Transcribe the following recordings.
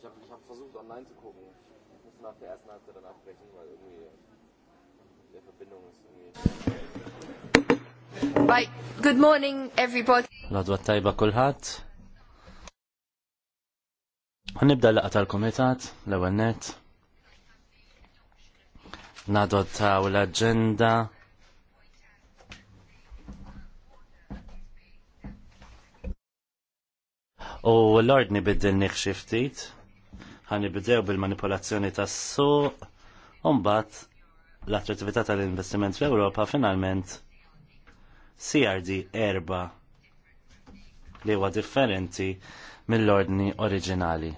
Ich habe ich hab versucht, online zu gucken. Ich muss nach der ersten Halbzeit dann abbrechen, weil irgendwie der Verbindung ist irgendwie. Right. Good morning, everybody. L-għadwa tajba kullħat. Għanibda laqa tal-komitat, l-ewel net. Nadottaw l-agenda. U l-ordni biddil ftit ħanibdew bil-manipolazzjoni tas-suq, u mbagħad l-attrattività tal-investiment fl-Ewropa finalment CRD erba li huwa differenti mill-ordni oriġinali.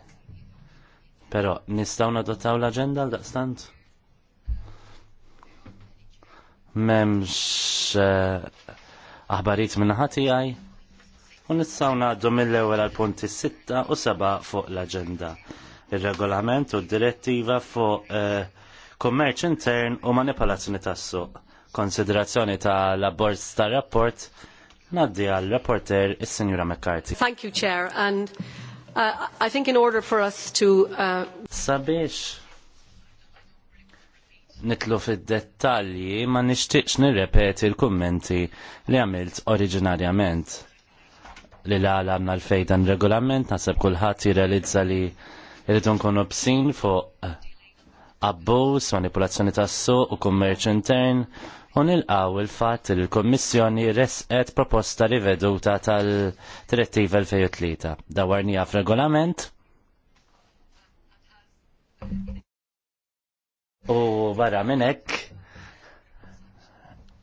Però nistgħu nadottaw l-aġenda għal daqstant? M'hemmx uh, eh, aħbarijiet minn ħatijaj u nistgħu ngħaddu mill-ewwel għal punti sitta u seba' fuq l-aġenda il-regolament u d-direttiva fuq eh, kummerċ intern u manipolazzjoni tas-suq. Konsiderazzjoni ta' l abbord ta' rapport naddi għal rapporter is-Sinjura McCarthy. Thank you, Chair, and uh, I think in order for us to... Uh... Sabiex nitlu fid-dettalji ma nixtieqx nirrepeti l-kummenti li għamilt oriġinarjament li l-għala għamna l-fejdan regolament, nasab kullħat jirrealizza li Irridu nkunu bsin fuq eh, abbuż, manipulazzjoni tas-suq u kummerċ intern u nilqaw il-fatt li l-Kommissjoni resqet proposta riveduta tal-Direttiva 2003. Dawarnija f'regolament u barra minn hekk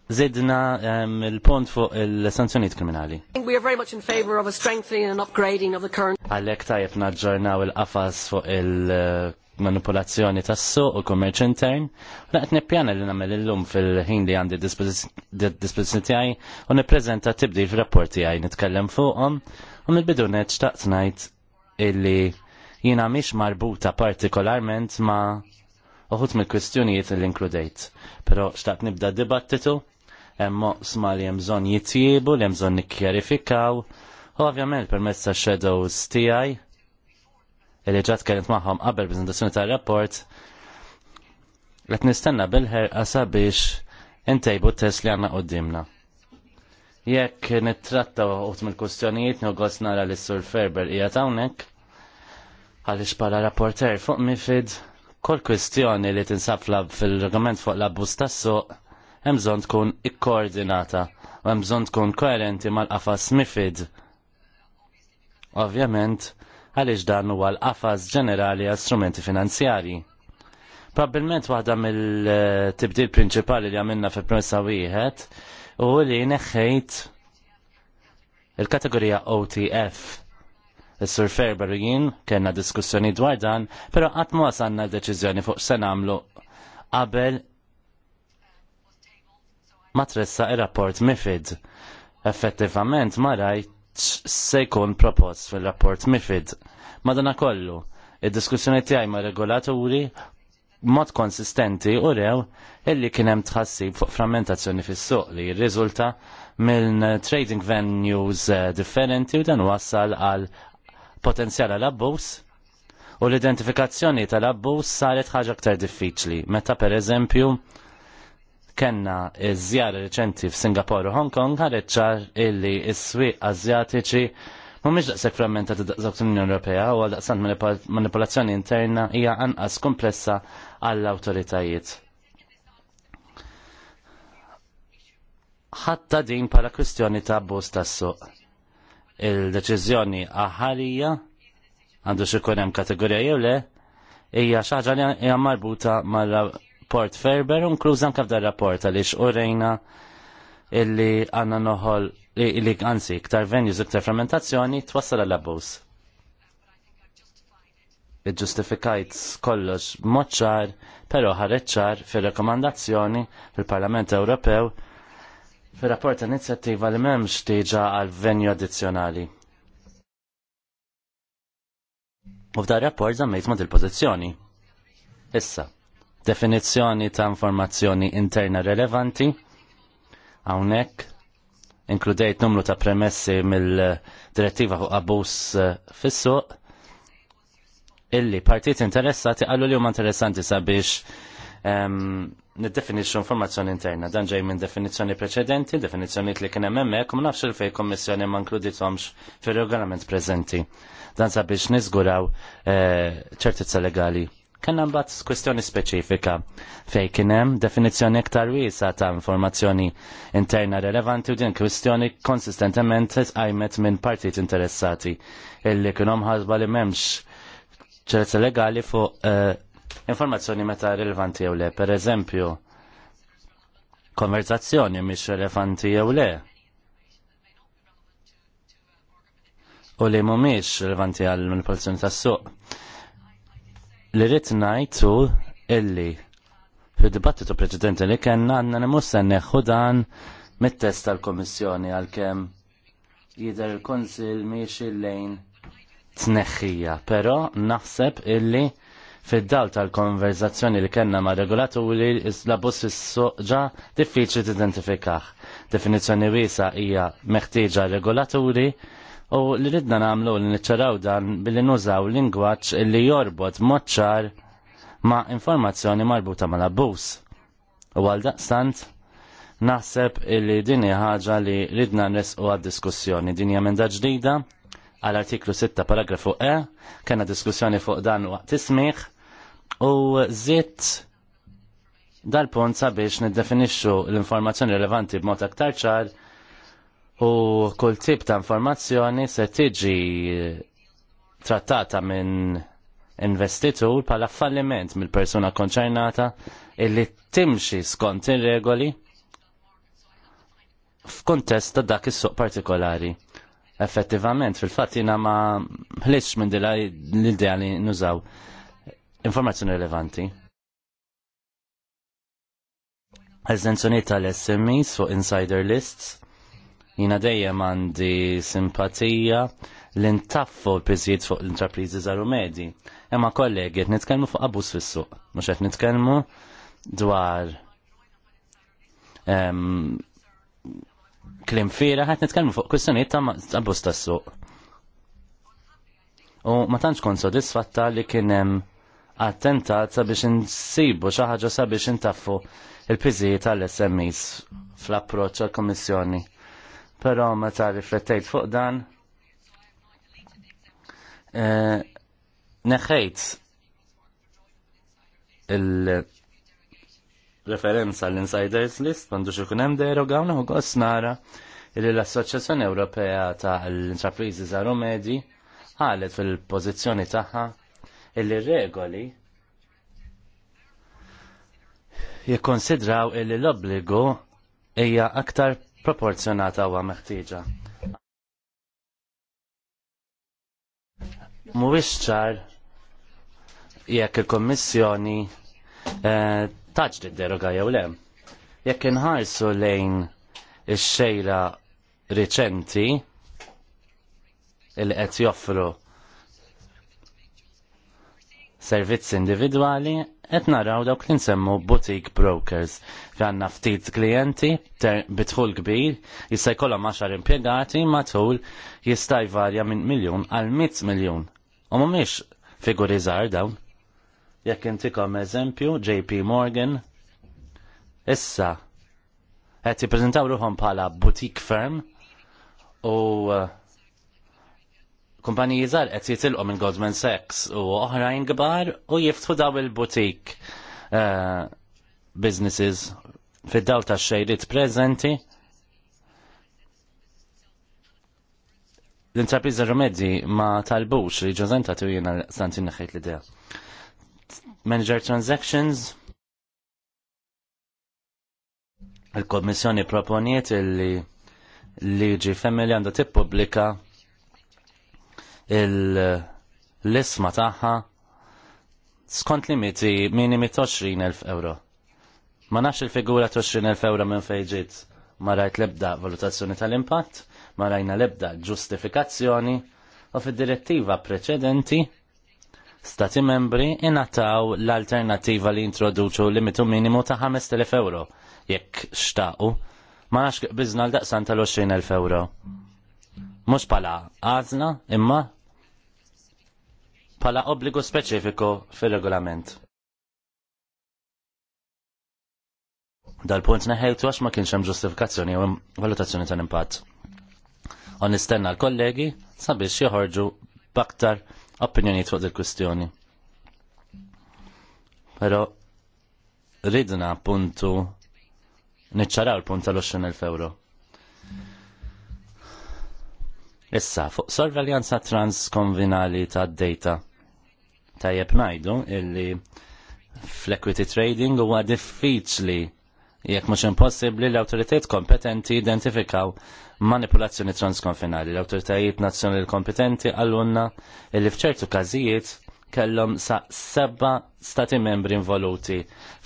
zidna um, il-pont fuq il-sanzjoniet kriminali. We are very much in favor of a strengthening and upgrading of the current. Għalek tajab naġġornaw il-qafas fuq il-manipolazzjoni tas-suq u kummerċ intern. Laqt nippjana li nagħmel illum fil-ħin li għandi dispożizzjoni tijaj u nippreżenta tibdi fir-rapport tijaj nitkellem fuqhom u mill-bidu xtaqt ngħid illi jina miex marbuta partikolarment ma' uħut mill-kwistjonijiet li inkludejt. pero xtaqt nibda dibattitu hemm moqsma li hemm bżonn jitjiebu, li hemm bżonn nikkjarifikaw. U ovvjament permezz ta' shadows tiegħi li ġat kellimt magħhom qabel prezentazzjoni tar-rapport qed nistenna bil-ħerqa sabiex intejbu test li għandna għoddimna. Jekk nittratta uħut mill-kustjonijiet għos nara li sur Ferber hija hawnhekk għaliex bħala rapporter fuq mifid kol kwistjoni li tinsafla fil-regament fuq l abbus tas-suq hemm bżonn tkun ikkoordinata u hemm bżonn tkun koerenti mal-qafas mifid. Ovvjament, għaliex dan huwa l-qafas ġenerali għal strumenti finanzjarji. Probabilment waħda mill-tibdil prinċipali li għamilna fil promessa wieħed u li neħħejt il-kategorija OTF Is-Sur Ferber jien kena diskussjoni dwar dan, pero qatt ma wasalna deċiżjoni fuq se nagħmlu qabel ma tressa il-rapport MIFID. Effettivament ma rajt se jkun propost fil-rapport MIFID. Madana kollu, il diskussjoni tiegħi ma' regolaturi mod konsistenti u rew illi kien hemm tħassib fuq frammentazzjoni fis-suq li jirriżulta minn trading venues eh, differenti u dan wassal għal potenzjal għal abbuż u l-identifikazzjoni tal-abbuż saret ħaġa aktar diffiċli. Meta pereżempju kenna iż-żjara reċenti f'Singapur u Hong Kong ħareċċar illi s-swieq Azjatiċi mhumiex daqshekk frammentati daqshekk l-Unjoni Ewropea u għal daqsant manipolazzjoni interna hija anqas komplessa għall awtoritajiet Ħatta din bħala kwistjoni ta' abbuż tas-suq. Il-deċiżjoni aħarija għandu xi hemm kategorija jew le hija xi ħaġa li hija marbuta mal Port Ferber, unkluż anka f'dar rapport għaliex u rejna illi għanna noħol illi għansi iktar venues, iktar fermentazzjoni, twassal għall-abbuż. Iġġustifikajt kollox moċċar, pero ħareċċar fil-rekomandazzjoni fil-Parlament Ewropew fil-rapport inizjattiva li memx tiġa għal venju addizzjonali. U f'dar rapport zammejt ma' il-pozizjoni. Issa, definizzjoni ta' informazzjoni interna relevanti, għawnek, inkludejt numru ta' premessi mill-direttiva fuq abus eh, fis-suq, illi partit interessati għallu li huma interessanti sabiex um, niddefinixxu informazzjoni interna. Dan ġej minn definizzjoni preċedenti, definizzjoni li kien hemm hemmhekk, ma nafx il-fej kommissjoni ma nkluditomx fir-regolament preżenti. Dan sabiex niżguraw eh, ċertizza legali Kanna mbagħad kwestjoni speċifika fej kien hemm definizzjoni wisa wiesa ta' informazzjoni interna relevanti u din kwestjoni konsistentement għajmet minn partit interessati illi kienom ħasba li m'hemmx ċerza legali fuq uh, informazzjoni meta rilevanti jew le. Per eżempju, konverzazzjoni mhix relevanti jew le. u li mumiex relevanti għal manipolazzjoni tas suq li rrit najtu illi fil dibattitu preċedenti li kena għanna nimussa neħu dan mit-test tal-Komissjoni għal-kem jider il-Konsil miex il-lejn tneħħija, pero naħseb illi fid-dal tal-konverzazzjoni li kellna ma' regolaturi l-abus fis diffiċi diffiċli identifikax Definizzjoni wiesa hija meħtieġa regolaturi U li ridna namlu li niċċaraw dan billi nużaw lingwaċ li jorbot moċċar ma' informazzjoni marbuta mal abbuż U għal daqstant, naħseb li din hija ħaġa li ridna nresqu għad-diskussjoni. Din hija ġdida għal artiklu 6 paragrafu E, kena diskussjoni fuq dan waqt ismiħ u zitt dal-punt sabiex niddefinixxu l-informazzjoni rilevanti b'mod aktar ċar u kull tip ta' informazzjoni se tiġi eh, trattata minn investitur pala falliment mill-persuna konċernata illi timxi skont ir-regoli f'kuntest ta' dak is-suq partikolari. Effettivament, fil-fatt jina ma ħlix minn dila l-idea li nużaw informazzjoni rilevanti. Eżenzjoni tal-SMEs fuq insider lists Jina dejjem għandi simpatija l-intaffu l-pizziet fuq l-intrapriżi zaru medi, Imma kollegi, qed nitkellmu fuq abus fis-suq, mhux qed nitkellmu dwar um, klim fira ħat nitkellmu fuq kwistjonijiet ta' abbuż tas-suq. U ma tantx kon sodisfatta li kien hemm attentat sabiex insibu xi ħaġa sabiex intaffu il-piżijiet tal smis fl-approċċ għall-Kummissjoni Però meta riflettejt fuq dan, eh, neħejt il-referenza l-Insiders List, mandu xikun hemm deroga, u għos nara li l-Assoċjazzjoni Ewropea ta' l-Intrapriżi Zaru Medi għalet fil-pożizzjoni tagħha illi regoli jikkonsidraw illi l-obbligu hija aktar proporzjonata huwa meħtieġa. Mhuwiex ċar jekk il-Kommissjoni eh, taġġ id deroga jew le. Jekk inħarsu lejn ix-xejra riċenti il qed joffru servizzi individwali qed naraw dawk li nsemmu boutique brokers li għandna ftit klijenti bitħul kbir jista' jkollhom 10 impjegati matul jista' jvarja minn miljun għal 100 miljun. U mhumiex figuri żgħar dawn. Jekk intikom eżempju JP Morgan issa qed jippreżentaw ruħhom bħala boutique firm u uh, kumpaniji żgħar qed jitilqu minn Goldman Sachs u oħrajn kbar u jiftħu daw il-butik uh, businesses fid-daw ta' xejrit preżenti. L-intrapriża Romedi ma talbux li ġozenta tu jiena stantin naħħejt l-idea. Manager Transactions il-Kommissjoni proponiet li liġi familja għandu tippubblika l-isma tagħha skont limiti minimi 20.000 euro. Ma nafx il-figura 20.000 euro minn fejġiet ma rajt lebda valutazzjoni tal-impatt, ma rajna lebda ġustifikazzjoni u fid-direttiva preċedenti stati membri inataw l-alternativa li introduċu limitu minimu ta' 5.000 euro jekk xtaqu ma nafx bizna l-daqsan tal-20.000 euro. Mux pala għazna imma bħala obbligu speċifiku fil-regolament. Dal-punt neħejtu għax ma kienx hemm ġustifikazzjoni u valutazzjoni tal-impatt. U nistenna l-kollegi sabiex joħorġu baktar opinjonijiet fuq il-kwistjoni. Pero ridna puntu niċċaraw l-punt tal-20.000 euro. Issa, fuq sorveljanza transkonvinali ta' data tajjeb ngħidu illi fl-equity trading huwa diffiċli jekk mhux impossibbli l-awtoritajiet kompetenti identifikaw manipulazzjoni transkonfinali. L-awtoritajiet nazzjonali kompetenti għallunna illi f'ċertu każijiet kellhom sa seba stati membri involuti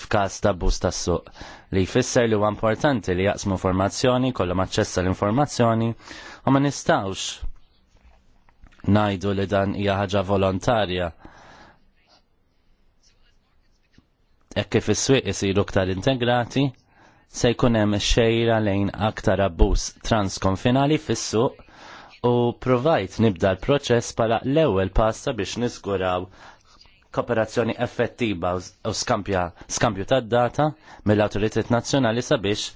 f'każ ta' abbuż tas-suq li jfisser li huwa importanti li jaqsmu informazzjoni, kollhom aċċess l-informazzjoni u ma nistgħux ngħidu li dan hija ħaġa volontarja e kif is-swieq isiru aktar integrati, se jkun hemm xejra lejn aktar abbuż transkonfinali fis-suq u provajt nibda l-proċess bħala l-ewwel passa biex niżguraw kooperazzjoni effettiva u skampja, skampju tad data mill-autoritet nazzjonali sabiex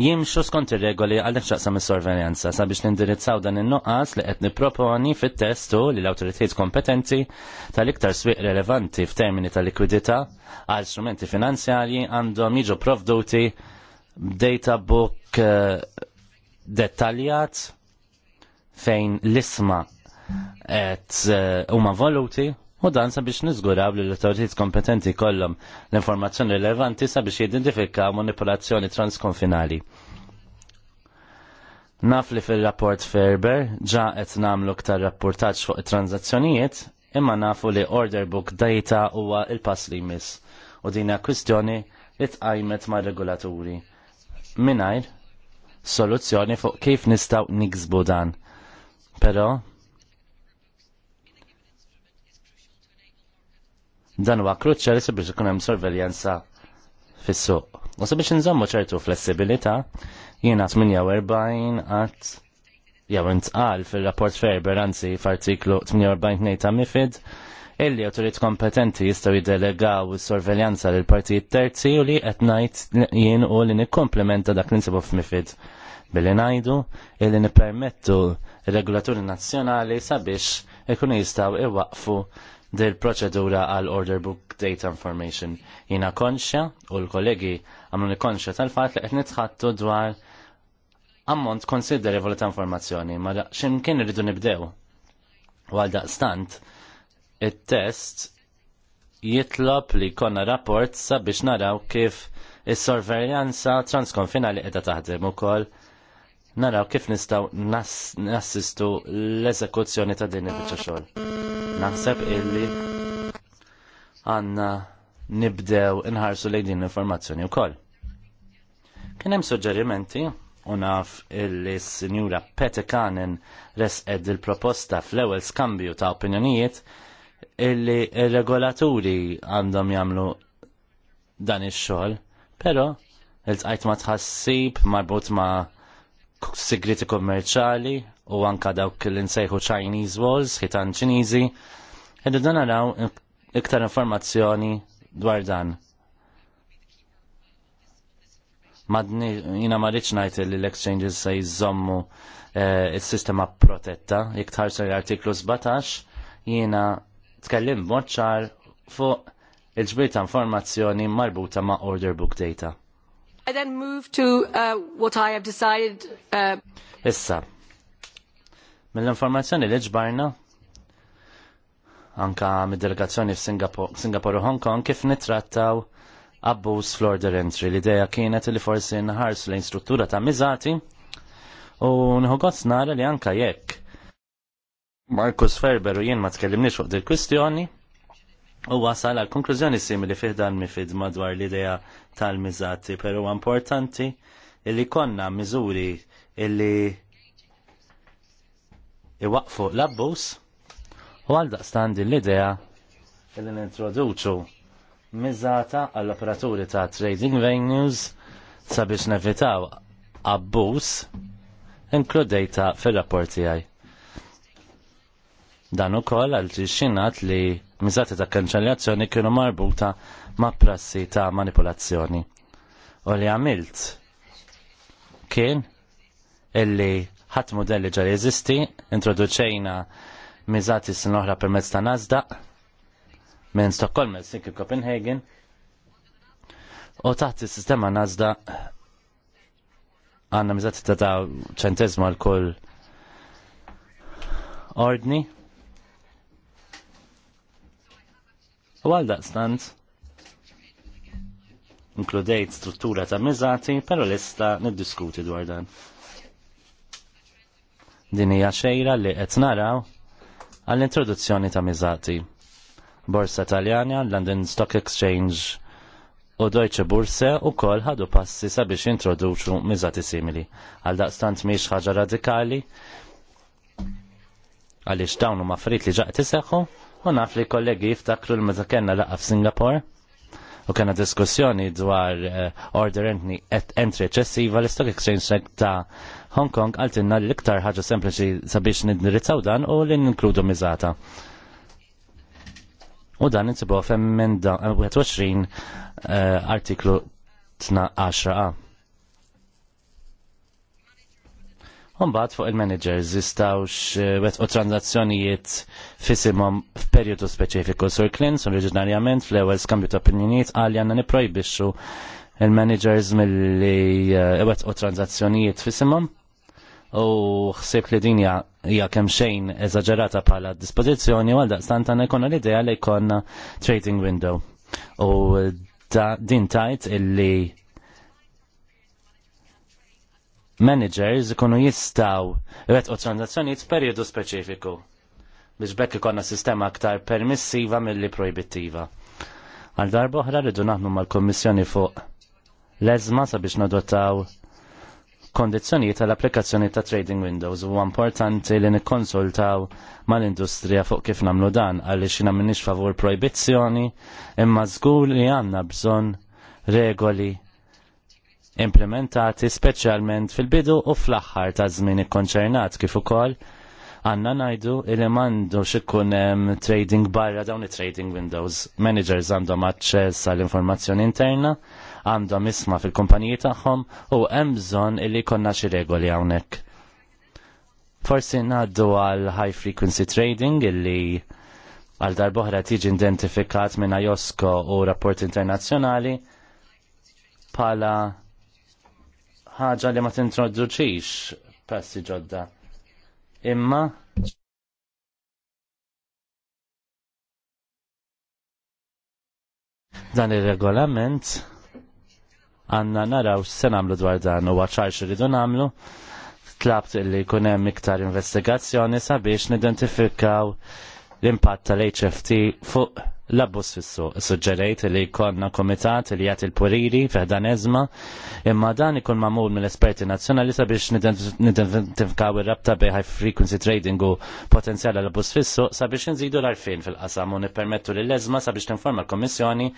jimxu skont ir-regoli għal xaqsam is-sorveljanza sabiex nindirizzaw dan in-nuqqas li qed nipproponi fit-testu li l-awtoritajiet kompetenti tal-iktar swieq relevanti f'termini ta' likwidità għal strumenti finanzjarji għandhom jiġu provduti b'data book eh, dettaljat fejn l-isma qed eh, huma voluti u dan sabiex niżguraw li l-autoritiet kompetenti kollom l-informazzjoni rilevanti sabiex jidentifikaw manipolazzjoni transkonfinali. Naf li fil-rapport Ferber ġa qed nagħmlu ktar rapportaġġ fuq it-tranzazzjonijiet imma nafu li order book data huwa il-pass li jmiss u dina kwistjoni li tqajmet ma' regolaturi. Minajr, soluzzjoni fuq kif nistaw niksbu dan. Pero, Dan huwa kruċjali sabiex ikun hemm sorveljanza fis-suq. U sabiex inżommu ċertu flessibilità, jiena 48 għat jew intqal fil-rapport Ferber anzi f'artiklu 48 ta' Mifid illi autorit kompetenti jistaw jidelegaw sorveljanza l partijiet terzi u li qed ngħid jien u li nikkomplementa dak li nsibu f'Mifid billi ngħidu illi nippermettu il regulaturi nazzjonali sabiex ikun jistaw iwaqfu dil proċedura għal Order Book Data Information. Jina konxja u l-kollegi għamlu konxja tal-fat li qed nitħattu dwar ammont konsiderevoli ta' informazzjoni, ma kien rridu nibdew. U għal daqstant, il-test jitlob li konna rapport sabiex naraw kif is-sorveljanza transkonfinali qiegħda taħdem ukoll naraw kif nistaw nassistu l-eżekuzzjoni ta' din il-bicċa xogħol. Naħseb illi għanna nibdew inħarsu lejn din l-informazzjoni wkoll. Kien hemm suġġerimenti u naf illi s-Sinjura Petekanen resqed il-proposta fl-ewwel skambju ta' opinjonijiet illi il-regolaturi għandhom jagħmlu dan ix-xogħol, però il-tqajt ma tħassib marbut ma' sigriti kommerċali u anka dawk li nsejħu Chinese walls, ħitan Ċiniżi, ed dan naraw iktar informazzjoni dwar dan. Madni, jina marriċ najt li l-exchanges se jizzommu eh, il-sistema protetta, iktar l artiklu 17, jina tkellim ċar fuq il ġbirta ta' informazzjoni marbuta ma' order book data. I then move to uh, what I have decided. Uh... Issa, mill-informazzjoni li ġbarna anka mid-delegazzjoni f-Singapore u Hong Kong kif nitrattaw abbuż fl-order entry. L-ideja kienet li forsi nħarsu lejn struttura ta' Mizati u nħogos nara li anka jekk Markus Ferber u jien ma tkellimniex fuq il kwistjoni U wasal għal konklużjoni simili dan mifid madwar l-ideja tal-miżati, pero importanti illi konna miżuri illi iwaqfu l-abbus u għal daqstandi l-idea illi nintroduċu miżata għall-operaturi ta' trading venues sabiex nevitaw abbus inkludejta fil-rapporti għaj. Dan ukoll għal li miżati ta' kanċellazzjoni kienu marbuta ma' prassi ta' manipolazzjoni. U li għamilt kien illi ħadd modelli ġar jeżisti, introduċejna miżati sin oħra permezz ta' Nazda minn Stockholm Helsinki Copenhagen u taħt is-sistema Nazda għandna miżati ta' ċentezmu għal kull ordni U għaldaqstant inkludejt struttura ta' miżati, pero lista niddiskuti dwar dan. Din hija xejra li qed naraw għall-introduzzjoni ta' miżati. Borsa Taljana, London Stock Exchange u Deutsche Börse u kol ħadu passi sabiex introduċu miżati simili. Għal daqstant miex ħaġa radikali, għaliex dawn huma affarijiet li ġaq iseħħu u naf li kollegi jiftakru l-meta kellna laqaf Singapore u kena diskussjoni dwar uh, order entry, entry eccessiva l-Stock Exchange ta' Hong Kong għaltinna l-iktar ħaġa sempliċi sabiex nidnirizzaw dan u li ninkludu miżata. U dan minn f'emmenda 21 uh, artiklu 12a. Umbat fuq il-managers jistawx eh, wet u transazzjonijiet fissimom f'perjodu speċifiku sur Clint, oriġinarjament fl-ewel skambju ta' opinjoniet għalli għanna niprojbixxu il-managers mill-li eh, wet u transazzjonijiet fissimom. U xsib li dinja hija kemm xejn eżaġerata bħala dispożizzjoni għal daqstant għandna jkollna l-idea li jkollna trading window. U din tajt illi managers ikunu jistaw retqu transazzjonijiet periodu speċifiku biex bekk ikonna sistema aktar permissiva mill-li projbittiva. Għal darba oħra rridu naħnu mal-Kommissjoni fuq leżma sabiex nadottaw kondizjonijiet tal-applikazzjoni ta' trading windows u importanti li nikkonsultaw mal-industrija fuq kif namlu dan għaliex xina minnix favur proibizzjoni imma żgur li għandna bżonn regoli implementati speċjalment fil-bidu u fl-aħħar ta' żmien ikkonċernat kif ukoll għanna najdu li mandu xikun trading barra dawn trading windows. Managers għandhom aċċess għall informazzjoni interna, għandhom isma fil-kumpaniji tagħhom u hemm bżonn illi jkollna xi regoli hawnhekk. Forsi ngħaddu għal high frequency trading illi għal darboħra tiġi identifikat minn IOSCO u rapport internazzjonali pala ħaġa li ma tintroduċix passi ġodda. Imma dan ir-regolament għanna naraw se nagħmlu dwar dan u għacħar rridu nagħmlu tlabt li jkun hemm iktar investigazzjoni sabiex nidentifikaw l-impatt tal-HFT fuq l-abbus fissu. Suġġerejt li konna komitat li jgħat il-puriri fiħdan ezma, imma dan ikun ma'mur mill-esperti nazjonali sabiex nidentifikaw il-rabta bej high frequency trading u potenzjala l-abbus fissu sabiex nżidu l-arfin fil-qasam u nipermettu li l-ezma sabiex tinforma l-Komissjoni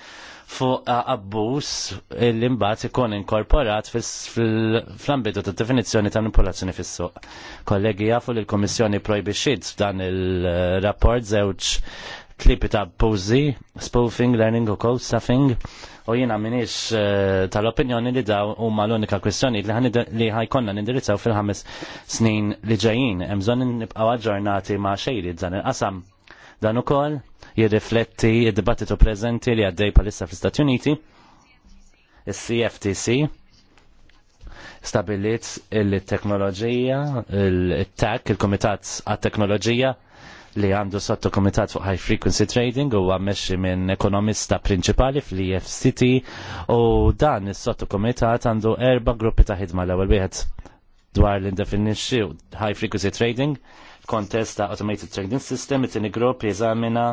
fuq abbus li mbagħad ikun inkorporat fl-ambitu ta' definizzjoni ta' manipolazzjoni fis-suq. Kollegi jafu li l-Komissjoni projbixxiet dan il-rapport żewġ klipi ta' pozzi, spoofing, learning u code stuffing u jina minix uh, tal-opinjoni li daw u ma l-unika kwestjoni li, ħajkonna nindirizzaw fil-ħames snin li ġajin. Mżon nibqaw ġornati ma li dan il-qasam. Dan ukoll jirrifletti id-dibattitu preżenti li għaddej palissa fl-Istati Uniti, il-CFTC, stabilit il-teknoloġija, il-TAC, il-Komitat għat-Teknoloġija, li għandu sotto komitat fuq high frequency trading u għammexi minn ekonomista principali fl-EFCT u dan is sotto komitat għandu erba gruppi ta' ħidma l ewwel wieħed dwar l-indefinixi high frequency trading kontest ta' automated trading system it tini grupp jizamina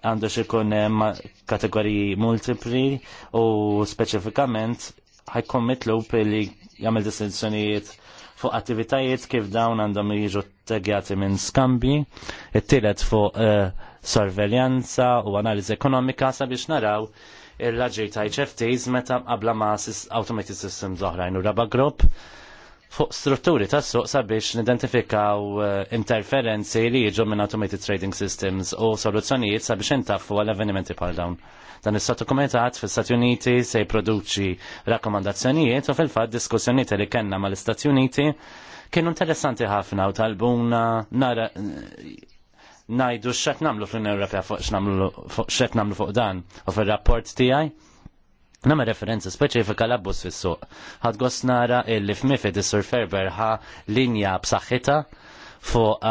għandu xikun eh, kategoriji multipli u speċifikament ħajkun mitlu li jagħmel distinzjonijiet fuq attivitajiet kif dawn għandhom jiġu tegjati minn skambi, it-tielet fuq uh, sorveljanza u analiżi ekonomika sabiex naraw il raġi ta' HFTs meta qabla ma' automated systems oħrajn u raba grupp fuq strutturi tas suq sabiex nidentifikaw eh, interferenzi li jiġu minn automated trading systems u soluzzjonijiet sabiex intaffu għal avvenimenti bħal dawn. Dan is komitat fil-Stati Uniti se jproduċi rakkomandazzjonijiet u fil-fat diskussjonijiet li kellna mal-Istati Uniti kienu interessanti ħafna u talbuna nara eh, najdu x'qed nagħmlu fl-Unjoni Ewropea fuq x'qed nagħmlu fuq dan u fir-rapport tiegħi Nama referenza speċifika l-abbus fis-suq. Ħad gost nara illi f'mifid is-Sur Ferber ħa linja b'saħħitha fuq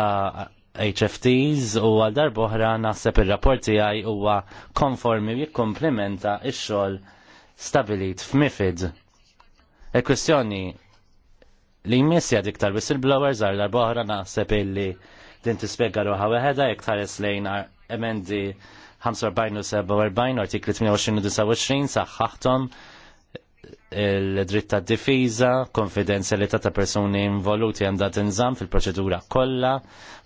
HFTs uh, u għal darboħra naħseb ir-rapport tiegħi huwa konformi u jikkomplementa x-xogħol stabilit f'mifid. Il-kwestjoni e li jmiss jgħad iktar whistleblowers għal darboħra naħseb illi din tispjega ruħa weħeda iktar lejn emendi 45 47 artikli 28 u 29 saħħaħtom il-dritt ta' difiża, konfidenzjalità ta' persuni involuti dat tinżamm fil-proċedura kollha,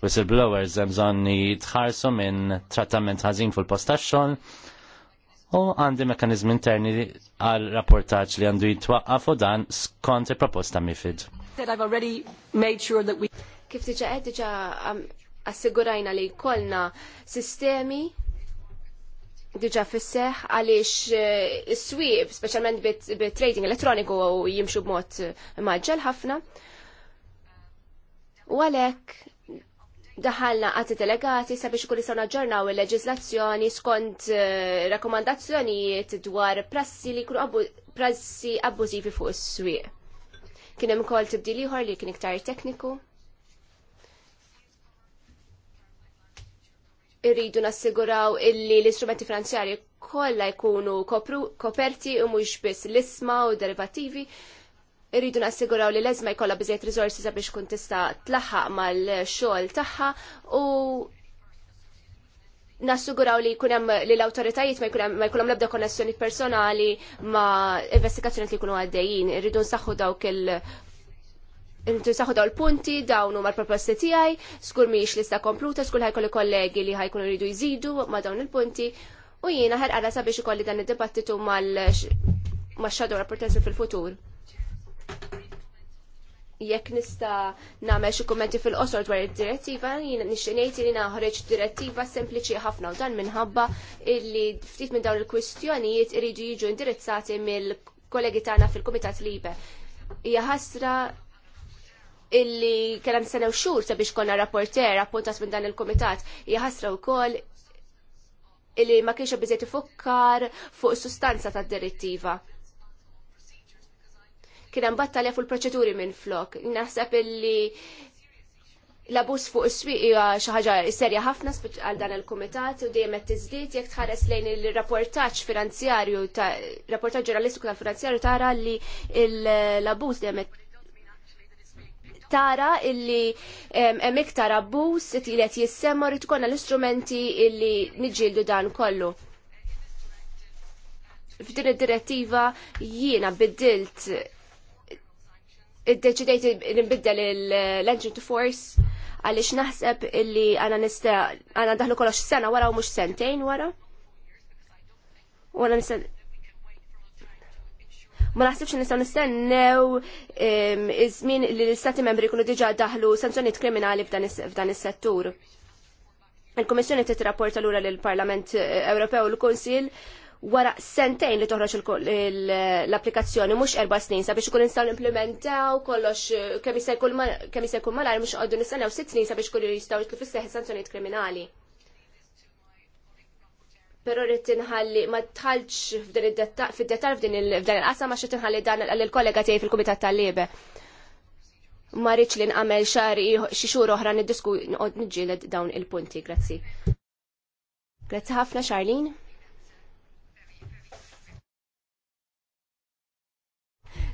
whistleblowers hemm bżonn jitħarsu minn trattament ħażin fil-post tax-xogħol u għandi mekkaniżmi interni għal rapportaġġ li għandu jitwaqqaf u dan skont il-proposta MIFID. Kif diġà qed diġà assigurajna li jkollna sistemi diġa fisseħ għaliex eh, is-swieq, speċjalment bit-trading elettroniku jimxu b'mod eh, maġġel ħafna. U għalhekk daħalna għati delegati sabiex ikun jistgħu naġġornaw il leġizlazzjoni skont eh, rakkomandazzjonijiet dwar prassi li kru prassi abbużivi fuq is-swieq. Kien hemm ukoll tibdil ieħor li kien iktar tekniku irridu nassiguraw illi l-istrumenti finanzjarji kollha jkunu koperti u mhux biss l-isma u derivativi. Irridu nassiguraw li l-ezma jkollha biżejjed riżorsi sabiex tkun tista' tlaħħaq mal-xogħol tagħha u nassiguraw li jkun hemm li l-awtoritajiet ma jkunhom l-ebda konnessjoni personali ma' investigazzjoni li jkunu għaddejjin. Irridu nsaħħu dawk il- Inti saħu daw l-punti, dawn huma l-proposti tiegħi, skur miex lista kompluta, skur ħajkolli kollegi li ħajkunu rridu jżidu ma dawn il-punti. U jiena ħerqara sabiex ikolli dan id-dibattitu mal-shadow rapporters fil-futur. Jekk nista' nagħmel xi kommenti fil-qosor dwar id-direttiva, jiena nixtieq li naħreġ direttiva sempliċi ħafna u dan minħabba illi ftit minn dawn il-kwistjonijiet iridu jiġu indirizzati mill-kollegi tagħna fil-Kumitat Libe. Hija ħasra illi kellem sena u xur sabiex konna rapporter appuntas minn dan il-komitat jħasra u kol illi ma kienx biżiet ifukkar fuq sustanza ta' direttiva. Kien hemm battalja fuq il-proċeduri minn flok. Naħseb illi l-abus fuq is-swieq hija xi ħaġa serja ħafna għal dan il-kumitat u dejjem qed tiżdied jekk tħares lejn il-rapportaġġ finanzjarju ta' rapportaġġ ġurnalistiku tal-finanzjarju tara li l-abus dejjem qed tara illi hemm iktar abbuż tilet jissemma rid tkun l-istrumenti illi niġġieldu dan kollu f'din id-direttiva jiena biddilt id-deċidejt nbiddel l-engine to force għaliex naħseb illi għana nista għana daħlu kollox sena wara u mux sentejn wara. U għana nista ma naħsibx nistgħu nistennew iż-żmien li l-istati membri jkunu diġà daħlu sanzjonijiet kriminali f'dan is-settur. Il-Kummissjoni titrapporta lura lill-Parlament eh, Ewropew u l-Kunsill wara sentejn li toħroġ l-applikazzjoni mhux erba' snin sabiex ikun nistgħu nimplementaw kollox eh, kemm jista' jkun malajr mhux qogħdu nistennew sitt snin sabiex ikun jistgħu jitlu fis-seħħ sanzjonijiet kriminali pero rrit tinħalli ma tħalġ fid dettall f'din il ma għax tinħalli dan l-kollega tiegħi fil-Kumitat tal-Libe. Ma rridx li nqamel xar xi xhur oħra niddisku noqgħod niġġieled dawn il-punti, grazzi. Grazzi ħafna Charlene.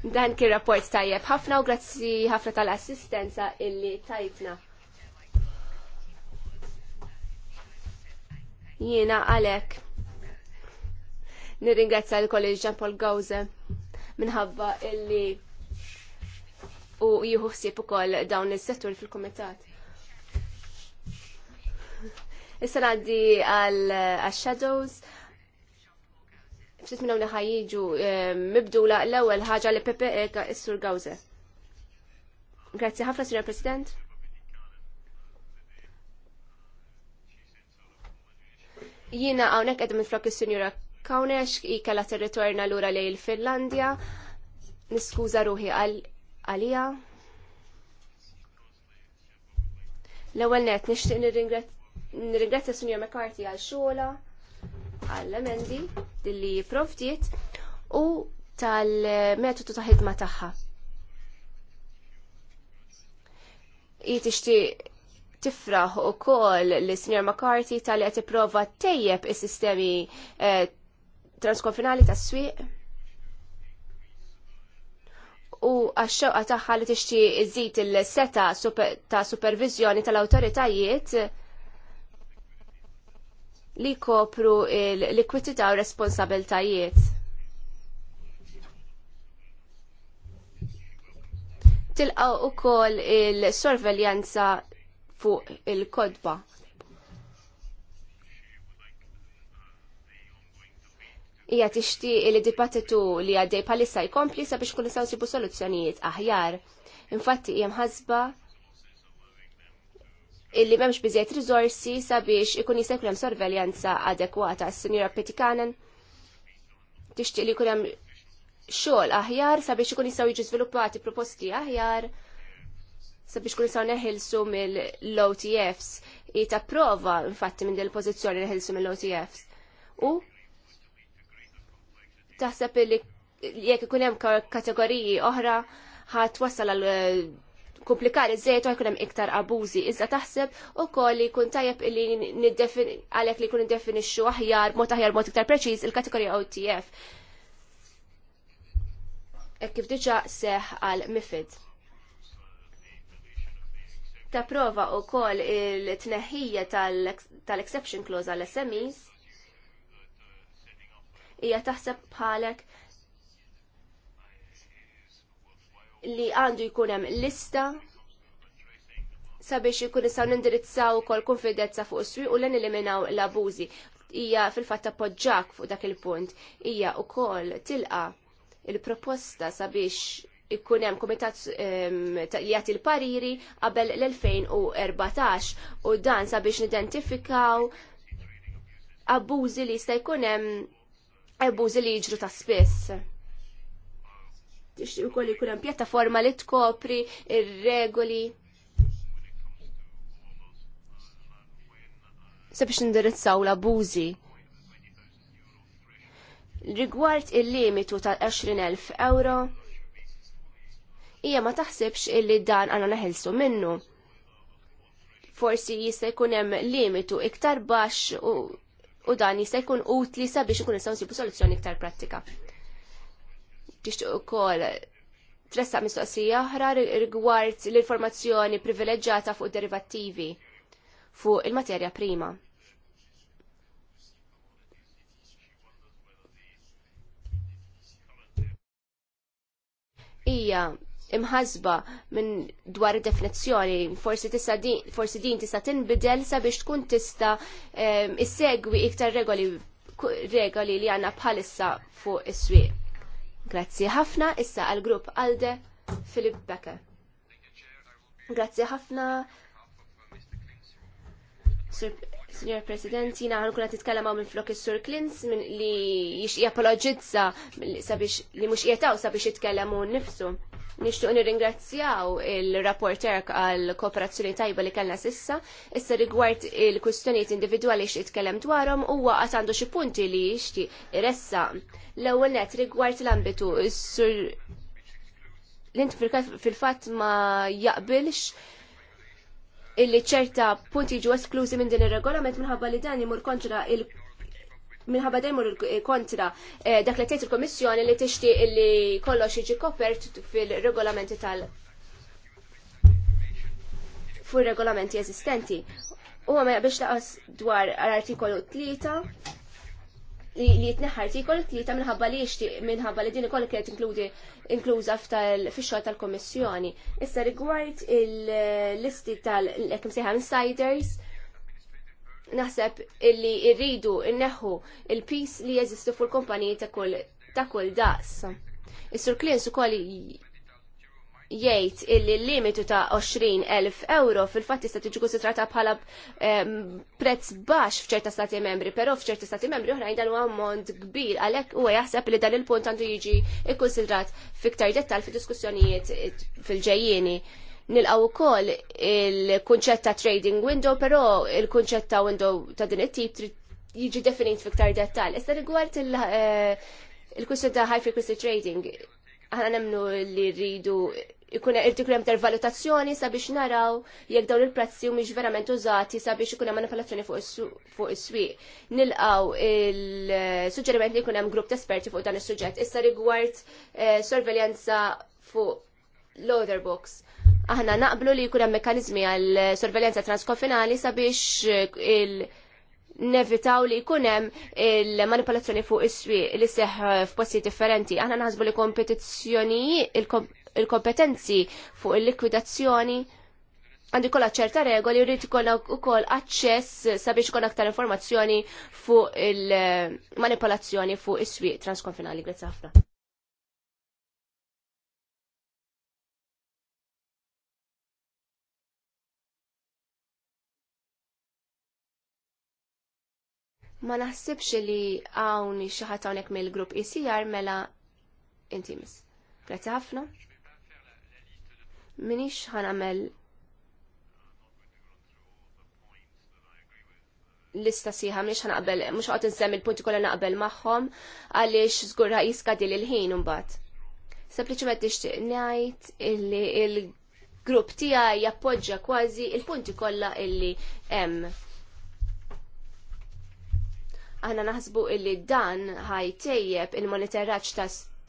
Dan kien rapport tajjeb ħafna u grazzi ħafna tal-assistenza illi tajtna. jiena għalek nirringrazzja l-kolleġ Jean Paul Gawze minħabba illi u jieħu ħsieb ukoll dawn is-settur fil-kumitat. Issa ngħaddi għal-shadows ftit minn hawn ħajjiġu eh, mibdula l-ewwel ħaġa li Pepe eh, is-Sur Gawze. Grazzi ħafna, Sir President. Jiena hawnhekk qegħda minflok is-Sinjura Kawnex ikela t-ritorna l-ura li l finlandja niskuza ruħi għalija. L-ewel net, nishtiq nirringrazzja Sunja McCarthy għal xola, għal emendi dilli jipprovdiet u tal-metodu ta' ħidma tagħha. I tixtieq tifraħ ukoll li Sinjor McCarthy tal-li qed tipprova tejjeb is sistemi eh, transkonfinali tas-swieq u għax-xewqa tagħha li tixti iżid il-seta ta' supervizjoni tal-awtoritajiet li kopru l-likwidità u responsabiltajiet. Tilqaw ukoll il-sorveljanza fuq il-kodba hija tixtieq li dibattitu li għaddej palissa jkompli sabiex kun nistgħu nsibu soluzzjonijiet aħjar. Infatti hija mħasba illi m'hemmx biżejjed riżorsi sabiex ikun jista' jkun hemm sorveljanza adekwata. Is-Sinjura Petikanen tixtieq li jkun hemm xogħol aħjar sabiex ikun jistgħu jiġu żviluppati proposti aħjar sabiex kun jistgħu neħilsu mill-OTFs. Ita prova infatti minn il pożizzjoni neħilsu mill-OTFs. U taħseb li jekk ikun hemm kategoriji oħra ħadd wassal għal eh, komplikar iżejt u jkun hemm iktar abużi. Iżda taħseb ukoll li jkun tajjeb li għalhekk li jkun iddefinixxu aħjar mod aħjar mod iktar preċiż il-kategorija OTF. Hekk kif diġà seħ għal MIFID. Ta' prova u koll il-tneħħija tal-exception clause għal SMEs hija taħseb bħalek li għandu jkun hemm lista sabiex ikun nistgħu nindirizzaw ukoll konfidenza fuq is-swieq u l-eliminaw l-abużi. Hija fil-fatt appoġġak fuq dak il-punt. Hija wkoll tilqa il-proposta sabiex ikun hemm kumitat li jagħti l-pariri qabel l-2014 u dan sabiex nidentifikaw abbużi li jista' jkun hemm abbużi li jiġru ta' spiss. Tixtieq u jkun hemm pjattaforma li tkopri ir-regoli. Sabiex indirizzaw l abbużi Rigward il-limitu ta' 20.000 euro, hija ma taħsibx illi dan għana naħelsu minnu. Forsi jista' jkun hemm limitu iktar baxx u u dan jista' jkun utli sabiex ikun nistgħu nsibu soluzzjoni iktar prattika. Tixtieq ukoll tressaq mistoqsija oħra rigward l-informazzjoni privileġġjata fuq derivattivi fuq il-materja prima. Ija, imħazba minn dwar id-definizzjoni, forsi din forsi din tista' tinbidel sabiex tkun tista' ehm, issegwi iktar regoli regoli li għandna bħalissa fuq is-swieq. Grazzi ħafna issa għall grupp Alde Filip Becker. Grazzi ħafna Signor President, jina għan kuna titkellem minn flok il-Sur Klins li jix japologizza sabiex li mux jietaw sabiex jitkellem u nifsu. Nixtieq nirringrazzjaw il-rapporter għal kooperazzjoni tajba li kellna sissa, issa rigward il-kwistjonijiet individwali xie jitkellem dwarhom huwa qatt għandu xi punti li jixtieq ressa L-ewwel net rigward l-ambitu sur l-int fil-fatt ma jaqbilx illi ċerta punti ġu esklużi minn din ir-regolament minħabba li dan jimur kontra il- minħabba dejmur eh, kontra eh, dak li tgħid il komissjoni li tixtieq li kollox jiġi kopert fil-regolamenti tal- fuq regolamenti eżistenti. U għamma biex taqas dwar artikolu 3 li jitneħ artikolu 3 minħabba li jixti minħabba li din ikollok kienet inkludi inkluża fix-xogħol tal kummissjoni Issa rigward il-listi tal-ekim sejħa insiders, naħseb illi irridu inneħu il-pis li jeżistu fuq il-kumpaniji ta' kull daqs. Is-Sur Klins ukoll jgħid illi l-limitu ta' 20.000 euro fil-fatt tista' tiġi konsidrata bħala ehm, prezz baxx f'ċerta stati membri, però f'ċerta stati membri oħrajn dan huwa ammont kbir għalhekk huwa jaħseb li dan il-punt għandu jiġi kkunsidrat fiktar dettal fid-diskussjonijiet fil-ġejjieni. Nilqaw ukoll il-kunċett ta' trading window, però il-kunċett ta' window ta' din it-tip jiġi definit fiktar dettal. Issa rigward eh, il-kunċett ta' high frequency trading, aħna nemnu li rridu ikun hemm valutazzjoni sabiex naraw jekk dawn il-prezzi mhumiex verament użati sabiex ikun hemm manipolazzjoni fuq is-swieq. Nilqaw il-suġġeriment li jkun hemm grupp ta' esperti fuq dan is-suġġett. Issa rigward eh, sorveljanza fuq loader box. books. Aħna naqblu li jkun hemm mekkaniżmi għal sorveljanza transkofinali sabiex eh, il- nevitaw li jkun hemm il-manipolazzjoni fuq is-swieq li seħ f'posti differenti. Aħna naħsbu li kompetizzjoni il-kompetenzi fuq il-likwidazzjoni għandu kolla ċerta regoli, jrid kolla u koll aċċess sabiex kolla aktar informazzjoni fuq il-manipolazzjoni fuq is-swieq transkonfinali. Grazie ħafna. Ma naħsibx li hawn xi ħadd hawnhekk mill-grupp ICR e mela intimis. Grazzi ħafna. Minix ħanamel lista siħa miex ħanaqbel, mux għat nżem il-punti kolla naqbel maħħom, għalix zgurra jiskadil il-ħin unbat. Sempliciment nishtiq najt illi il-grupp tiegħi jappoġġa kważi il-punti kolla illi em. Aħna naħsbu illi dan ħaj tejjeb il-monitoraġġ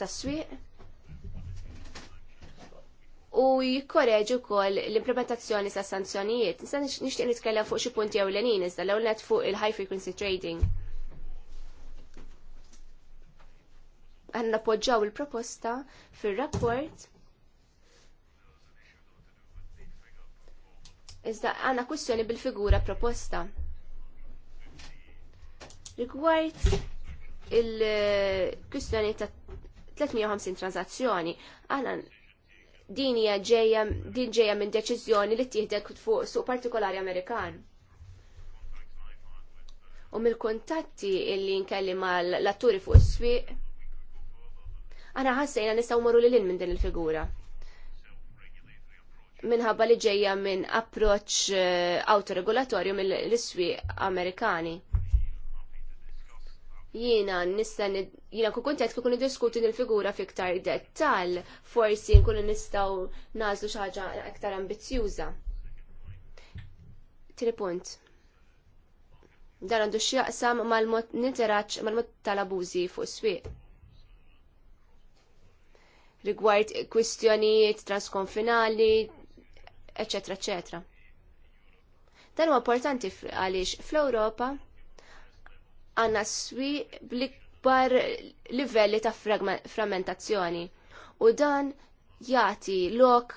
tas-swieq u jikkoreġu kol l-implementazzjoni sa' sanzjonijiet. Nista' nixtieq nitkellem fuq xi punti ewlenin iżda l net fuq il-high frequency trading. Għanna nappoġġaw il-proposta fir-rapport Iżda għandna kwistjoni bil-figura proposta. Rigward il-kwistjoni ta' 350 transazzjoni, għana din hija ġejja din ġejja minn deċiżjoni li tiħdek fuq suq partikolari Amerikan. U mill-kontatti illi nkelli l atturi fuq is-swieq, għana ħassejna nistgħu l-in minn din il-figura. Minħabba li ġejja minn approċċ eh, autoregolatorju mill-iswieq Amerikani jiena nista' jiena kun kuntent kikun niddiskuti il-figura fiktar dettal, forsi nkunu nistgħu nażlu xi ħaġa aktar ambizzjuża. Tri punt. Dan għandu x'jaqsam mal-mod niteraċ mal-mod tal-abużi fuq swieq rigward kwistjonijiet transkonfinali, eccetera, eccetera. Dan huwa importanti għaliex fl-Ewropa għanna swi bl-ikbar livelli ta' frammentazzjoni. U dan jati lok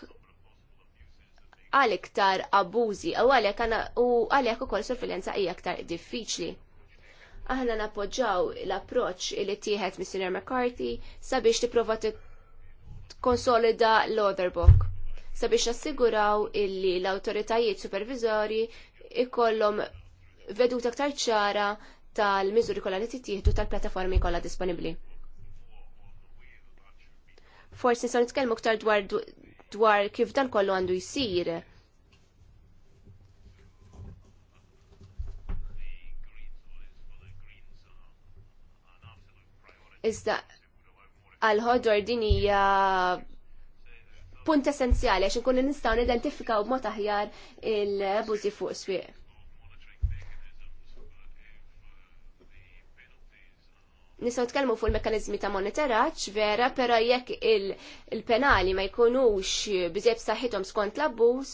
għal iktar abbużi, u għalek u għalek ukoll sorveljanza hija aktar diffiċli. Aħna nappoġġaw l-approċċ li tieħed Mr. McCarthy sabiex tipprova konsolida l-Otherbook sabiex nassiguraw illi l-autoritajiet supervizori ikollhom veduta aktar ċara tal-miżuri kollha li tittieħdu tal-pjattaformi kollha disponibbli. Forsi nistgħu nitkellmu aktar dwar dwar kif dan kollu għandu jsir. Iżda għal-ħodor din hija punt essenzjali għax nkunu nistgħu nidentifikaw b'mod aħjar il-abużi fuq swieq. nisaw tkellmu fuq il-mekkanizmi ta' monitoraġġ vera, però jekk il-penali ma jkunux biżjed saħħithom skont l-abbuż,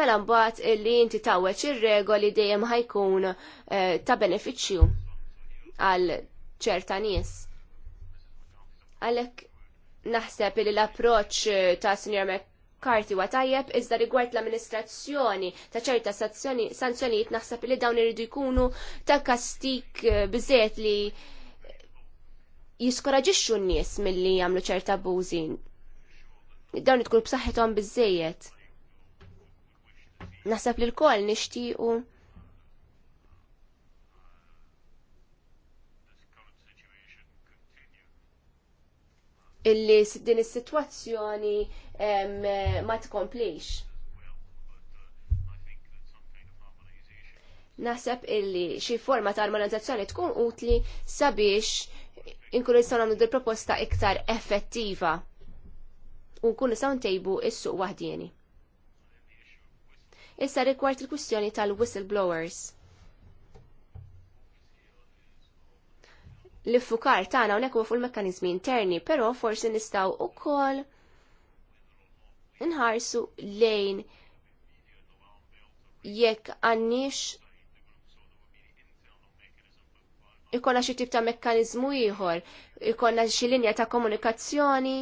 mela mbagħad li inti tawweġ ir-regoli dejjem ħajkun eh, ta' benefiċċju għal ċerta nies. Għalhekk naħseb li l-approċċ ta' Sinjor Mek karti wa tajjeb iżda rigward l-amministrazzjoni ta' ċerta sanzjonijiet naħseb li dawn iridu jkunu ta' kastik eh, biżiet li jiskoraġixxu n-nies milli jagħmlu ċerta abbużi. Dawn tkun b'saħħithom biżejjed. Naħseb li l-kol nixtiequ illi din is-sitwazzjoni Eh, ma tkomplix. Naħseb illi xi forma ta' armonizzazzjoni tkun utli sabiex inkunu nistgħu nagħmlu proposta iktar effettiva u nkun nistgħu ntejbu s-suq waħdieni. Issa rigward il-kwistjoni tal-whistleblowers. L-iffukar tagħna hawnhekk huwa fuq il-mekkaniżmi interni, però forsi nistgħu wkoll nħarsu lejn jekk għannix ikonna xi tip ta' mekkaniżmu ieħor, ikonna xi linja ta' komunikazzjoni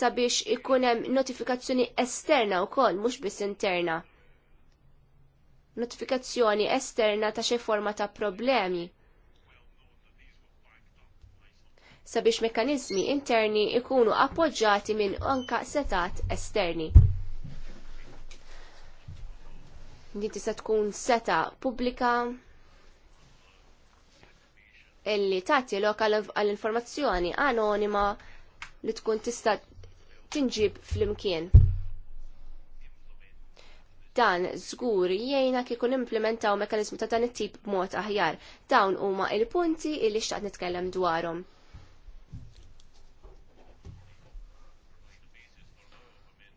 sabiex ikun hemm notifikazzjoni esterna wkoll mhux biss interna. Notifikazzjoni esterna ta' xi forma ta' problemi. sabiex mekkanizmi interni ikunu appoġġjati minn anka setat esterni. Din tista' tkun seta pubblika illi tagħti lok għall-informazzjoni anonima li tkun tista' tinġib flimkien. Dan żgur kif ikun implementaw mekanizmu ta' dan it-tip b'mod aħjar. Dawn huma il-punti illi xtaqt nitkellem dwarhom.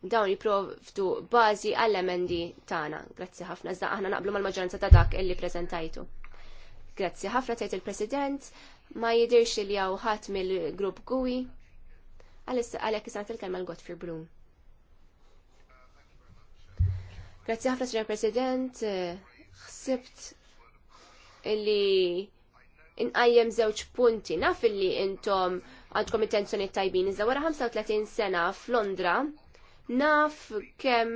dawn jiprovdu bażi għall-emendi tagħna. Grazzi ħafna, iżda aħna naqblu mal-maġġoranza ta' dak illi prezentajtu. Grazzi ħafna tgħid il-President, ma jidirx li hawn ħadd mill-grupp Gui. għalek jisant il-kelma l-Gottfried Blum. Grazzi ħafna, Sr. President, xsibt illi inqajjem żewġ punti naf illi intom għandkom intenzjoni tajbin iżda wara 35 sena f'Londra naf kemm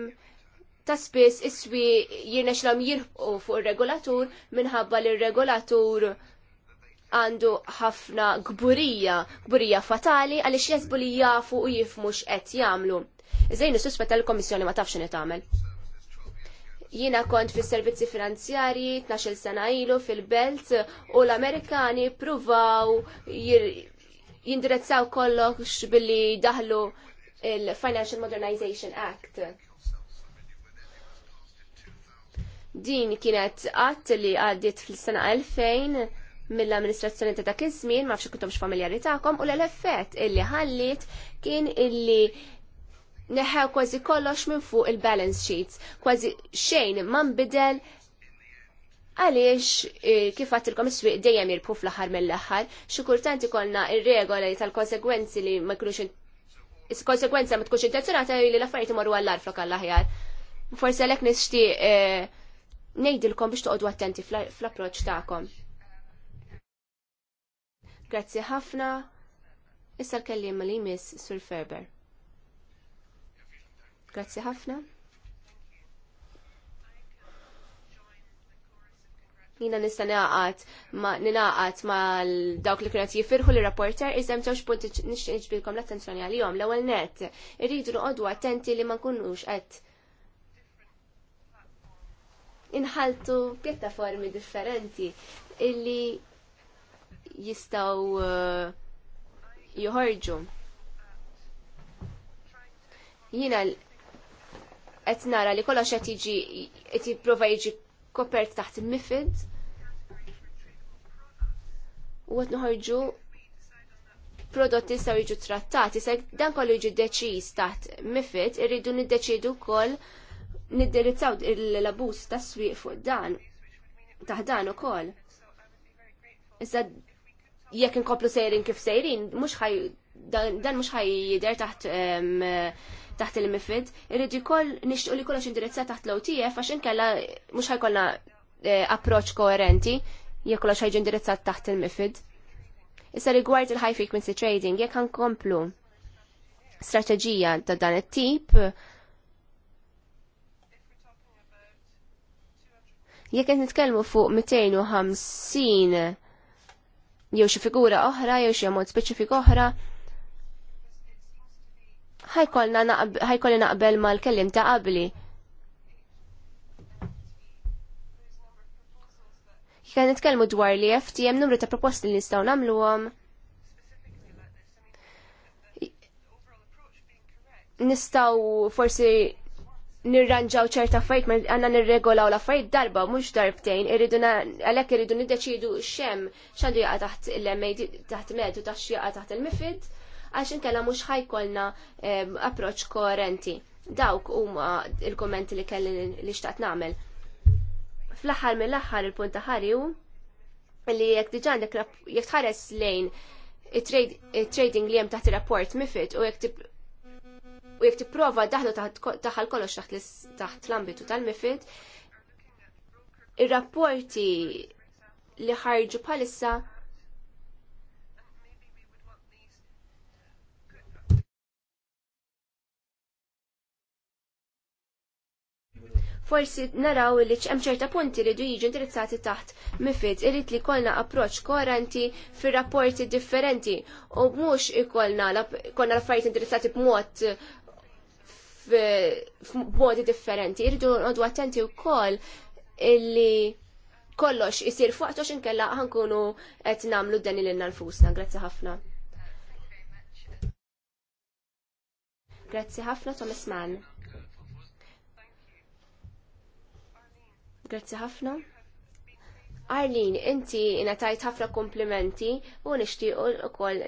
ta' spiss iswi xlam jirħu fuq il-regolatur minħabba li il-regolatur għandu ħafna gburija, gburija fatali għaliex jesbu li jafu u jifmux qed jagħmlu. Iżejn suspetta l-Komissjoni ma tafx x'in tagħmel. Jiena kont fis-servizzi finanzjarji 12 sena ilu fil-Belt u l-Amerikani pruvaw jindirezzaw kollox billi daħlu il-Financial Modernization Act. Din kienet għatt li għaddiet fil-sena 2000 mill-amministrazzjoni ta' dak iż-żmien, ma fx kuntomx familjari tagħkom, u l-effett illi ħallit kien illi neħew kważi kollox minn fuq il-balance sheets, kważi xejn ma nbidel għaliex eh, kif għattilkom is-swieq dejjem jirpu fl-aħħar mill-aħħar, xi kultant ikollna ir-regoli tal-konsegwenzi li ma jkunux is-konsekwenza ma tkunx intenzjonata li l-affarijiet imorru għall-ar flok għall-aħjar. Forse lek nixtieq eh, ngħidilkom biex toqgħodu attenti fl-approċċ tagħkom. Grazzi ħafna. Issa l-kellim li jmiss Sur Ferber. Grazzi ħafna. jina nista naqat ma ninaqat ma dawk li kienet jifirħu li rapporter iżem tewx punti nixbilkom l-attenzjoni għalihom l-ewwel net. Irridu noqogħdu attenti li ma nkunux qed inħaltu pjattaformi differenti illi jistaw uh, joħorġu. Jina qed nara li kollox qed jiġi qed jipprova jiġi kopert taħt mifid u għet nħorġu prodotti jistaw jiġu trattati, sa' dan kollu jiġu deċiż taħt mifid, irridu niddeċidu wkoll niddirizzaw l-abus tas swieq fuq dan, taħdan dan ukoll. Issa jekk inkoplu sejrin kif sejrin, ħaj dan mhux ħaj jidher taħt taħt il-mifid, irridu jkoll nixtiequ li kollox indirizzat taħt l-OTF għax inkella mhux ħajkollna eh, approċ koerenti jekk kollox ħajġi indirizzat taħt il-MIFID. Issa rigward il-high frequency trading, jekk komplu strateġija ta' dan it-tip, jekk qed nitkellmu fuq 250 jew xi figura oħra jew xi mod speċifik oħra, ħajkollna naqbel mal-kellim ta' qabli Kien nitkellmu dwar li FTM numru ta' proposti li nistgħu nagħmluhom. Nistgħu forsi nirranġaw ċerta affarijiet ma għandna nirregolaw l-affarijiet darba mhux darbtejn, irridu għalhekk irridu niddeċidu x'hemm x'għandu jaqa' taħt l-MAD taħt medu ta' x'jaqa' taħt il-mifid għax inkella mhux ħajkolna ehm, approċċ koerenti. Dawk huma il-kommenti li kelli li xtaqt nagħmel fl-aħħar mill-aħħar il-punt ta' aħħar li jekk diġà għandek jek tħares lejn trading li hemm taħt il rapport mifit u jekk tipprova daħlu taħal kollox taħt l-ambitu tal mifit ir-rapporti li ħarġu bħalissa forsi naraw li ċem ċerta punti li du jiġu indirizzati taħt mifid irrit li kolna approċ koranti fir rapporti differenti u mux ikolna konna l-affarijiet indirizzati b'mod f'modi differenti. Irridu nqodu attenti u illi kollox isir fuqtox inkella ħankunu qed namlu d-deni l nfusna. Grazzi ħafna. Grazzi ħafna Thomas Mann. Grazzi ħafna. Arlin, inti inatajt ħafna komplimenti u nishti u kol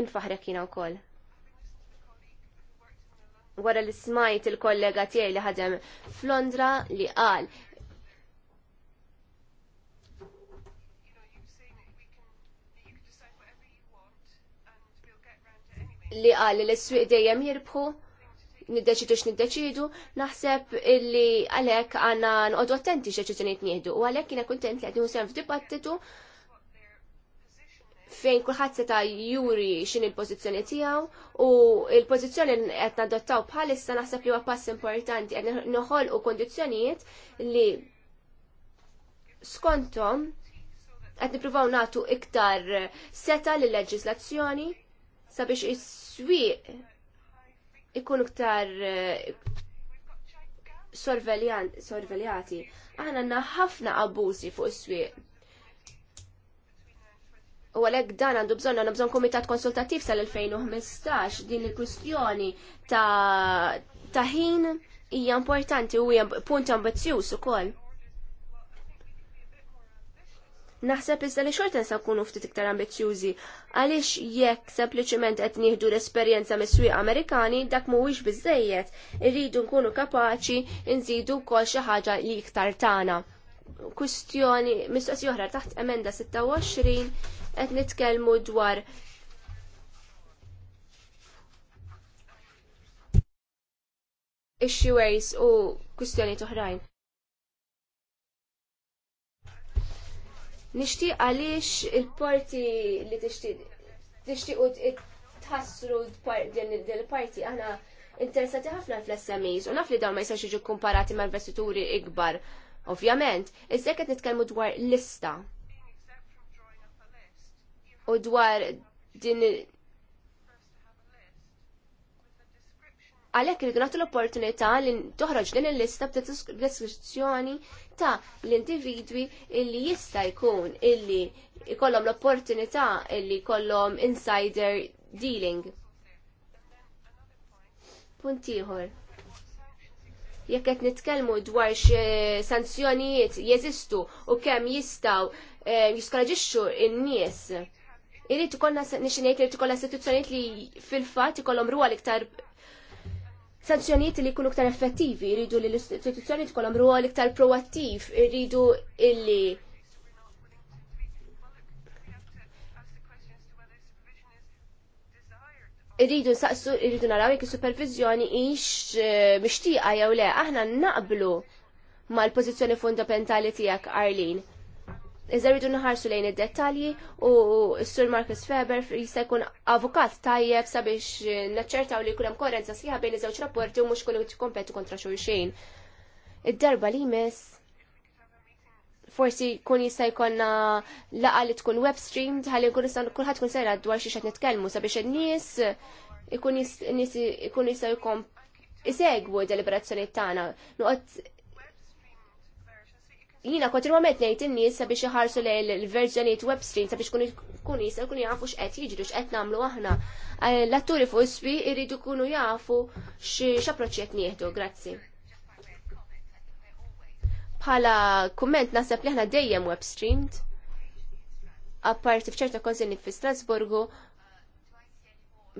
nfaħrek jina u kol. Wara li smajt il-kollega tiegħi li ħadem f'Londra li qal li qal li l swieq dejjem jirbħu niddeċidu x'niddeċidu, naħseb illi għalhekk għandna nqogħdu attenti x'deċiżjonijiet nieħdu u għalhekk jiena kuntent li qed sem f'dibattitu fejn kulħadd seta' juri x'in il-pożizzjoni tiegħu u l-pożizzjoni qed nadottaw bħalissa naħseb li huwa pass importanti qed noħolqu kondizzjonijiet li skontom qed nippruvaw nagħtu iktar seta' lill-leġislazzjoni sabiex is-swieq ikun iktar eh, sorveljati. Aħna għandna ħafna abbużi fuq is-swieq. U għalek dan għandu bżon, għandu bżon komitat konsultattiv sal-2015 din il-kwistjoni ta' ħin hija importanti u hija punt ambizzjuż ukoll. Naħseb iżda li xorta nsa nkunu ftit iktar ambizzjużi għaliex jekk sempliċiment qed nieħdu l-esperjenza mis-swieq Amerikani dak mhuwiex biżejjed, irridu nkunu kapaċi nżidu wkoll xi ħaġa li iktar tagħna. Kwistjoni mistoqs oħra taħt emenda 26 qed nitkellmu dwar issues u kwistjoni toħrajn. Nixtieq għaliex il-parti li u tħassru din il-parti aħna interessati ħafna fl-SMEs u naf li dawn ma jistax jiġu komparati ma' investituri ikbar. Ovvjament, iżda qed nitkellmu dwar lista. U dwar din Għalhekk irgħatu l-opportunità li toħroġ din il-lista b'deskrizzjoni ta' l-individwi illi jista' jkun illi jkollhom l-opportunità illi jkollhom insider dealing. Punt ieħor. Jekk qed nitkellmu dwar sanzjonijiet jeżistu u kemm jistgħu eh, jiskoraġixxu in-nies irrid ikollna nixinejt li tkollha istituzzjonijiet li fil-fatt ikollhom ruwa iktar sanzjonijiet li jkunu ktar effettivi, jridu li l-istituzzjoni tkollhom ruol iktar proattiv, jridu illi Irridu nsaqsu, irridu naraw jekk supervizjoni ix eh, mixtieqa jew le, aħna naqblu mal-pożizzjoni fundamentali tiegħek Arlin. Iżda rridu nħarsu lejn id-dettalji u s-sur Marcus Feber jista' jkun avukat tajjeb sabiex naċċertaw li jkun hemm koerenza sħiħa bejn iż-żewġ rapporti u mhux kollu kompetu kontra xulxin. Id-darba li jmiss forsi kun jista' jkollna laqa li tkun web stream, ħalli nkun nista' kulħadd kun sejra dwar xi qed nitkellmu sabiex in-nies ikun jista' jkun isegwu deliberazzjoni tagħna. nuqgħod jina kontinuament ngħid in-nies sabiex iħarsu lejn l verżjonijiet web stream sabiex kun jistgħu jkunu jafu x'qed jiġri x'qed nagħmlu aħna. Eh, l-atturi fuq iswi jridu jkunu jafu x'approċċ qed nieħdu. Grazzi. Bħala kumment naħseb li aħna dejjem web streamed apparti f'ċerta konsenit fi Strasburgu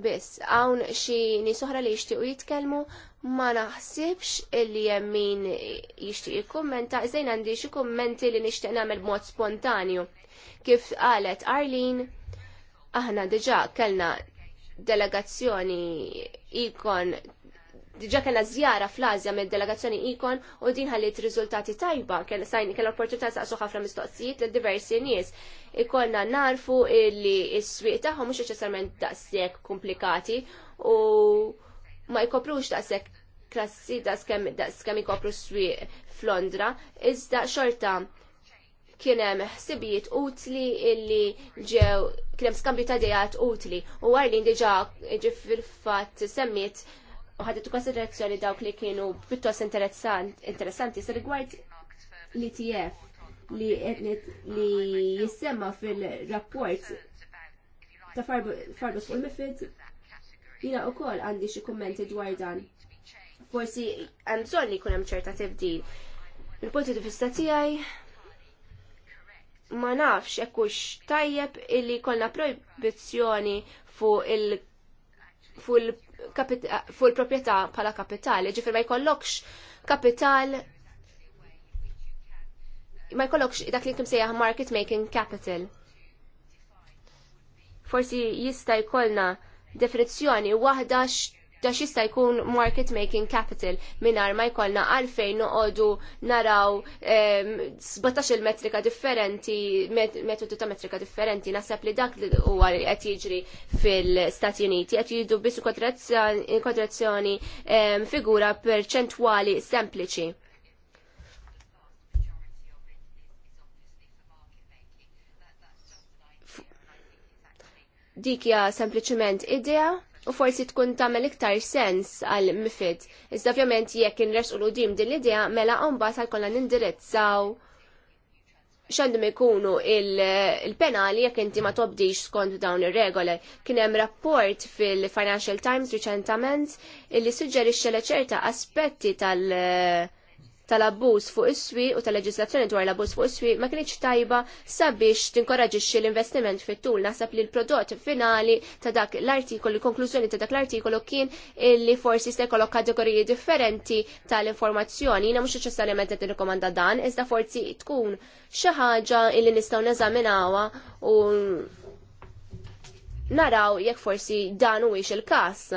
biss. Hawn xi nies li jixtiequ jitkellmu ma naħsibx illi hemm min jixtieq jikkummenta, iżejn għandi xi kummenti li nixtieq nagħmel b'mod spontanju. Kif qalet Arlene, aħna diġà kellna delegazzjoni ikon diġa kena zjara fl-Azja me delegazzjoni ikon u din ħallit riżultati tajba. Kena sajni kena opportunità saqsu ħafna mistoqsijiet li diversi nies. Ikonna narfu illi s-swieq tagħhom mhux neċessarjament daqshekk komplikati u ma jkoprux daqshekk klassi da daqskemm ikopru s-swieq f'Londra, iżda xorta kien hemm ħsibijiet utli illi ġew kien hemm skambju ta' dejat utli u għarlin diġà ġi fil semmiet u ħadet konsiderazzjoni dawk li kienu pjuttost interessanti se rigward l-ETF li li jissemma fil-rapport ta' Farbus u Mifid jina u kol għandi xie kommenti dwar dan. Forsi bżonn li kunem ċerta tibdil. Il-punti di vista tijaj ma nafx ekkux tajjeb illi kolna proibizjoni fuq il fuq il Eh, fuq il-proprjetà pala kapitali, ġifir ma jkollokx kapital ma jkollokx dak li kim sejjaħ market making capital. Forsi jista' jkollna definizzjoni waħda għax jista' jkun market making capital mingħajr ma jkollna għalfejn noqogħdu naraw 17 ehm, metrika differenti, metodu ta' metrika differenti, naħseb li dak li huwa li qed jiġri fil-Stati Uniti qed jiddu biss kontrazzjoni ehm, figura perċentwali sempliċi. Dikja sempliciment idea u forsi tkun tagħmel iktar sens għal mifid. Iżda ovvjament jekk inres u din l-idea mela mbagħad jkollna nindirizzaw xandum ikunu il-penali jekk inti ma tobdix skont dawn ir-regoli. Kien hemm rapport fil-Financial Times riċentament illi suġġerixxa li ċerta aspetti tal- uh, tal-abbuż fuq is u tal-leġislazzjoni dwar l-abbuż fuq is ma kienx tajba sabiex tinkoraġixxi l-investiment fit-tul. Naħseb li l-prodott finali ta' dak l-artikolu, konklużjoni ta' dak l-artikolu kien li forsi se jkollok kategoriji differenti tal-informazzjoni. Jiena mhux neċessarjament qed nirrikomanda dan, iżda forsi tkun xi ħaġa li nistgħu neżaminawha u naraw jekk forsi dan huwiex il-każ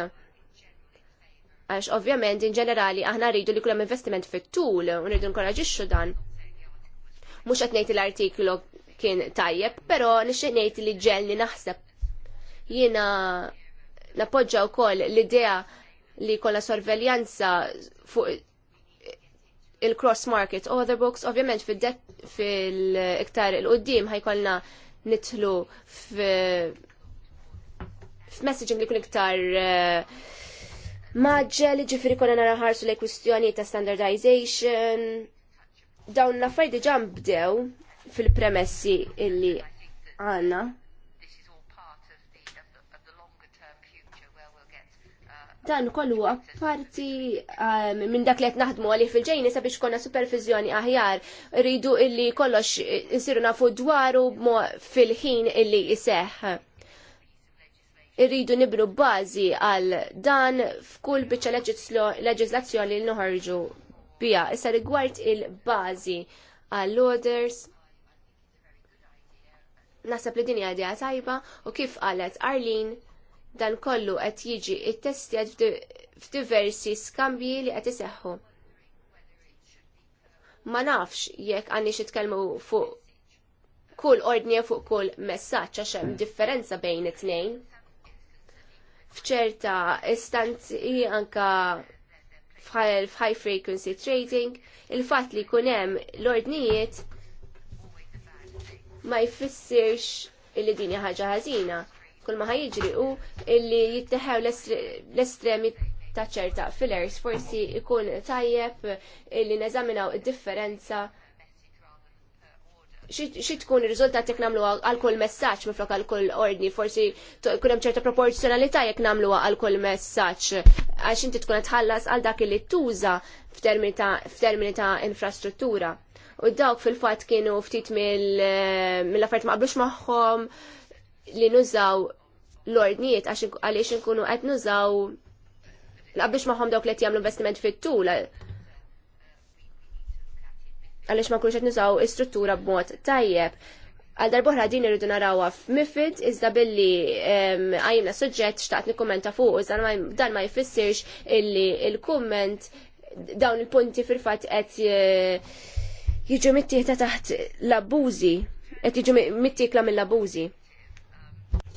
Għax ovvjament in ġenerali aħna rridu li kullam investiment fit-tul u rridu nkoraġixxu dan. Mhux qed ngħid l-artiklu kien tajjeb, però nixtieq ngħid li ġelni naħseb. Jiena nappoġġa wkoll l-idea li kollha sorveljanza fuq il-cross market order books, ovvjament fil-iktar il-qoddim ħajkolna nitlu f-messaging li kun iktar uh, maġġel ġifri konna nara ħarsu le kwistjoni ta' standardization dawn l-affarijiet bdew fil-premessi illi għanna. Dan kollu apparti um, minn dak li qed naħdmu għalih fil-ġejni sabiex konna supervizjoni aħjar rridu illi kollox insiru nafu dwaru fil-ħin illi jseħħ irridu nibru bażi għal dan f'kull biċċa leġislazzjoni li noħorġu bija. Issa rigward il-bażi għall orders Nasab li din għadija tajba u kif qalet Arlin dan kollu qed jiġi ttestjat f'diversi skambji li qed iseħħu. Ma nafx jekk għandix jitkellmu fuq kull ordni fuq kull messaġġ għax hemm differenza bejn it-tnejn fċerta istanzi anka f'high frequency trading, il-fatt li jkun hemm l-ordnijiet ma jfissirx illi din ħaġa ħażina. Kull ma ħajġri hu illi jitteħew l-estremi ta' ċerta fillers forsi ikun tajjeb illi neżaminaw id-differenza xi tkun ir-riżultat jekk nagħmluha għal kull messaġġ miflok għal kull ordni, forsi jkun hemm ċerta proporzjonalità jekk nagħmluha għal kull messaġġ għax inti tkun tħallas għal dak li tuża f'termini ta' infrastruttura. U dawk fil-fatt kienu ftit eh, mill-affarijiet ma qablux magħhom li nużaw l-ordnijiet għaliex inkunu qed nużaw qablux magħhom dawk li qed jagħmlu investiment fit-tul għaliex ma kunx qed nużaw is-struttura b'mod tajjeb. Għal darbohra din irridu narawha f'Mifid iżda billi għajna suġġett xtaqt nikkumenta fuq iżda dan ma jfissirx illi il-kumment dawn il-punti fil-fatt qed e, jiġu mittieħda taħt l-abbużi, qed jiġu mittiekla mill-abbużi.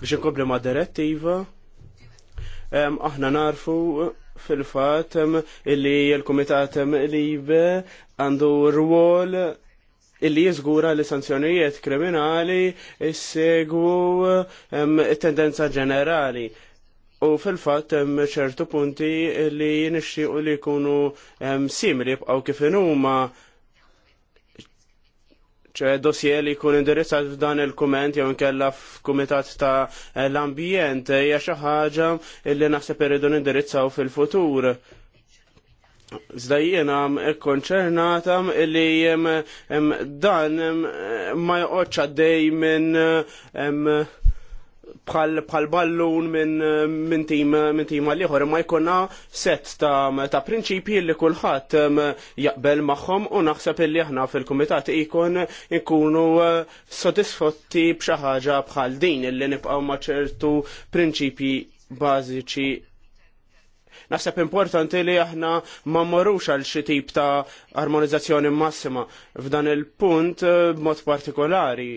Biex inkompli ma' direttiva, aħna narfu fil-fat illi l-Kumitat Libe għandu rwol illi jizgura li sanzjonijiet kriminali jissegwu tendenza ġenerali. U fil-fat ċertu punti li nixtiequ li jkunu simri b'għaw kif huma ċe dossier li jkun indirizzat f'dan il-kument jew inkella f'kumitat ta' l-ambjent hija xi ħaġa li naħseb irridu nindirizzaw fil-futur. Iżda jiena konċernata li dan ma joqgħodx għaddej minn bħal ballun minn min tim minn tim għal ma jkunna set ta', ta prinċipji li kulħadd jaqbel magħhom u naħseb illi aħna fil-kumitat ikun ikunu eh, sodisfotti b'xi ħaġa bħal din illi nibqgħu ma' ċertu prinċipji bażiċi Naħseb importanti li aħna ma marrux għal xi tip ta' armonizzazzjoni massima f'dan il-punt eh, b'mod partikolari.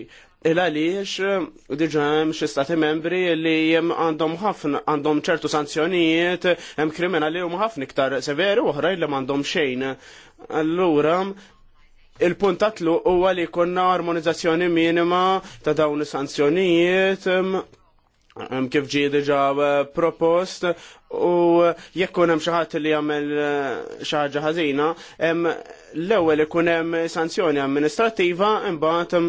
Il għaliex eh, diġa hemm xi stati membri li għandhom ħafna għandhom ċertu sanzjonijiet hemm kriminali huma ħafna iktar severi oħrajn li m'għandhom xejn. Allura il-punt tatlu huwa li konna armonizzazzjoni minima ta' dawn is-sanzjonijiet kif ġie diġà eh, propost u jekk hemm xi ħadd li jagħmel eh, xi ħaġa ħażina, l-ewwel ikun hemm sanzjoni amministrattiva imbagħad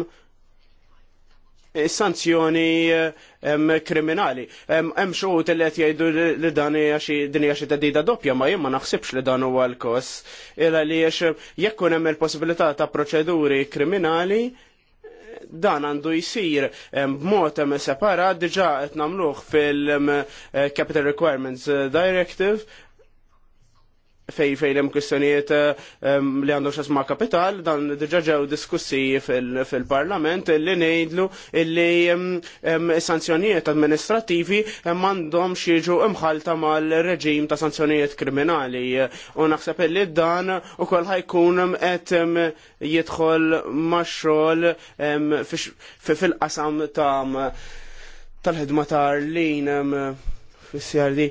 sanzjoni eh, kriminali. Hemm xogħod li qed jgħidu li dan hija xi din hija xi tedida doppja, ma jien ma naħsibx li dan huwa l-kos. Illa li jekk hemm il-possibilità ta' proċeduri kriminali, dan għandu jisir b'mod separat diġà qed nagħmluh fil-Capital eh, Requirements eh, Directive fej fej l kwistjonijiet eh, li għandu xasma kapital, dan ġew diskussi fil-parlament li nejdlu li sanzjonijiet administrativi eh, mandom xieġu imħalta mal-reġim ta' sanzjonijiet kriminali. U naħseb li dan u kol ħajkun et jidħol maċxol fil-qasam ta' tal-ħidma ta' Arlin fis-CRD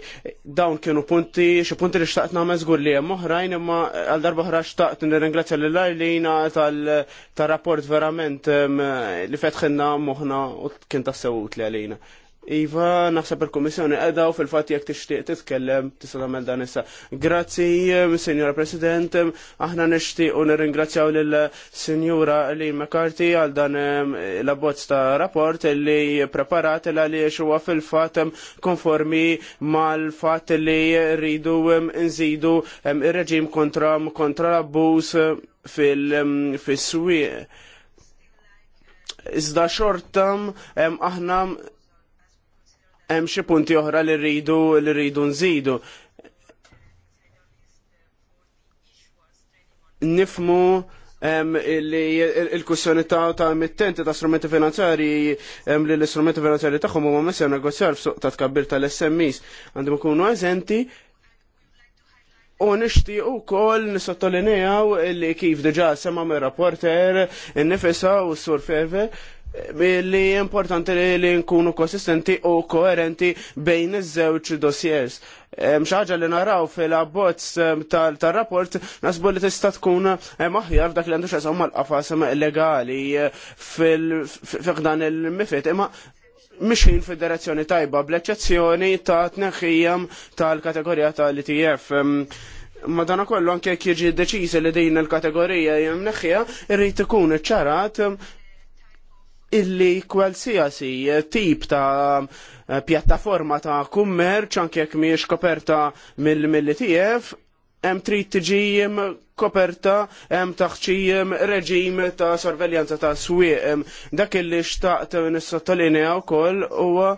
dawn kienu punti, xi punti li xtaqt nagħmel żgur li hemm oħrajn imma għal darba oħra xtaqt nirringrazzja lil Arlina tal-rapport verament li fetħinna moħħna u kien tassew li għalina. Iva, naħseb il-Komissjoni edha u fil-fat jek tixtieq titkellem tista' tagħmel dan issa. Grazzi, eh, Sinjora President, aħna nixtieq u nirringrazzjaw lil Sinjura Lee McCarthy għal dan eh, l-abbozz ta' rapport li preparat l għaliex huwa fil-fatt eh, konformi mal-fatt li rridu nżidu ir-reġim kontra kontra l-abbuż fil-swieq. Iżda xortam aħna hemm xi punti oħra li rridu li rridu nżidu. Nifmu li il-kussjoni ta' ta' mittenti ta' strumenti finanzjari li l-istrumenti finanzjari tagħhom huma messew negozjar f'suq ta' tkabbir tal-SMEs għandhom ikunu eżenti U nishtiq ukoll nisottolinjaw li kif diġà sema mir rapporter innifisha u s-sur Feve li importanti li nkunu konsistenti u koerenti bejn iż-żewġ dossiers. Mxaġa li naraw fil-abbozz tal-rapport nasbu li tista' tkun maħjar dak li għandu xasam mal-qafas legali eh, fil-fiqdan il-mifit. Imma mxin fil-direzzjoni tajba bl-eċezzjoni ta' tneħħijam tal-kategorija tal-ITF. dana kollu anke kieġi deċiż li din il-kategorija jemneħħija irrid ikun ċarat illi kwalsiasi eh, tip ta' eh, pjattaforma ta' kummerċ anke jekk mhijiex koperta mill-ITF hemm trid tiġi koperta hemm taħċi reġim ta' sorveljanza ta' swieq. Dak illi xtaqt nissottolinja wkoll huwa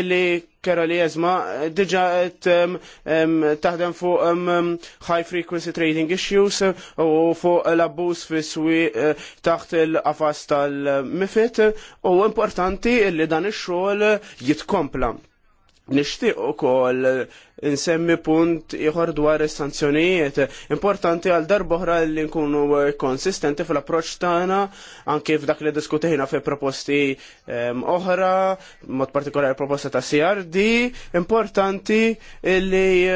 illi kera li jazma diġa taħdem fuq high frequency trading issues u fuq l-abbus fi swi eh, taħt il afas tal-mifit u importanti li dan ix-xogħol jitkompla. Nishtiq u kol nsemmi punt iħor dwar sanzjonijiet importanti għal darboħra li nkunu konsistenti fl-approċ tagħna anke f'dak li diskutejna fi proposti oħra, mod partikolari proposta ta' CRD, importanti li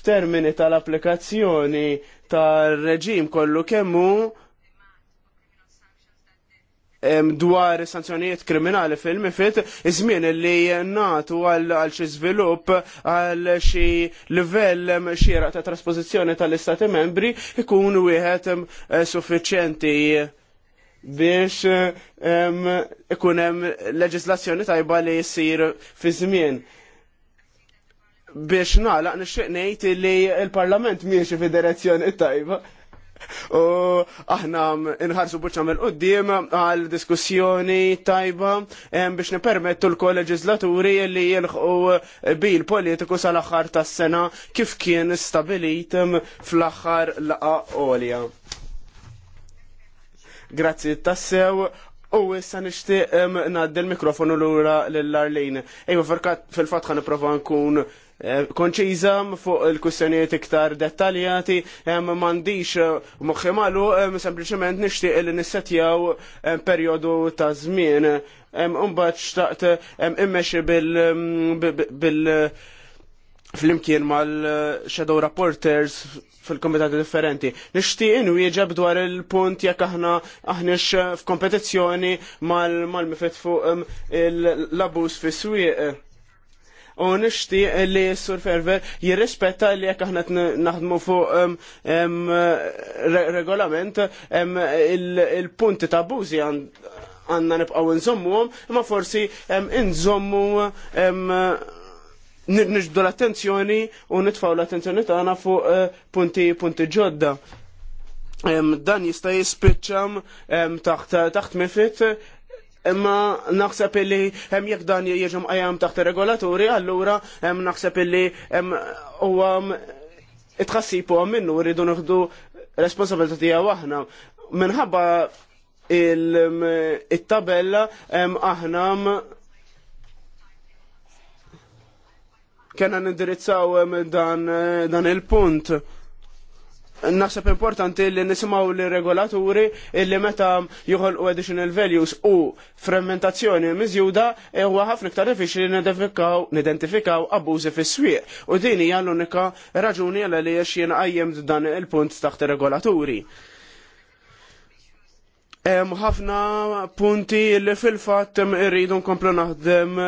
f'termini tal-applikazzjoni tar-reġim kollu kemmu dwar sanzjonijiet kriminali fil-mifit, izmien li natu għal xi żvilupp għal xi livell xieraq ta' trasposizjoni tal-Istati membri ikun wieħed eh, suffiċjenti biex ikun hemm leġislazzjoni tajba li jsir fi żmien biex nagħlaq nixtieq ngħid li l-Parlament miexi fi direzzjoni tajba. U aħna inħarsu buċa mill qoddim għal diskussjoni tajba biex nipermettu l kolleġizlaturi li jilħu bil politiku sal-axar tas sena kif kien stabilit fl-axar laqa olja. Grazzi tassew. U issa nishtiq naddi l-mikrofonu l-ura l-Arlejn. Ejwa iva, fil-fat ħan nkun Eh, konċiża fuq il-kustjonijiet iktar dettaljati, eh, mandiċ eh, moħħi sempliciment nishtiq li nissetjaw periodu ta' zmin. Umbaċ xtaqt immeċi bil- mm, fl-imkien mal-shadow rapporters fil-komitati differenti. Nishtiq inwieġeb dwar il-punt jekk aħna aħniex f'kompetizzjoni mal-mifet fuq l labus fis-swieq u nixtieq li s-sur Ferver jirrispetta li jekk aħna naħdmu fuq regolament il-punti ta' għanna għandna nibqgħu nżommuhom, imma forsi nżommu nġdu l-attenzjoni u nitfaw l-attenzjoni tagħna fuq eh, punti punti ġodda. Dan jista' jispiċċam taħt mifit imma naħseb illi hemm jekk dan jiġu qajam taħt regolaturi allura hemm naħseb illi hemm huwa għam minnu rridu nieħdu responsabilità tiegħu aħna. Minħabba il-tabella hemm aħna kena nindirizzaw dan, dan il-punt. Naħseb importanti li nisimaw li regolaturi illi meta juħolqu additional values u frammentazzjoni miżjuda huwa ħafna iktar diffiċli nidentifikaw abbużi fis-swieq. U din hija l-unika raġuni għal li jien qajjem dan il-punt taħt regolaturi. Hemm ħafna punti li fil-fatt irridu nkomplu naħdem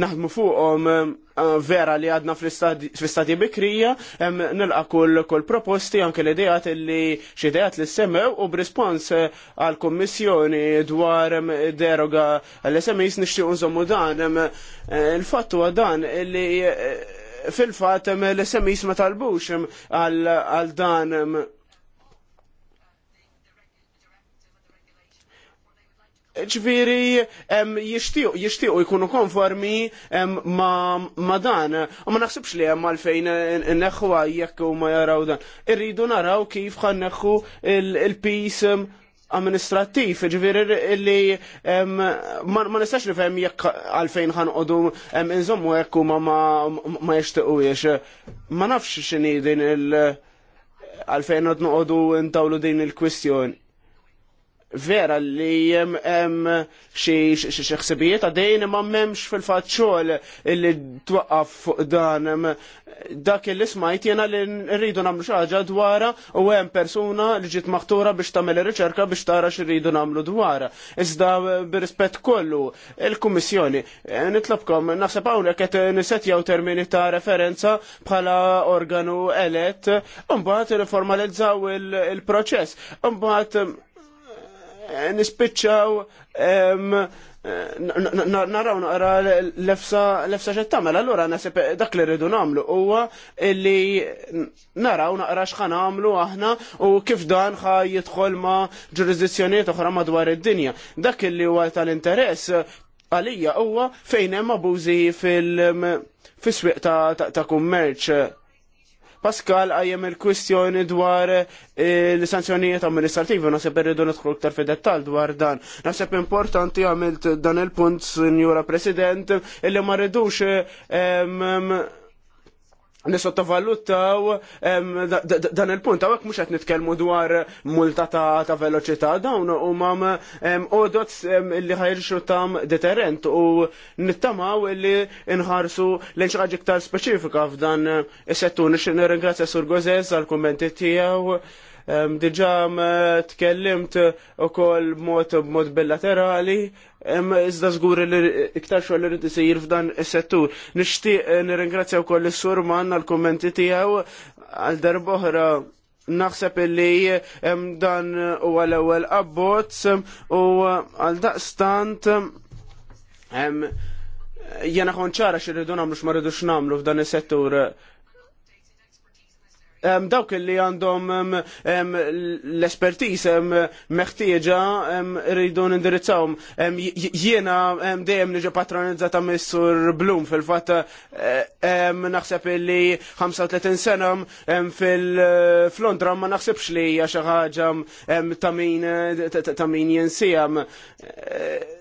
naħdmu fuqhom vera li għadna fl-istati bikrija, nilqa kull kull proposti anke l-idejat li xidejat li semmew u b'rispons eh, għal kommissjoni dwar deroga l-SMIs nixtieq nżommu dan. Eh, il-fattu dan li eh, fil-fat l-SMIs ma talbux għal dan ċviri jishtiju jkunu konformi ma dan. U ma naħsibx li hemm għalfejn neħu jekk u ma jaraw dan. Irridu naraw kif għan neħu il-pis amministrattiv, ġviri li ma nistax nifhem jekk għalfejn ħan qodu inżommu jekk u ma jishtiju jiex. Ma nafx xini din il- għalfejn għad noqodu intawlu din il-kwistjoni vera li hemm xi ħsibijiet għadejn ma m'hemmx fil-fatt xogħol li twaqqaf fuq dan dak li smajt jena li rridu nagħmlu xi ħaġa dwarha u hemm persuna li ġiet maħtura biex tagħmel riċerka biex tara rridu nagħmlu dwarha. Iżda birispett kollu il-Kummissjoni e, nitlobkom naħseb hawnhekk qed nisetjaw termini ta' referenza bħala organu elett u mbagħad riformalizzaw il-proċess. Mbagħad Eh, nispiċċaw eh, naraw naqra l-efsa ġettamel, allora nasib dak li rridu namlu u li naraw naqra xħan għamlu aħna u kif dan xa jitħol ma' ġurisdizzjoniet oħra madwar id-dinja. Dak li huwa tal-interess għalija huwa fejn hemm abużi fil-swieq ta' kummerċ Pascal għajem il-kwistjoni dwar eh, l-sanzjonijiet amministrativi, nasib irridu nidħlu iktar fi dettal dwar dan. Nasib importanti għamilt dan il-punt, Signora President, illi ma rridux eh, nisottovalutaw dan il-punt, għawek mux għet nitkelmu dwar multa ta' veloċità, dawn u mam odot li ħajrxu tam deterrent u nittamaw li nħarsu l-inxħaġi ktar specifika f'dan is-settur. Nix nirringrazzja Sur Gozez għal-kommenti tijaw Diġa tkellimt u kol mod bilaterali, Iżda żgur li iktar xogħol irid isir f'dan is-settur. Nixtieq nirringrazzja wkoll is-sur Manna l-kummenti tiegħu għal darba oħra naħseb hemm dan huwa l-ewwel abbozz u għal daqstant jena konċara xirridu namlu x'ma rridux nagħmlu f'dan is-settur dawk li għandhom l espertiz um, meħtieġa rridu Um, Jiena dejjem niġu patronizzata Missur Blum fil-fatt eh, naħseb li 35 sena fil-Londra ma naħsibx li hija xi ħaġa ta' eh, jensijam. Uh, eh,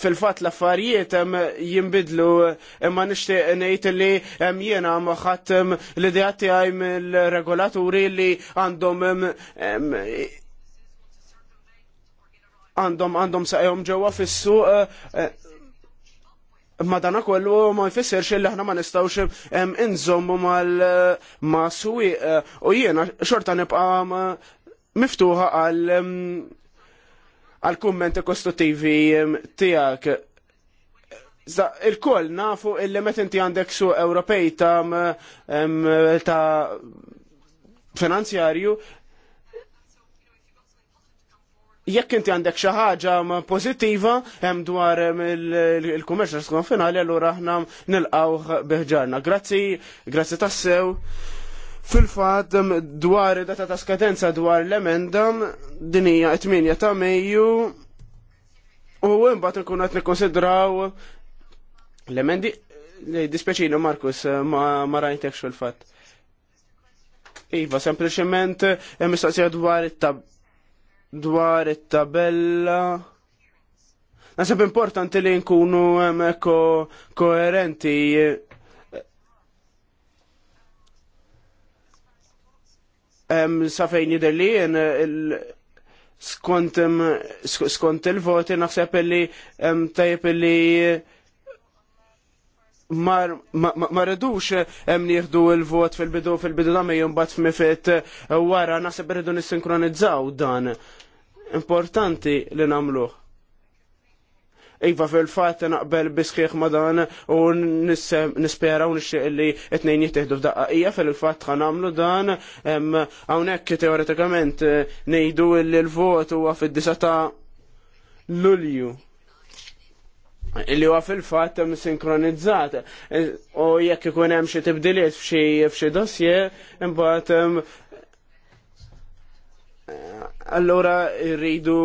fil-fat l-affarijiet jimbidlu imma nishti ngħid li jiena ħadd l-idea tiegħi mill-regolaturi li għandhom għandhom għandhom saqjom ġewwa fissu eh, eh, ma dana kollu ma jfissirx li aħna ma nistawx inżommu mal ma suwi eh, u jiena xorta nibqa' miftuħa għal għal kummenti kostuttivi tiegħek. Il-koll nafu illi met inti għandek su Ewropej ta' finanzjarju jekk inti għandek xi ħaġa pożittiva hemm dwar il-kummerċ il allura aħna nilqgħu biħġarna. Grazzi, grazzi tassew. Fil-fat dwar data ta' skadenza dwar l-emenda din hija 8 ta' Mejju u mbagħad nkun qed nikkonsidraw l-emendi dispeċina Markus ma, ma rajtekx fil-fatt. Iva, sempliciment mistaqsija dwar it-tab dwar it-tabella. Nasib importanti li nkunu ko koerenti um, safej jidher li skont il-voti naħseb li tajjeb li ma rridux hemm nieħdu l-vot fil-bidu fil-bidu dam f-mifet f'mifet wara naħseb irridu nissinkronizzaw dan. Importanti li nagħmluh. Iva fil-fat naqbel bisħiħ madan u nispera u nixxieq li etnejn jittihdu Ija fil-fat ħanamlu dan hawnhekk teoretikament eh, ngħidu li l-vot huwa fid-disa ta' Lulju. Illi huwa fil-fatt sinkronizzat eh, u jekk ikun hemm xi tibdiliet f'xi dossier imbagħad Allora rridu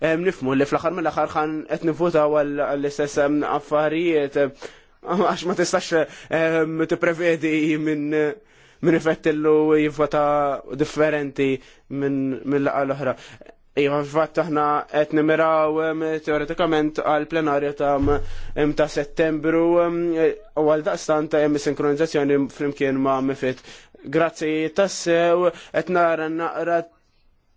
eh, nifmu li fl-axar mill-axar ħan qed nivvotaw għall-istess affarijiet għax ma tistax tipprevedi minn minn illu jivvota differenti minn mill l-oħra. Iva, fatt aħna qed nimiraw teoretikament għal plenarju ta' ta' settembru u għal daqstan ta' jemmi sinkronizzazzjoni flimkien ma' mifit. Grazzi tassew, qed nara naqra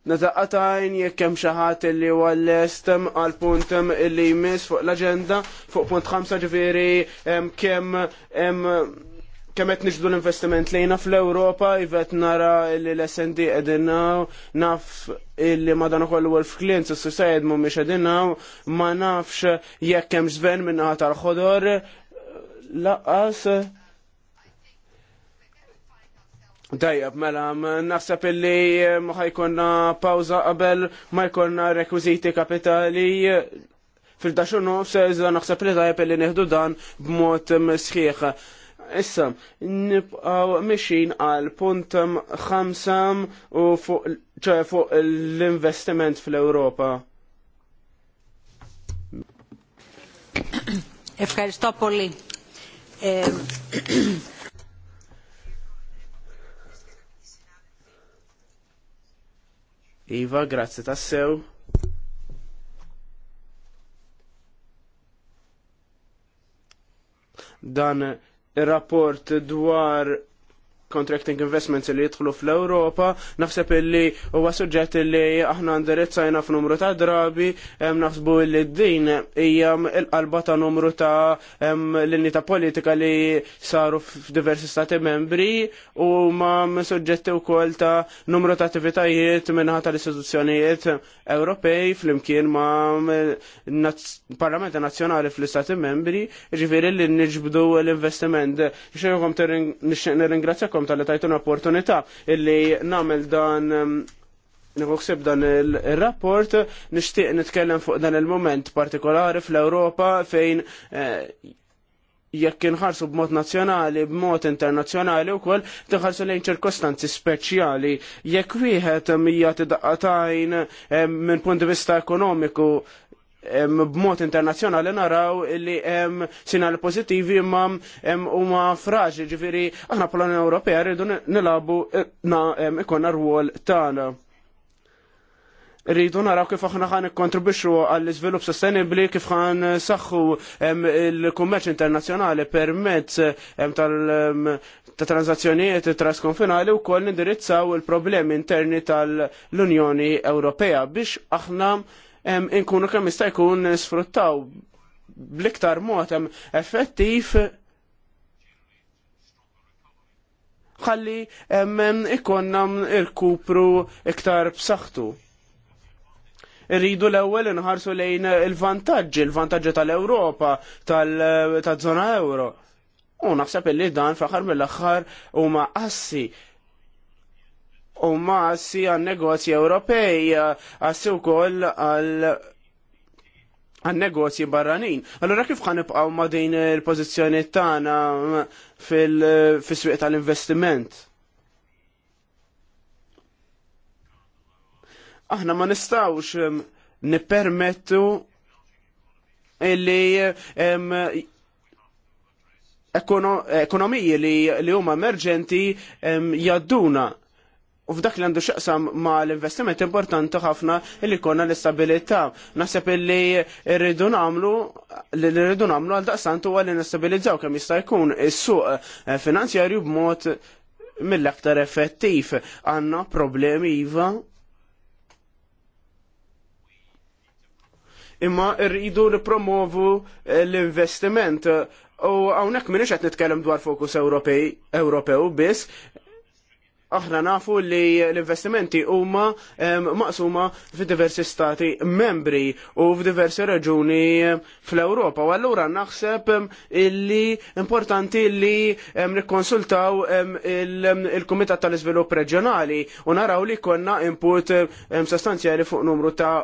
Nazaqqatajn jekk hemm xi ħadd illi huwa l-estem għal punt illi jmiss fuq l-aġenda fuq punt 5 ġifieri kemm hemm kemm qed niġdu l-investiment lejna fl-Ewropa jvet nara li l-SND qegħdin naf illi madankollu Wolf Klintz is-susajed mhumiex qegħdin ma nafx jekk hemm żven minn ħadd tal-ħodor laqas Dajjab, mela, naħseb illi eh, maħajkonna pauza qabel maħajkonna rekwiziti kapitali eh, fil-daxun nofs, eh, iżda naħseb li dajjab illi neħdu dan b'mod sħiħ. Issa, nibqaw mixin għal punt ħamsam u fuq l-investiment fil europa Efkaristo Polli. Iva, grazie tassew. Dan il rapport dwar contracting investments li jidħlu fl-Europa, naħseb illi huwa suġġett li aħna ndirizzajna f'numru ta' drabi, illi li din hija l-qalba ta' numru ta' linni ta' politika li saru f'diversi stati membri u ma' suġġetti wkoll ta' numru ta' attivitajiet minnaħa tal-istituzzjonijiet Ewropej flimkien ma' parlamenti nazzjonali fl-istati membri, ġifieri li niġbdu l-investiment. Xejn nirringrazzjak nirringrazzjakom tal-li tajtun opportunità illi namel dan um, Nħuħsib dan il-rapport, nishtiq nitkellem fuq dan il-moment partikolari fl-Europa fejn eh, jekk inħarsu b'mod nazzjonali, b'mod internazzjonali u koll, tħarsu lejn ċirkostanzi speċjali. Jekk wieħed mija um, tidaqatajn eh, minn punt di vista ekonomiku b'mod internazzjonali naraw li hemm sinali pożittivi imma huma fraġi ġifieri aħna bħala Unjoni Ewropea rridu nilabu e, na ikonna rwol tagħna. Rridu naraw kif aħna ħan ikkontribwixxu għall-iżvilupp sostenibbli kif ħan saħħu il-kummerċ internazzjonali permezz tal ta' transazzjonijiet trasconfinali u koll indirizzaw il-problemi interni tal-Unjoni Ewropea biex aħna inkunu kemm jista' jkun sfruttaw bliktar mod hemm effettiv ħalli ikonna irkupru iktar b'saħħtu. Irridu l-ewwel inħarsu lejn il-vantaġġi, il-vantaġġi tal-Ewropa, tal-żona euro. U naħseb illi dan fl-aħħar mill-aħħar huma assi u ma si għan negozji Ewropej għassi eh, u koll għal għan negozji barranin. Allora kif għan ibqaw ma din il-pozizjoni tana fil-swiq tal-investiment? Aħna ma nistawx nipermettu illi ekonomiji li huma emerġenti jadduna U f'dak li għandu xaqsam ma l-investiment importanti ħafna li konna l istabilita Naħseb li rridu namlu, li rridu namlu għal daqsantu u għalli nistabilizzaw kemm jista' jkun is-suq eh, finanzjarju b'mod mill-aktar effettiv. Għanna problemi iva imma rridu promovu eh, l-investiment U għawnek minix għet nitkellem dwar fokus Ewropej, Ewropew biss, aħna nafu li l-investimenti huma maqsuma f'diversi stati membri u f'diversi raġuni fl-Ewropa. U allura naħseb illi importanti li nikkonsultaw il-Kumitat tal-Iżvilupp Reġjonali u naraw li konna input sostanzjali fuq numru ta'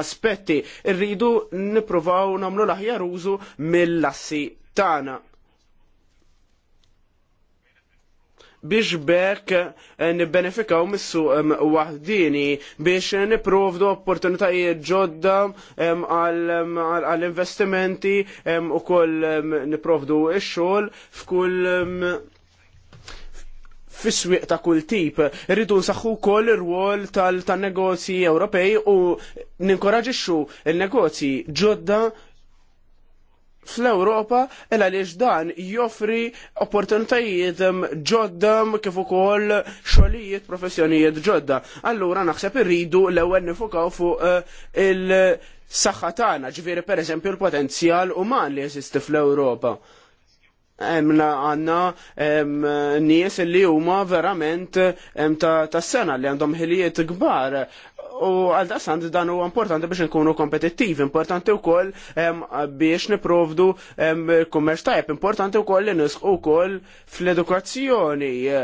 aspetti. Irridu nippruvaw nagħmlu l-aħjar użu mill-assi tagħna. biex bekk eh, nibbenefikaw missu wahdini waħdini biex niprovdu opportunitajiet ġodda għall-investimenti u koll niprovdu ix-xogħol f'kull fis-swieq ta' kull tip. Irridu nsaħħu wkoll ir-rwol tal-negozji Ewropej u ninkoraġixxu il-negozji ġodda fl-Europa il għaliex dan joffri opportunitajiet um, ġodda um, kif ukoll xogħlijiet professjonijiet ġodda. Allura naħseb irridu l-ewwel nifukaw fuq uh, il-saħħa tagħna, ġifieri pereżempju l-potenzjal uman li jeżisti fl-Ewropa. Emna għanna nies li huma verament ta' sena li għandhom ħiliet kbar U għal dasand dan huwa importanti biex nkunu kompetittivi, importanti wkoll biex niprovdu kummerċ tajab, importanti wkoll li nisqu wkoll fl-edukazzjoni e,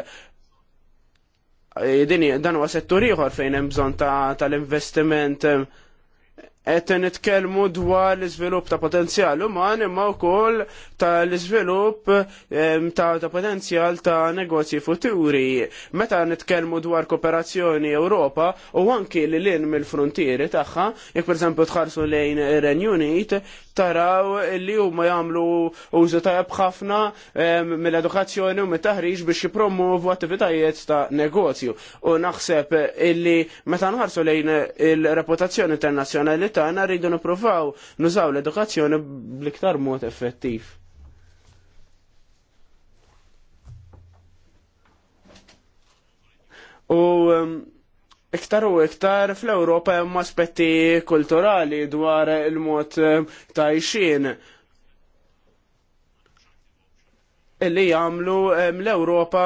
dini dan huwa settur ieħor fejn hemm bżonn tal-investiment ta qed nitkellmu dwar l-iżvilupp ta' potenzjal uman imma wkoll ta' l-iżvilupp ta', ta potenzjal ta' negozji futuri. Meta nitkellmu dwar kooperazzjoni Ewropa u anki li lin mill-frontieri tagħha, jekk pereżempju tħarsu lejn ir-Renju Unit, taraw li huma jagħmlu użu tajjeb ħafna mill-edukazzjoni u mit-taħriġ biex jippromovu attivitajiet ta' negozju. U naħseb illi meta nħarsu lejn il-reputazzjoni internazzjonali tagħna rridu nippruvaw nużaw l-edukazzjoni bl-iktar mod effettiv. U iktar u iktar fl-Ewropa hemm aspetti kulturali dwar il-mod eh, ta' Li illi jagħmlu eh, l-Ewropa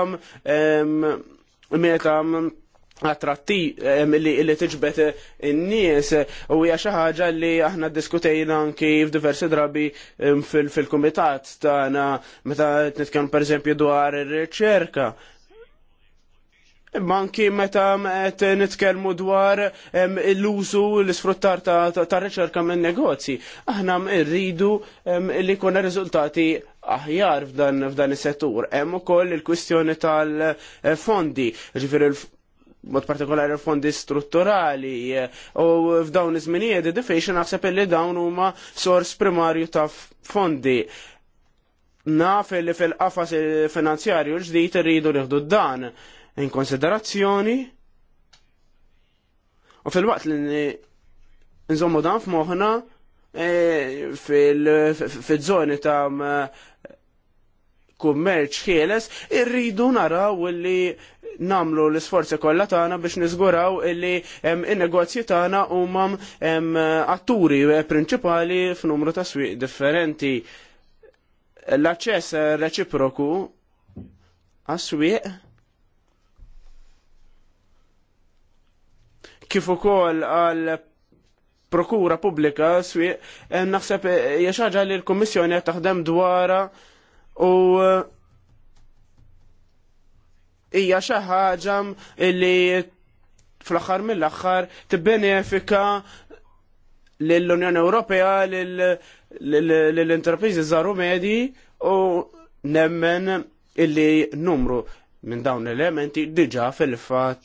eh, meta mm, attratti li tiġbet in-nies u hija xi ħaġa li aħna ddiskutejna anki f'diversi drabi fil-kumitat tagħna meta nitkellmu pereżempju dwar ir-riċerka. Manki meta qed nitkellmu dwar l-użu l-isfruttar ta' riċerka minn negozji. Aħna rridu li jkunna riżultati aħjar f'dan is-settur. Hemm ukoll il-kwistjoni tal-fondi, ġifier mod partikolari fondi strutturali u f'dawn iż-żminijiet id naħseb li dawn huma sors primarju ta' fondi naf li fil-qafas finanzjarju l-ġdijt rridu nieħdu dan in konsiderazzjoni u fil-waqt li nżommu dan f'moħħna e, fil-żoni ta' kummerċ ħieles, irridu naraw li namlu l-isforzi kollha tagħna biex niżguraw li in-negozji tagħna huma atturi prinċipali f'numru ta' swieq differenti. L-aċċess reċiproku għas-swieq kif ukoll għal prokura pubblika swieq eh, naħseb eh, jaxaġa li l-Kummissjoni qed taħdem dwarha u eh, hija xi ħaġa li fl-aħħar mill-aħħar tibbenefika l-Unjoni Ewropea l-interpriżi Zaru medji u nemmen illi numru minn dawn l-elementi diġa fil-fat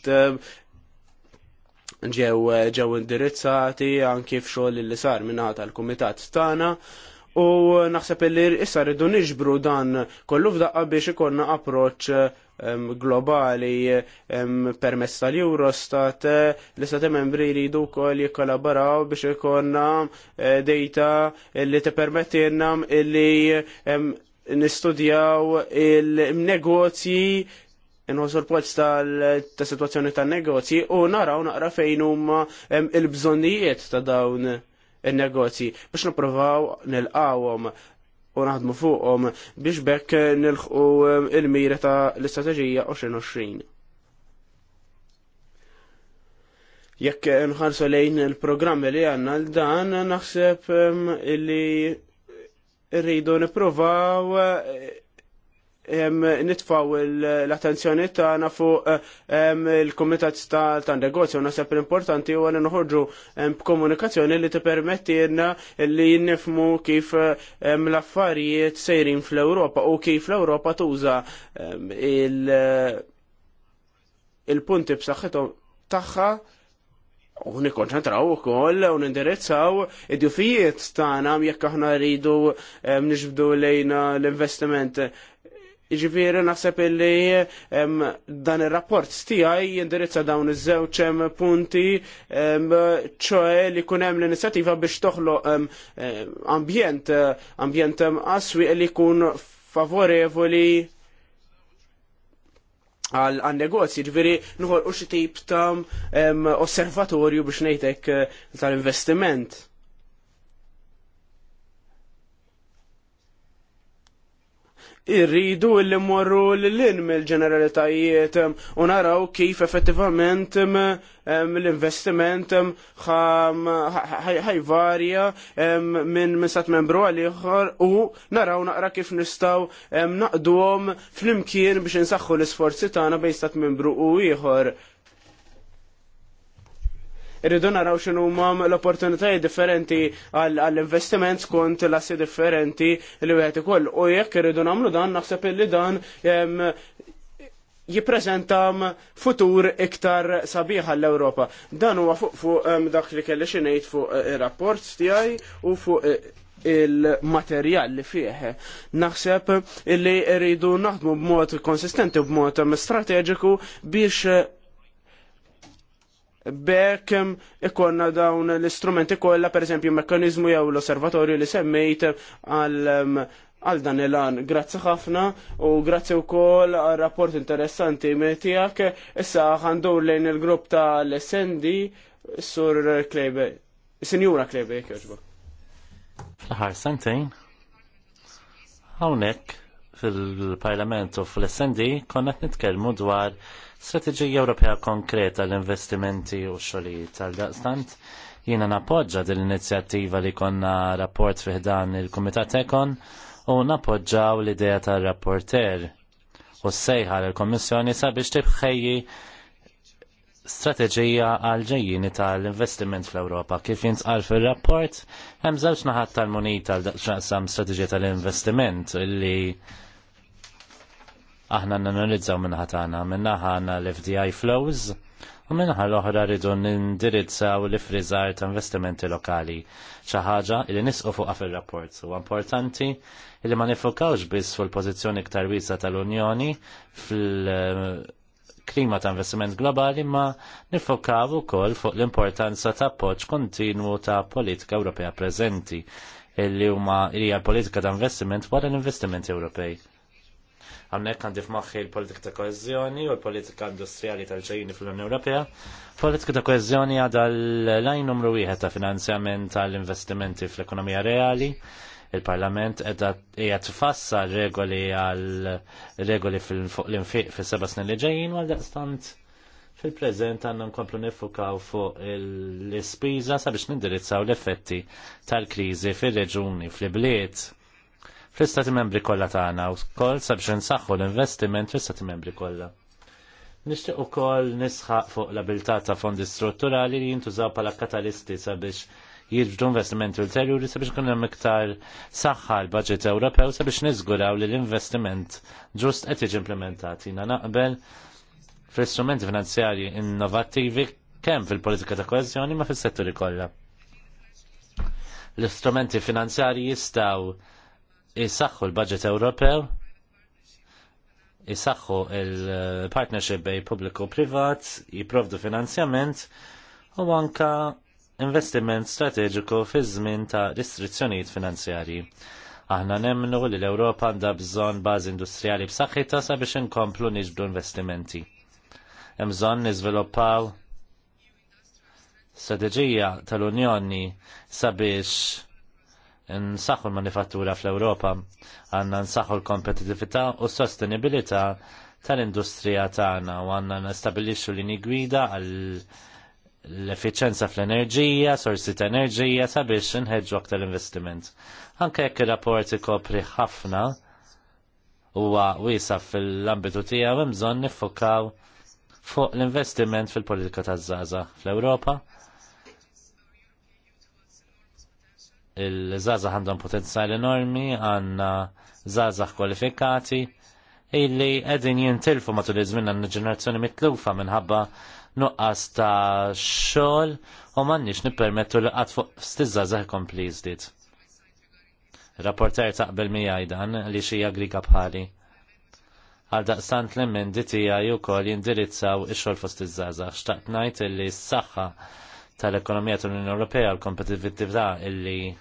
ġew ġew indirizzati anki f'xogħol li sar minnaħa tal-kumitat tagħna u naħseb li issa rridu niġbru dan kollu f'daqqa biex ikonna approċċ globali permess tal-Eurostat eh, li stati membri jridu wkoll jikkollaboraw biex ikonna eh, data li tippermettilna illi nistudjaw il-negozji inħossu l-pozz tal-situazzjoni tan-negozji u naraw naqra fejn huma il-bżonnijiet ta' dawn il-negozji biex nipprovaw nilqawhom u naħdmu fuqhom biex bekk nilħqu il-mira ta' l-istrateġija 2020. Jekk nħarsu lejn il-programmi li għanna l-dan, naħseb illi rridu niprovaw nitfaw l-attenzjoni tagħna fuq il-kumitat ta' negozju naħseb importanti u għalli noħorġu b'komunikazzjoni li lna li nifmu kif l-affarijiet sejrin fl-Ewropa u kif l-Ewropa tuża il-punti b'saħħithom tagħha u nikkonċentraw ukoll u nindirizzaw id-dufijiet tagħna jekk aħna rridu nixbdu lejna l-investiment Iġviri naħseb illi dan il-rapport stijaj jindirizza dawn iż-żewċ punti ċoħe li kunem l-inizjativa biex toħlo eh, ambjent, eh, ambjent aswi li kun favorevoli għal negozji ġviri nħol u xitib ta' osservatorju biex nejtek eh, tal-investiment. irridu illi morru l-lin mill-ġeneralitajiet u naraw kif effettivament l-investiment ħajvarja minn misat membru għal-ieħor u naraw naqra kif nistaw naqduhom fl-imkien biex nsaxħu l-isforzi tagħna bejn stat membru u ieħor Irridu naraw mam l-opportunitajiet differenti għall-investiment skont l-assi differenti li wieħed ikoll. U jekk irridu nagħmlu dan naħseb illi dan jiprezentam futur iktar sabiħ għall ewropa Dan huwa fuq fuq dak li kelli xinejt fuq eh, ir-rapport tiegħi u fuq eh, il-materjal li fieħ. Naħseb li rridu naħdmu b'mod konsistenti u b'mod strateġiku biex Bekk ikonna dawn l-istrumenti kollha pereżempju mekkaniżmu jew l-osservatorju li semmejt għal um, għal dan il-għan. Grazzi ħafna u grazzi u kol għal rapport interessanti tiegħek. Issa ħandur lejn il-grupp ta' l-SND sur Klebe. Sinjura Klebe, jek Fl-ħar sentejn, għawnek, fil-Parlament u fl-SND konna nitkellmu dwar strateġija Ewropea konkreta l-investimenti u xogħlijiet tal-daqstant. Jiena napoġġa din l-inizjattiva li konna rapport fiħdan il-Kumitat Ekon u napoġġaw l-idea tal-rapporter u sejħa l kummissjoni sabiex tibħejji strateġija għal ġejjini tal-investiment fl-Ewropa. Kif jinsqal fil-rapport, hemm żewġ naħat tal-munita tal daqsam strateġija tal-investiment li aħna nanalizzaw minnaħatana, minnaħana l-FDI flows, u minnaħa l-oħra rridu nindirizzaw l frizar ta' investimenti lokali. ċaħġa li nisqu fuqa fil-rapport. U importanti li ma nifokawx biss l pozizjoni iktar wisa tal-Unjoni fil-klima ta' investiment globali ma nifokaw ukoll fuq l-importanza ta' appoġġ kontinu ta' politika Ewropea preżenti illi huma hija politika ta' investiment wara l investiment Ewropej Għamnek għandif maħħi l-politika ta' koezjoni u l-politika industrijali tal-ġejjini fl-Unjoni Ewropea. Politika ta' koezjoni għadha l-lajn numru wieħed ta' finanzjament tal-investimenti fl-ekonomija reali il-Parlament edha tfassa regoli għal regoli fil-infiq fil-seba snin li ġejjin għal daqstant fil-prezent għanna nkomplu nifukaw fuq l-ispiża sabiex nindirizzaw l-effetti tal-kriżi fil-reġuni, fil-bliet, fl-istati membri kollha tagħna u wkoll sabiex insaħħu l-investiment fl-istati membri kollha. Nixtieq ukoll nisħaq fuq l-abilità ta' fondi strutturali li jintużaw bħala katalisti sabiex jirġdu investimenti ulterjuri sabiex kun hemm iktar saħħa l-budget Ewropew sabiex niżguraw li l-investiment ġust qed jiġi implementat. Jiena naqbel fl-istrumenti finanzjarji innovattivi kemm fil-politika ta' koeżjoni ma fis-setturi kollha. L-istrumenti finanzjarji jistgħu jisaxħu l-budget Ewropew, jisaxħu il-partnership bej pubbliku privat, jiprovdu finanzjament u anka investiment strateġiku fi żmien ta' restrizzjonijiet finanzjarji. Aħna nemmnu li l-Ewropa għandha bżonn bażi industrijali b'saħħitha sabiex inkomplu niġbdu investimenti. Hemm bżonn niżviluppaw strateġija tal-Unjoni sabiex nsaħħu l-manifattura fl-Ewropa, għanna nsaħħu l-kompetitività u s-sostenibilità tal-industrija tagħna u għanna nestabilixxu lini gwida għal l-efficienza fl-enerġija, sorsi ta' enerġija sabiex inħeġġu aktar investiment. Anke jekk ir-rapport ikopri ħafna huwa wiesa fil-ambitu tiegħu hemm bżonn niffokaw fuq l-investiment fil-politika taż żgħażagħ fl-Ewropa il-żazax għandhom potenzjal enormi, għanna żazax kwalifikati, illi qegħdin jintilfu matul iż-żmien għandna ġenerazzjoni mitlufa minħabba nuqqas ta' xogħol u m'għandniex nippermettu li qatt fuq stiżżażax kompli żdied. Rapporter taqbel mi dan li xi Griga bħali. Għal daqstant l għaj u wkoll jindirizzaw ix-xogħol fost iż-żazax. Xtaqt ngħid illi s-saħħa tal-ekonomija tal-Unjoni Ewropea l-kompetitività illi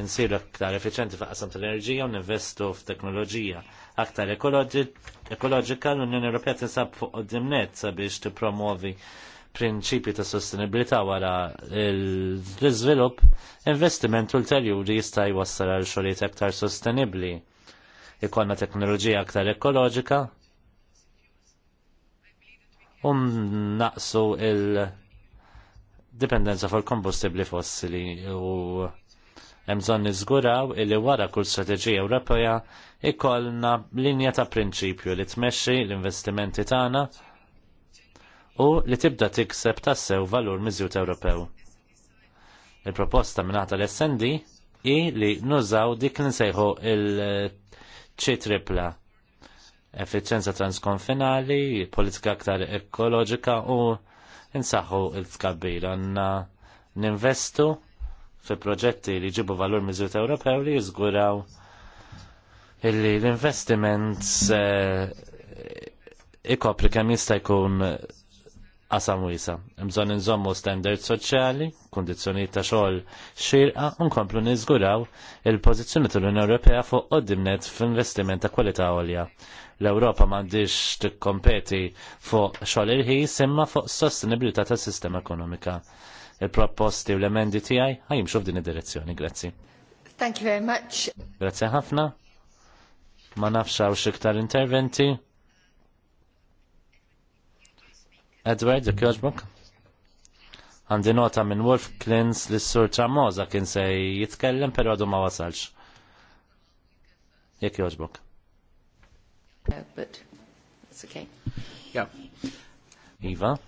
insiru aktar effiċenti faqsam tal-enerġija u ninvestu f'teknoloġija aktar ekoloġika l-Unjoni Ewropea tinsab fuq dimnet sabiex tippromovi prinċipji ta' sostenibilità wara l-iżvilupp, investiment ulterjuri jista' jwassal għal xogħlijiet aktar sostenibbli. Ikonna teknoloġija aktar ekoloġika, u naqsu il- dipendenza fuq kombustibli fossili u hemm bżonn niżguraw illi wara kull strateġija Ewropea ikollna linja ta' prinċipju li tmexxi l-investimenti tagħna u li tibda tikseb tassew valur miżjut Ewropew. Il-proposta minnata l-SND i li nużaw dik li nsejħu il-C tripla transkonfinali, politika aktar ekoloġika u insaħħu il-tkabbir għandna ninvestu fi proġetti li ġibu valur miżut Ewropew li jiżguraw illi l-investiment eh, ikopri kemm jista' jkun qasam wiesa. Bżonn inżommu standard soċjali, kundizzjonijiet ta' xogħol xirqa u nkomplu niżguraw il-pożizzjoni tal-Unjoni Ewropea fuq qoddimnet f'investiment ta' kwalità għolja l-Ewropa m'għandix tikkompeti fuq xogħol irħis imma fuq sostenibilità tas-sistema ekonomika. Il-proposti u l-emendi tiegħi ħajimxu f'din id-direzzjoni, grazzi. Thank you very much. Grazzi ħafna. Ma nafx hawn iktar interventi. Edward, jekk jogħġbok? Għandi nota minn Wolf Klins li s-sur Tramoza kien se jitkellem, pero għadu ma wasalx. Jekk jogħġbok. Uh, but that's okay. Yeah. Iva.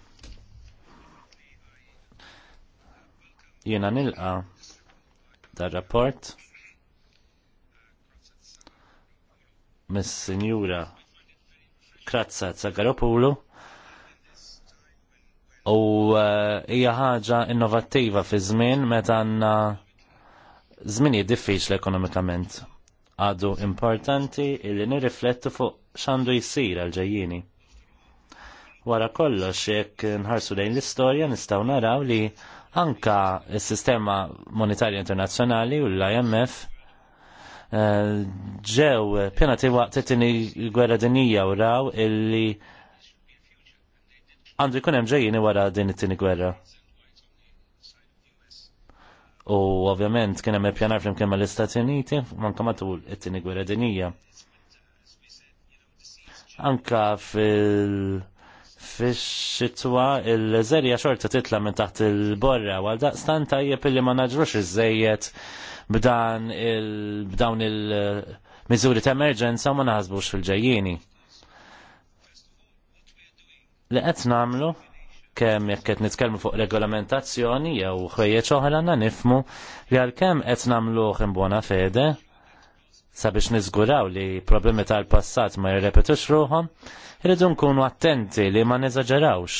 Jena nilqa dar rapport mis sinjura Krazza Zagaropoulou u uh, hija uh, ħaġa innovattiva fi żmien meta għandna żmien diffiċli ekonomikament għadu importanti illi nirriflettu fuq xandu jisir għal-ġejjini. Wara kollox jekk nħarsu lejn l-istorja nistgħu naraw li anka s-sistema monetarja internazzjonali u l-IMF eh, ġew ti waqt t tini gwerra dinija u raw illi għandu jkun hemm ġejjini wara din it-tieni gwerra. U ovvjament kien hemm ippjanar flimkien mal-Istati Uniti manka matul it-tieni gwerra dinija. Anka fil- fix-xitwa il-żerja xorta titla minn taħt il-borra għal daqstan tajjeb illi ma naġrux iżejjed b'dan il-b'dawn il-miżuri ta' emerġenza ma naħsbux fil-ġejjieni. Li qed nagħmlu kemm jekk qed nitkellmu fuq regolamentazzjoni jew ħwejjeġ oħra għandna nifmu li għalkemm qed nagħmluh imbona fede sabiex niżguraw li problemi tal-passat ma jirrepetux ruhom, irridu nkunu attenti li ma neżaġerawx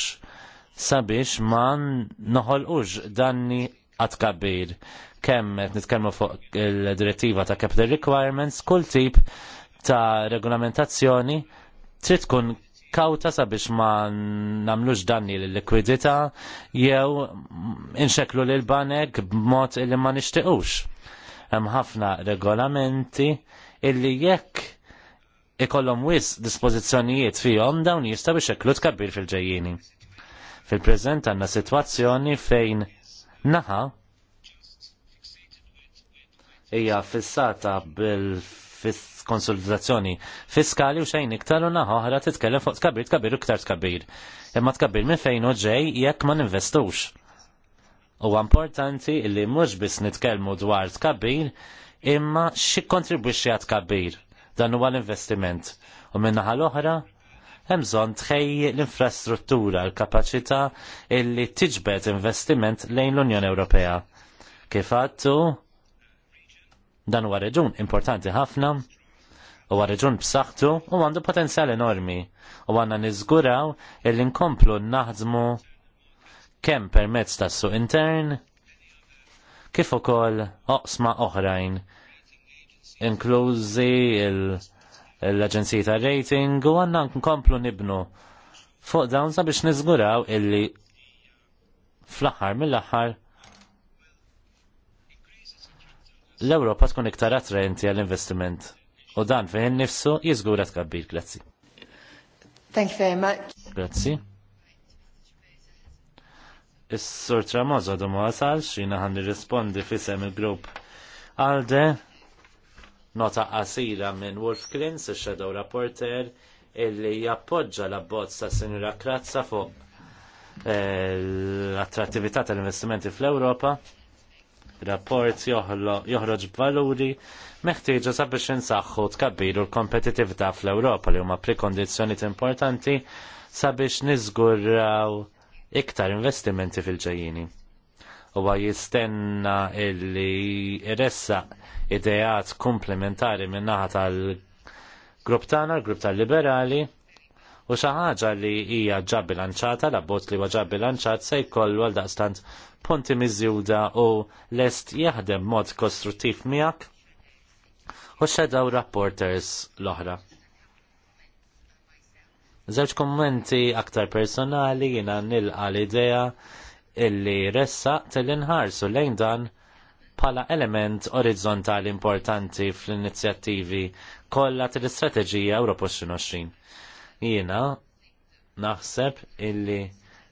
sabiex ma noħolqux danni għatkabbir, Kemm qed nitkellmu fuq il-direttiva ta' capital requirements, kull tip ta' regolamentazzjoni trid tkun kawta sabiex ma namlux danni l-likwidita jew inxeklu l-banek b'mod li ma nishtiqux. Hemm ħafna regolamenti illi jekk ikollhom wis dispożizzjonijiet fihom dawn jista' biex tkabbir fil-ġejjieni. Fil-preżent għandna sitwazzjoni fejn naħa hija fissata bil-fiss konsolidazzjoni fiskali u xejn iktar u naħa oħra titkellem fuq tkabbir tkabbir u ktar tkabbir. Imma tkabir minn fejn u ġej jekk ma ninvestux. U importanti li mhux biss nitkellmu dwar tkabir imma xi kontribwixxi għat tkabbir. Dan huwa l-investiment. U minn naħa l-oħra hemm bżonn tħejji l-infrastruttura, l-kapaċità illi tiġbed investiment lejn l-Unjoni Ewropea. Kif għadtu, dan huwa reġun importanti ħafna huwa reġun b'saħħtu u għandu potenzjal enormi u għandna niżguraw illi nkomplu naħdmu kemm permezz tas-suq intern kif ukoll oqsma oħrajn inklużi l-Aġenziji ta' rating u għandna nkomplu nibnu fuq dawn sabiex niżguraw illi fl-aħħar mill-aħħar l-Ewropa tkun iktar attrenti għall-investiment. U dan fejn nifsu jizgura tkabbir, grazzi. Thank you very much. Grazzi. Is-sur Tramoz għadu ma għasalx, jina għan rispondi fisem il-grupp Alde, nota qasira minn Wolf Klins, il-shadow rapporter, illi jappoġġa l bozza ta' Sinjura Krazza fuq eh, l-attrattività tal-investimenti fl-Europa rapport joħroġ b'valuri meħtieġa sabiex insaħħu tkabbiru l-kompetitività fl-Ewropa li huma prekondizzjoni importanti sabiex niżgurraw iktar investimenti fil-ġejjini. Huwa jistenna illi iressa ideat komplementari minn naħa tal-grupp tagħna, l-grupp tal-liberali, u xi ħaġa li hija ġabbilanċata, l-abbozz li huwa ġabbilanċat se jkollu għal daqstant ponti miżjuda u lest jaħdem mod kostruttiv miegħek u xedaw rapporters l-oħra. Żewġ kommenti aktar personali jiena nilqa l-idea illi ressa tal-inħarsu lejn dan bħala element orizzontali importanti fl-inizjattivi kollha tal-Istrateġija Ewropa 2020. Jiena naħseb illi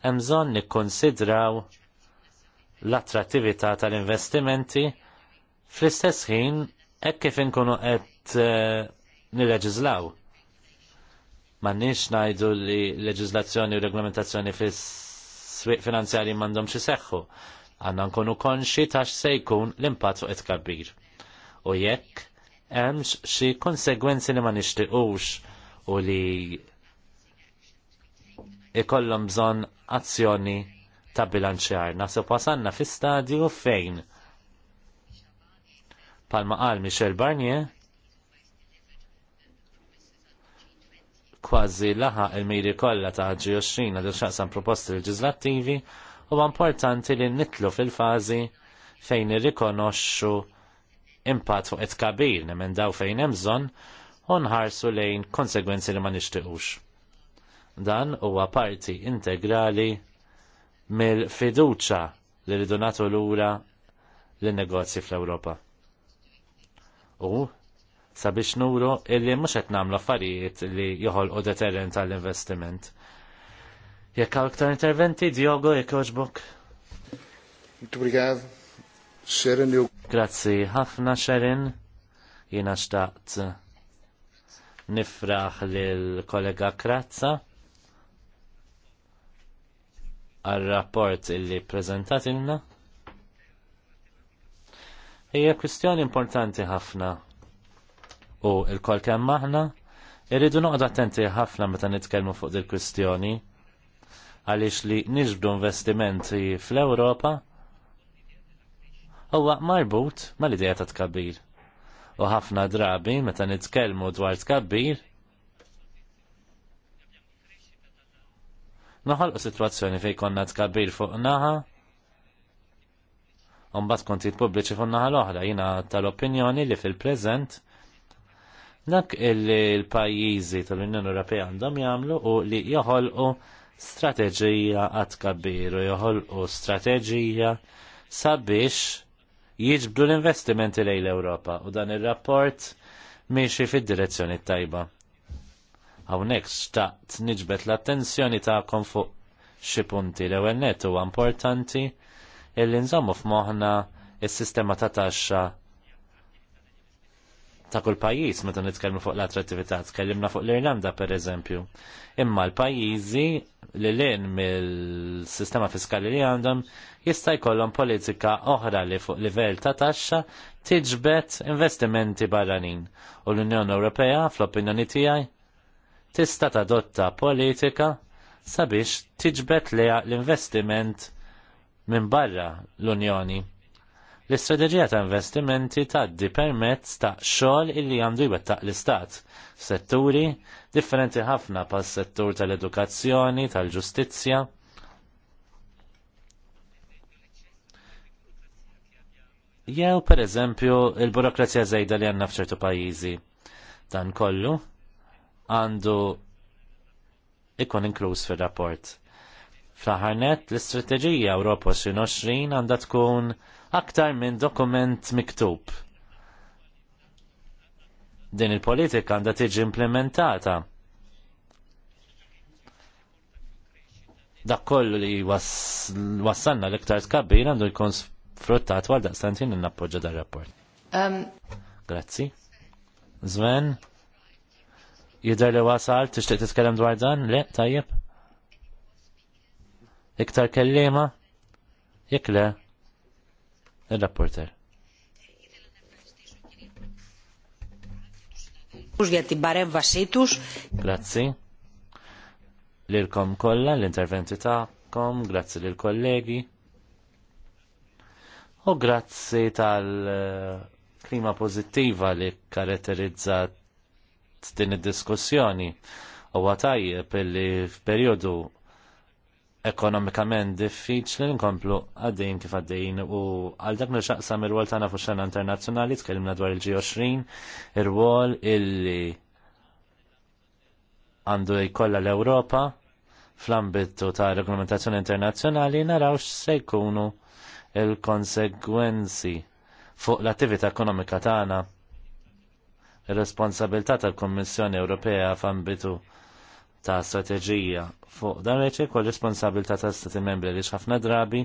hemm bżonn nikkonsidraw l-attrattività tal-investimenti fl-istess ħin hekk kif inkunu qed eh, nirreġiżlaw. M'għandniex ngħidu li leġiżlazzjoni u reglamentazzjoni fis-swieq finanzjarji m'għandhomx seħħu. Għandna nkunu konxi ta' se jkun l-impatt fuq it-kabbir. U jekk hemmx xi konsegwenzi li ma nixtiequx u li ikollhom bżonn azzjoni ta' bilanċjar. Naħseb wasanna fi stadju fejn. Palma qal Michel Barnier, kważi laħa il-miri kollha ta' G20 għadu xaqsam proposti leġislattivi u importanti li nitlu fil-fazi fejn irrikonoxxu impatt fuq it-kabir daw fejn hemm bżonn u nħarsu lejn konsegwenzi li ma nixtiequx. Dan huwa parti integrali mill-fiduċa li rridu nagħtu lura lin-negozji fl-Ewropa. U sabiex nuru illi mhux qed nagħmlu affarijiet li joħolqu deterrent għall-investiment. Jekk hawn iktar interventi, Diogo, jekk jogħġbok. Grazzi ħafna Sherin jiena xtaqt nifraħ lil kollega Krazza għal-rapport illi prezentat ilna. Hija kwistjoni importanti ħafna u il-kol kemm aħna irridu noqgħod attenti ħafna meta nitkellmu fuq dil kwistjoni għaliex li niġbdu investimenti fl-Ewropa huwa marbut mal-idea ta' tkabbir. U ħafna drabi meta nitkellmu dwar tkabbir, noħolqu situazzjoni fejn konna tkabbir fuq naħa bat konti pubbliċi fuq naħa l-oħra jina tal-opinjoni li fil-preżent dak il-pajjiżi tal-Unjoni Ewropea għandhom jagħmlu u li joħolqu strateġija għad u joħolqu strateġija sabiex jiġbdu l-investimenti lejn l-Ewropa u dan ir-rapport miexi fid-direzzjoni tajba. Hawnhekk xtaqt niġbet l-attenzjoni tagħkom fuq xi punti l-ewwel net huwa importanti illi nżommu f'moħħna s sistema ta' taxxa ta' kull pajjiż meta nitkellmu fuq l-attrattività, tkellimna fuq l-Irlanda pereżempju. Imma l-pajjiżi li lin mill-sistema fiskali li għandhom jista' jkollhom politika oħra li fuq livell ta' taxxa tiġbed investimenti barranin. U l-Unjoni Ewropea, fl-opinjoni tiegħi, tista' tadotta politika sabiex tiġbed leha l-investiment minn barra l-Unjoni. L-istrateġija ta' investimenti tgħaddi permezz ta' xogħol illi għandu jwettaq l-Istat f'setturi differenti ħafna pas settur tal-edukazzjoni, tal-ġustizzja. Jew pereżempju l burokrazija żejda li għandna f'ċertu pajjiżi. Dan kollu għandu ikun inkluż fir-rapport. Fl-ħarnet l-istrateġija Ewropa 2020 għandha tkun aktar minn dokument miktub. Din il-politika għandha tiġi implementata. Dak kollu li wassanna l-iktar tkabbir għandu jkun sfruttat għal daqstantin n-appoġġa dar-rapport. Um... Grazzi. Zven? Jidher li wasal, tixtieq titkellem dwar dan? Le, tajjeb. Iktar kellima? Jekk le? Il-rapporter. Grazzi. Lilkom kolla, l-interventi ta'kom, grazzi lil kollegi. U grazzi tal-klima eh, pozittiva li karatterizzat din id-diskussjoni huwa tajjeb li f'perjodu ekonomikament diffiċli nkomplu għaddejn kif għaddejn u għal dak nixaqsam ir wol tagħna fuq xena internazzjonali tkellimna dwar il-G20, ir wol illi għandu jkollha l-Ewropa fl-ambittu ta' reglamentazzjoni internazzjonali naraw se jkunu il-konsegwenzi fuq l-attività ekonomika tagħna ir-responsabilità tal-Kummissjoni Ewropea f'ambitu ta' strateġija fuq dan reċek u responsabilità ta' stati membri li ħafna drabi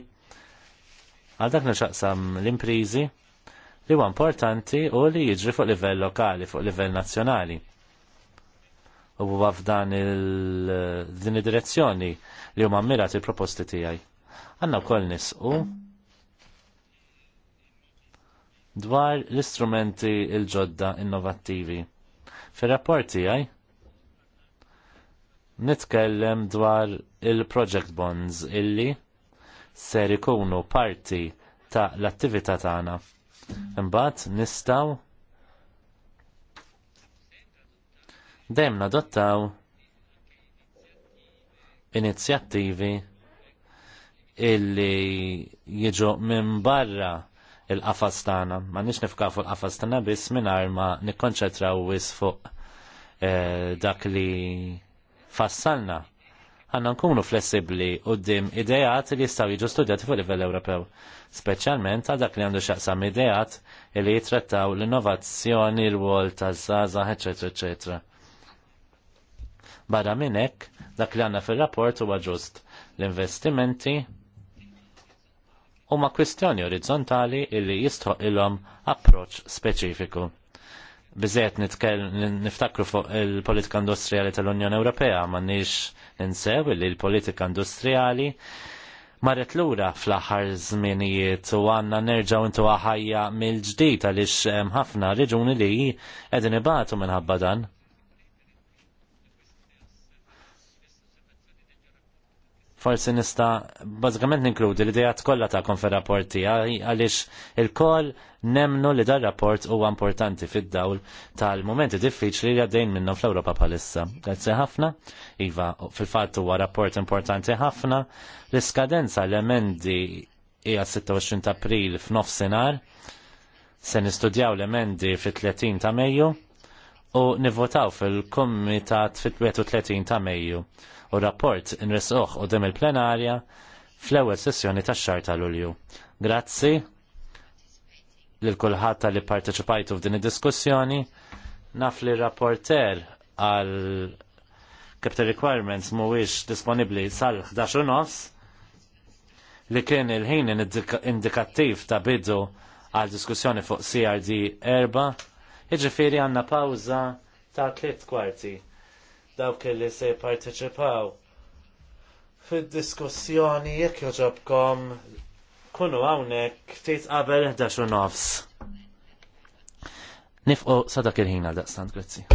għal dak xaqsam l-imprizi li huwa importanti u li jiġri fuq livell lokali, fuq livell nazzjonali. U huwa f'dan din id-direzzjoni li huma mmirati il-proposti tiegħi. Għandna wkoll nisqu dwar l-istrumenti il-ġodda innovattivi. Fir-rapporti għaj, nitkellem dwar il-project bonds illi ser ikunu parti ta' l-attività tagħna. Imbagħad nistgħu dejjem nadottaw inizjattivi illi jiġu minn barra il-qafas tagħna. Ma nix nifka fuq il-qafas tagħna biss mingħajr ma nikkonċentraw wis fuq eh, dak li fassalna. Għanna nkunu flessibli qudiem idejat li jistgħu jiġu studjati fuq livell Ewropew, speċjalment għal dak li għandu xaqsam idejat li jitrattaw l-innovazzjoni, l-wol ta' żaza eċetera, eċetera. Barra minn hekk, dak li għandna fir rapport huwa ġust l-investimenti huma kwistjoni orizzontali illi jistħoq ilhom approċċ speċifiku. Biżejt niftakru fuq il-politika industrijali tal-Unjoni Ewropea m'għandniex ninsew illi l-politika industrijali marret lura fl-aħħar żminijiet u għandna nerġgħu intu ħajja mill-ġdid għaliex hemm ħafna reġuni li qegħdin ibatu minħabba dan. forsi nista bażikament ninkludi l-idea kollha ta' konfer rapporti għaliex il-koll nemnu li dar rapport huwa importanti fid-dawl tal-momenti diffiċli li għaddejn minnhom fl-Ewropa bħalissa. Grazzi ħafna, iva fil-fatt huwa rapport importanti ħafna, l-iskadenza l-emendi hija 26 ta' April f'nofsinhar, se nistudjaw l-emendi fit-30 ta' Mejju u nivvotaw fil-Kumitat fit-31 ta' Mejju u rapport nresqoħ u dem il-plenarja fl-ewwel sessjoni tax-xahar ta' Lulju. Grazzi lil kulħadd li parteċipajtu f'din id-diskussjoni. Naf li rapporter għal capital requirements mhuwiex disponibbli sal-11 nofs li kien il-ħin indikattiv ta' bidu għal diskussjoni fuq CRD erba' jiġifieri għandna pawża ta' tliet kwarti dawk li se jipparteċipaw. Fid-diskussjoni jekk joġobkom kunu hawnhekk ftit qabel 11 nofs. Nifqu sadak il-ħin għal daqstant, grazzi.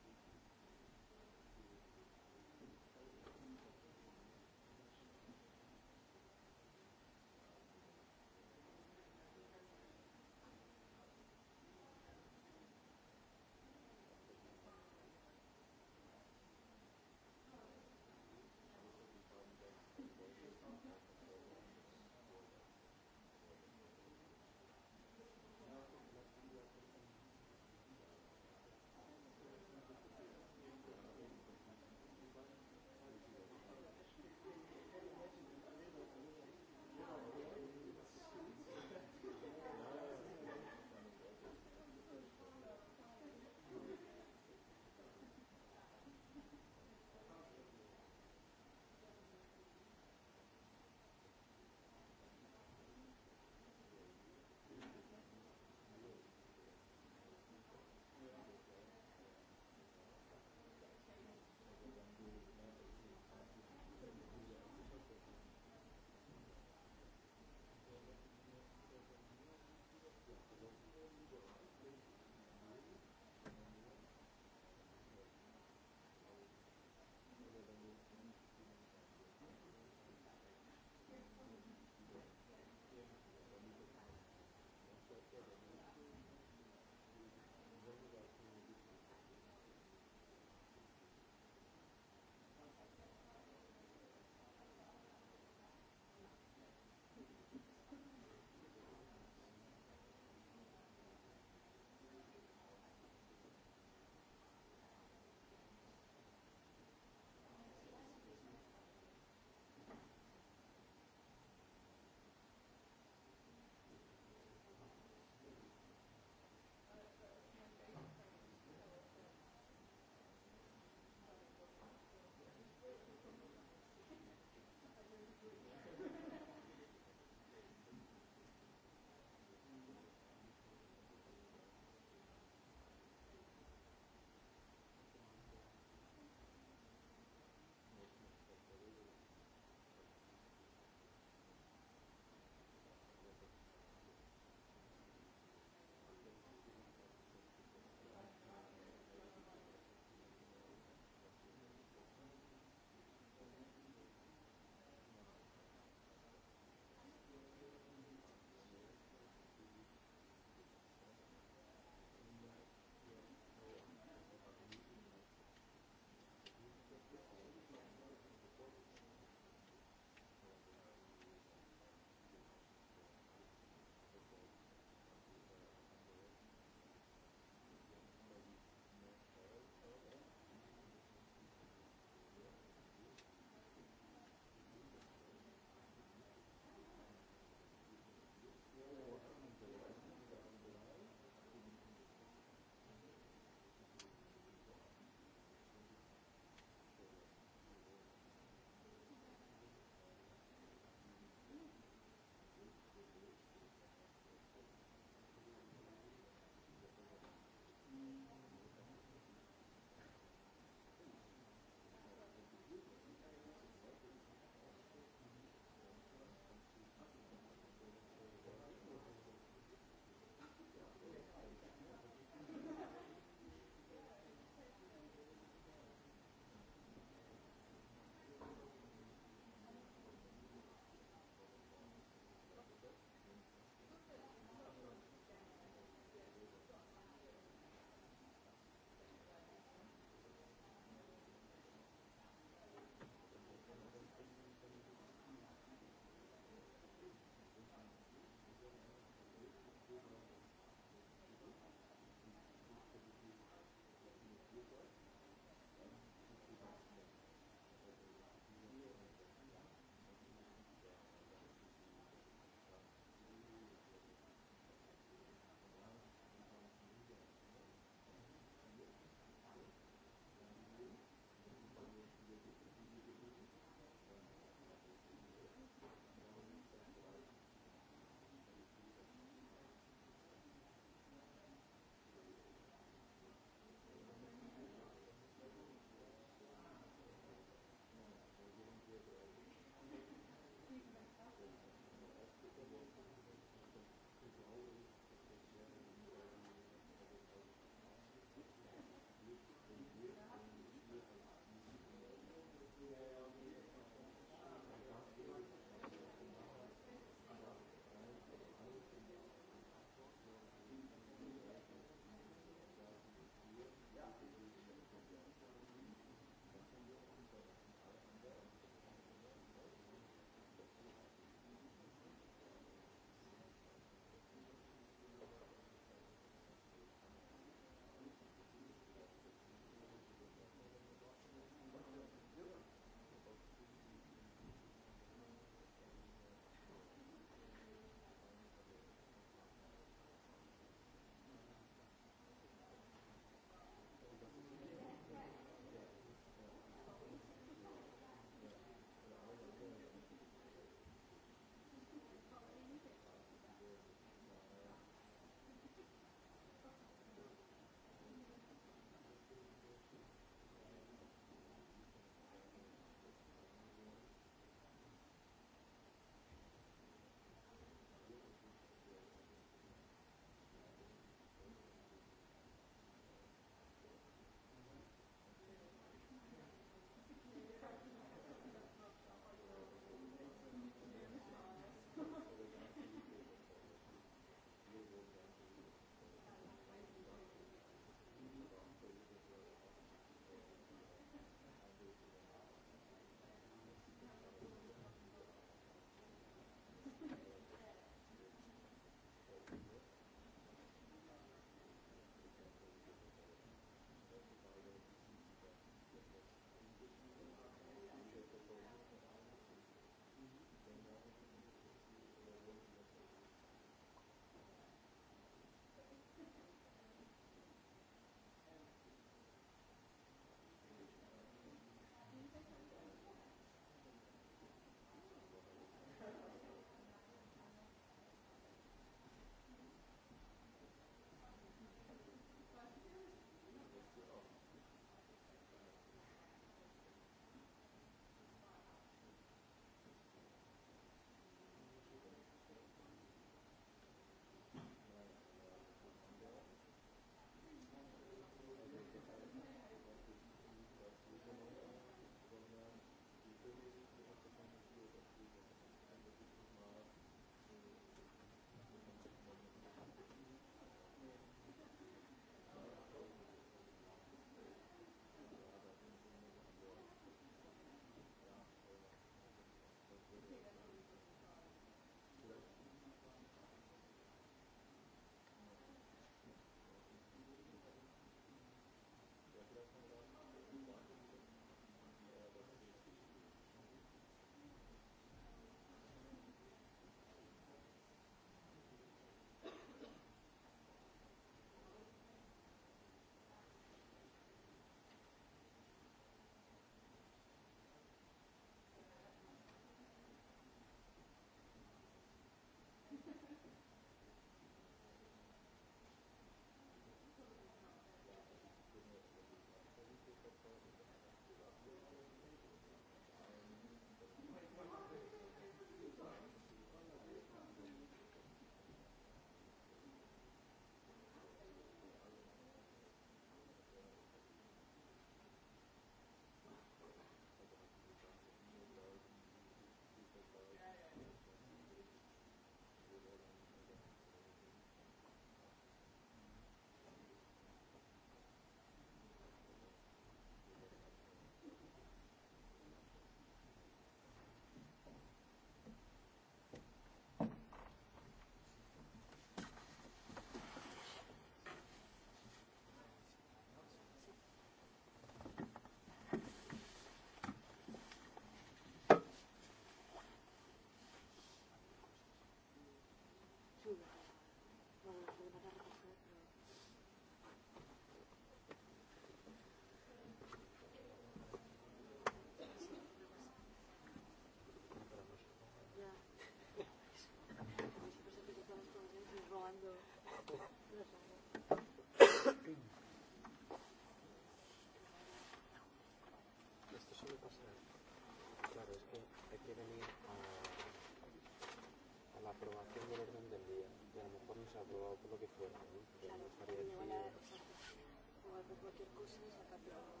quelques signes, ça n'a pas pu avoir.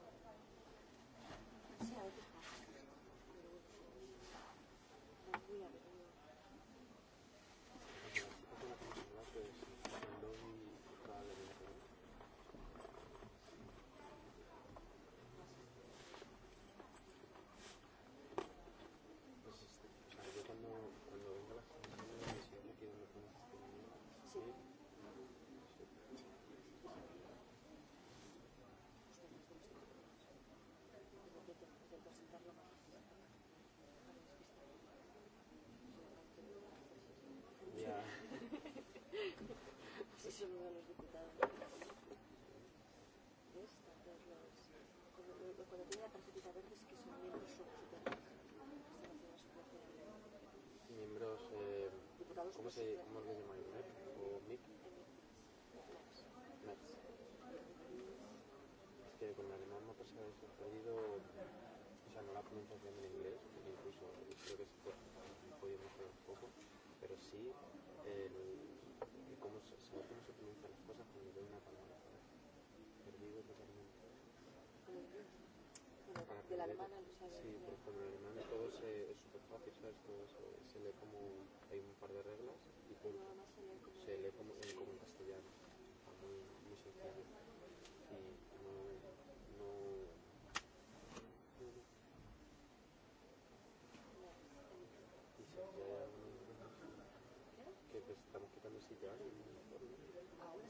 Κολομβία perfectamente es que son miembros Miembros, eh, ¿cómo se cómo les ¿MEP o MIP? MEPS. Es que con el alemán me ha eso, he perdido, o sea, no la pronunciación en inglés, incluso creo que se podía mejorar un poco, pero sí el, el cómo se, saber cómo se pronuncian las cosas cuando veo una palabra. Sí, por, por el alemán todo se, es súper fácil, ¿sabes? Todo se, eh, se lee como, hay un par de reglas y punto. Se lee como, eh, como en castellano, está muy, muy sencillo. Y no, no, Y se ya, que pues, estamos quitando el sitio a alguien. ¿Ahora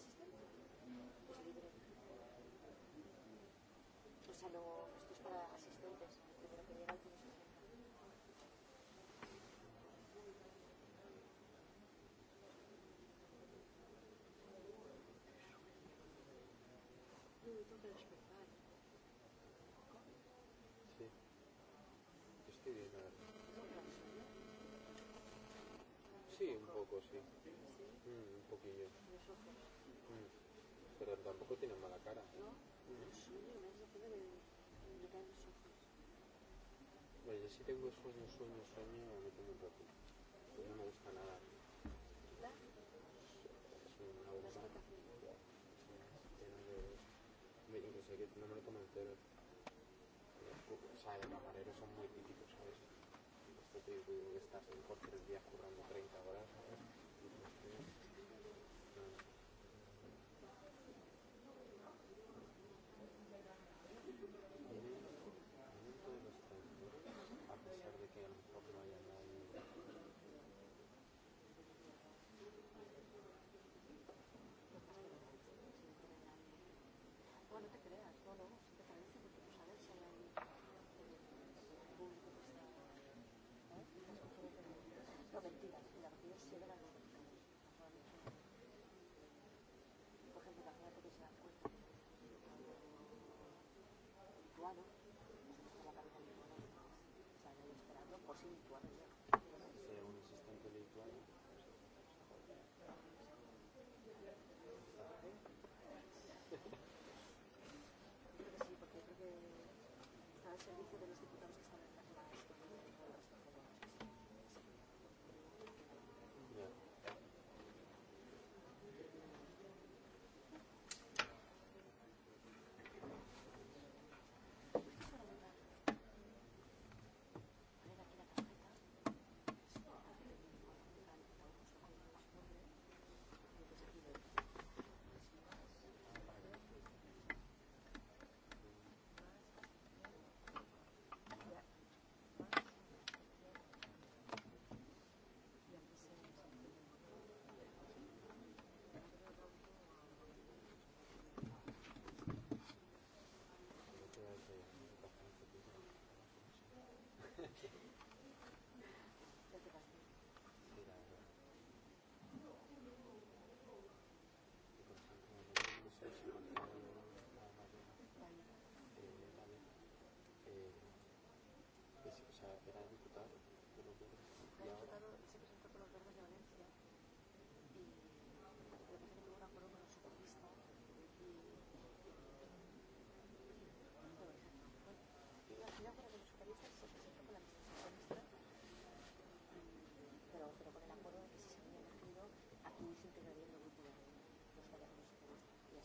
sí está? O sea, lo... Sí, un poco, sí. Mm, un poquillo. Mm. Pero tampoco tiene mala cara. No, mm. sí, Bueno, yo sí tengo sueño, sueño, sueño, a mí también preocupa. Pues no me gusta nada. ¿La? Es una bomba. Sí, incluso que no me lo tomo entero. O sea, de camarero son muy típicos, ¿sabes? Esto te digo que estás por tres días currando 30 horas, ¿sabes? esperado, o sea, lo esperado por sí virtual. Sea un asistente virtual. Yo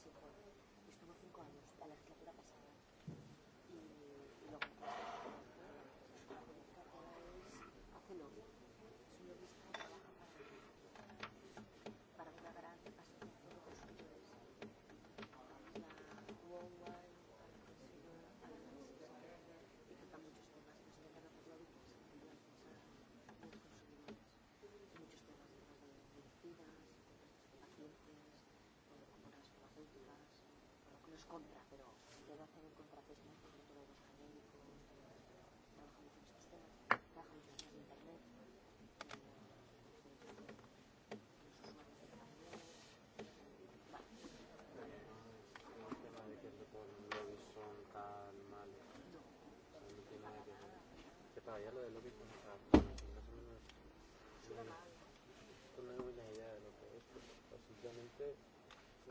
ukoll biex ma tal nkollna no es contra, pero le va a hacer el contrapeso, ¿no? Porque no los genéricos, trabaja mucho en sistemas, trabaja mucho en internet. Ya lo de lo no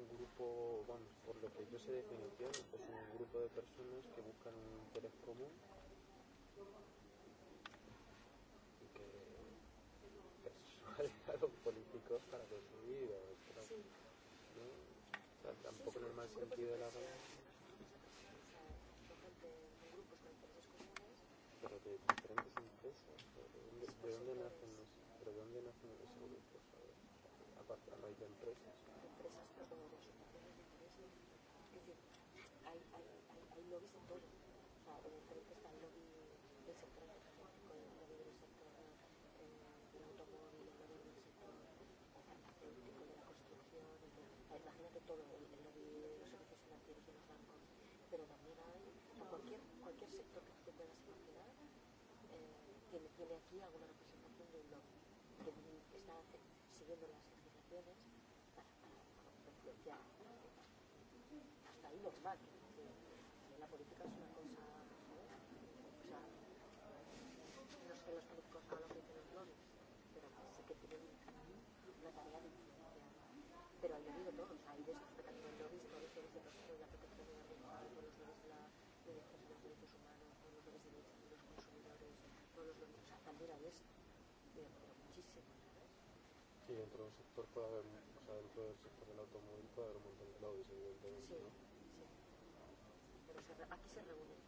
un grupo, bueno, por lo que yo sé definición, es un grupo de personas que buscan un interés común y que persuade a los políticos para decidir. sí. ¿no? o sea, tampoco en el mal sentido de la palabra. Pero de diferentes empresas, ¿de dónde, de dónde nacen los, pero de dónde nacen los grupos? A, ver, a raíz de empresas. hay, hay, lobbies de todo. imagínate todo, el, lobby los servicios financieros de los bancos. Pero también hay, cualquier, cualquier sector que te puedas imaginar, eh, tiene, aquí alguna representación lobby que siguiendo las para, política es una cosa. O sea, no sé los políticos a lo que tienen flores, pero sé que tienen una tarea difícil. Pero hay de todo, o sea, hay desde también el lobby, por eso desde los de la protección del ambiente, por los lobbies de la dirección de los derechos humanos, por los lobbies de derechos de los consumidores, todos los lobbies, o sea, también esto, pero, pero muchísimo. Sí, dentro del sector puede haber, o sea, dentro del sector del automóvil puede haber un montón de lobbies, evidentemente, sí. ¿no? aquí se reúnen.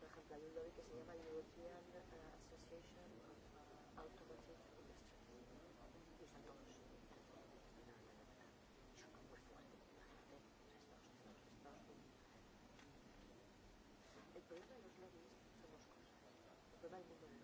Por ejemplo, hay un lobby que se llama European Association of El problema de los lobbies son dos cosas. El problema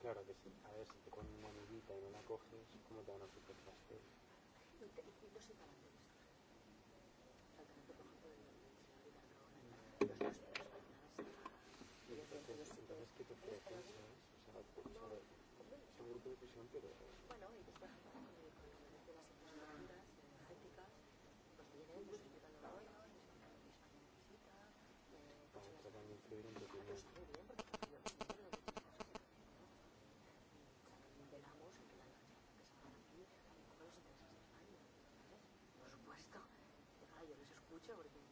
Claro que sí. A ver, si te ponen una amiguita y no la coges, ¿cómo te van a ofrecer pastel? por ejemplo, de la entonces, ¿qué te ofrecen? ¿Sabes? O sea, de pero... Bueno, y después... whichever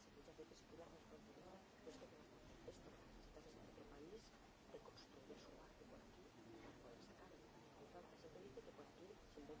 posibilidad de que se pudiéramos continuar desde que esta universidad en nuestro país reconstruye su arte por aquí, por esta. Entonces, se te dice que por aquí se de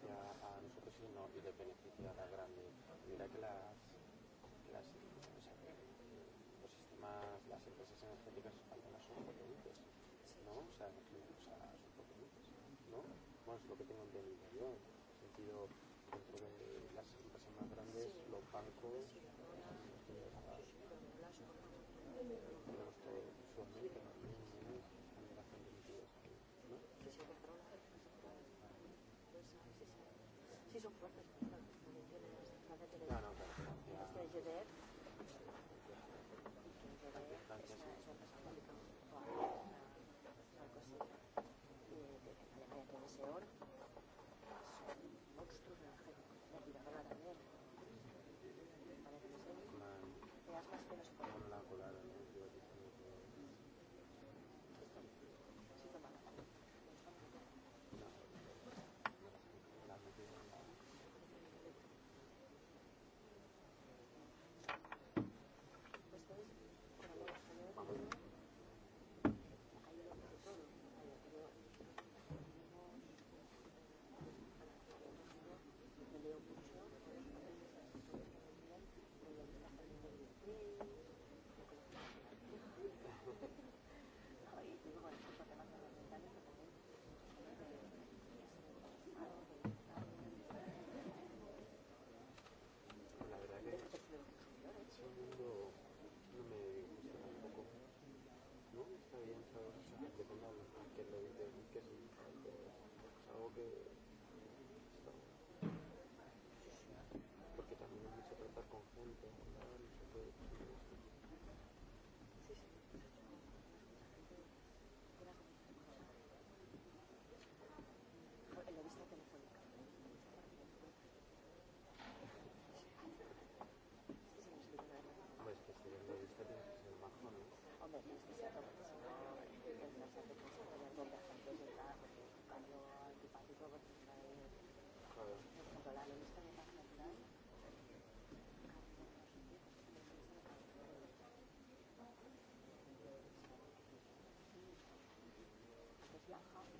beneficia a nosotros y no y le beneficia a la grande. Mira que las, las, o sea, los sistemas, las empresas energéticas son potentes, ¿no? O sea, no, o sea son potentes, ¿no? Bueno, es lo que tengo entendido yo, sentido dentro de las empresas más grandes, los bancos, tagħha.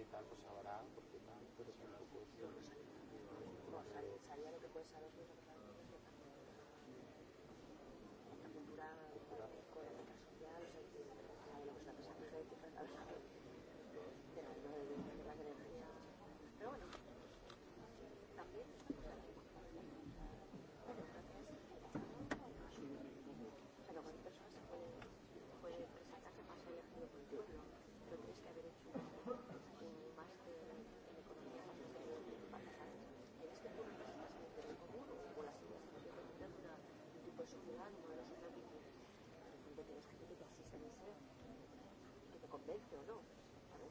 y tal, pues sabrá, porque no, pero es un poco... Salía lo que puede saber, lo que convento, ¿no? ¿Sabes?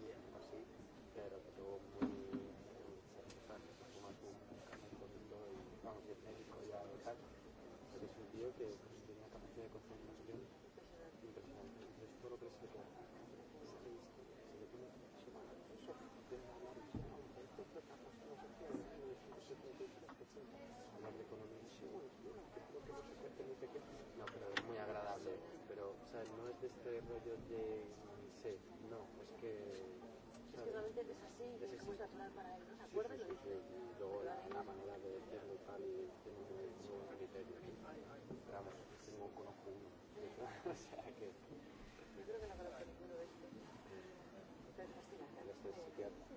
no pero es muy agradable, pero, o sea, no es de este rollo de... Sí, no, es que... Es que realmente es así, es, es muy natural para él, ¿no? ¿Se acuerdan? Sí, sí, sí, Y luego la, la manera de decirlo y tal, tiene muy buen criterio. Pero vamos, tengo un conozco uno. o sea que... Yo creo que no conozco ninguno de estos. Entonces, fascinante. Este es psiquiatra.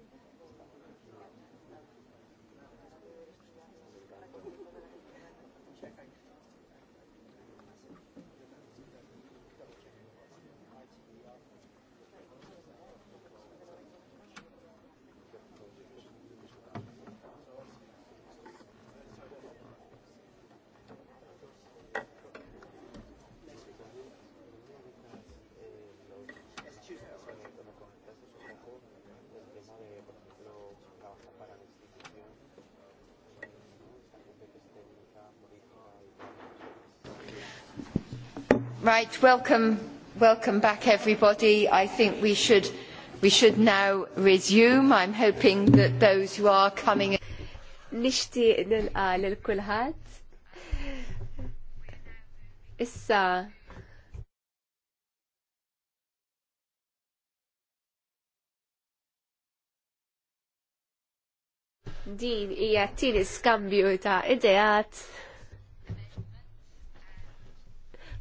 Right, welcome, welcome back everybody. I think we should, we should now resume. I'm hoping that those who are coming... Nishtiq nilqa l-kulħat. Issa, din hija t-tieni skambju ta' ideat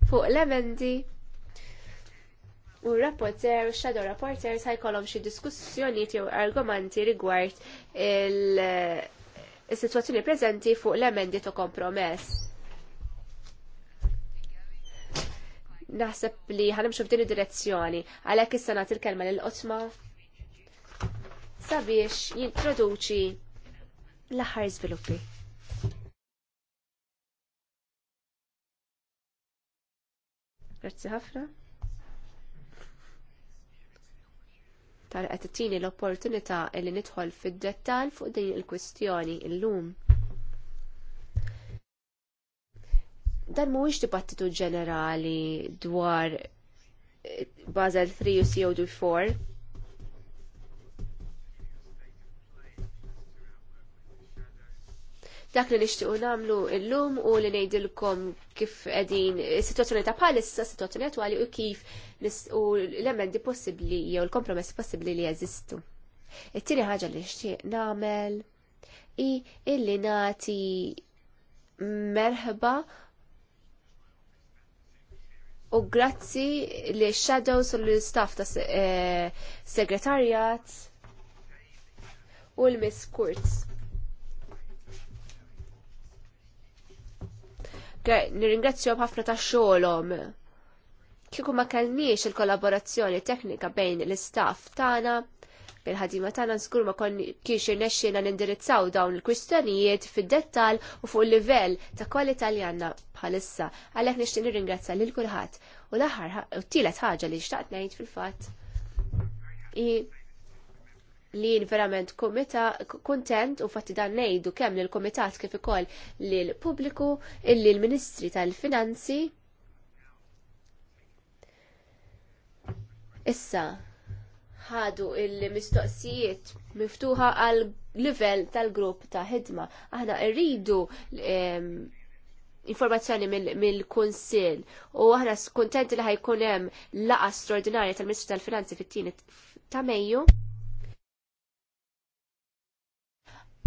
fuq l-emendi u rapporter u shadow rapporter ħajkolhom xi diskussjonijiet jew argumenti rigward il-sitwazzjoni eh, preżenti fuq l-emendi ta' kompromess. Naħseb li ħanimxu f'din id-direzzjoni għalhekk issa nagħti il-kelma l qotma sabiex jintroduċi l-aħħar żviluppi. Grazzi ħafna. Tal qed l-opportunità li nidħol fid-dettall fuq din il-kwistjoni illum. Dan mhuwiex dibattitu ġenerali dwar Basel 3 u CO2 4 Dak li nixtiequ nagħmlu llum u li ngħidilkom kif qegħdin is-sitwazzjoni ta' bħalissa, sitwazzjoni attwali u kif u l-emendi possibbli jew il-kompromessi possibbli li jeżistu. It-tieni ħaġa li nixtieq nagħmel i illi nagħti merħba u grazzi li shadows u l-staff ta' eh, segretarjat u l-Miss Kurz. nirringrazzjom ħafna ta' xogħolhom. Kieku ma kellniex il-kollaborazzjoni teknika bejn l-istaff tagħna, bil-ħadima tagħna żgur ma kiex irnexxielna nindirizzaw dawn il-kwistjonijiet fid-dettall u fuq il-livell ta' kwalità li għandna bħalissa. Għalhekk nixtieq nirringrazzja lil kulħadd. U l-aħħar u t-tielet ħaġa li xtaqt ngħid fil-fatt li jien verament kuntent u fatti dan nejdu kemm lill kumitat kif ukoll lill pubbliku illi l-Ministri tal-Finanzi issa ħadu il-mistoqsijiet miftuħa għal livell tal-grupp ta' ħidma. Aħna rridu informazzjoni mill-Kunsill u aħna kontenti li ħajkun hemm laqgħa straordinarja tal-Ministru tal-Finanzi fit-tieni ta' Mejju.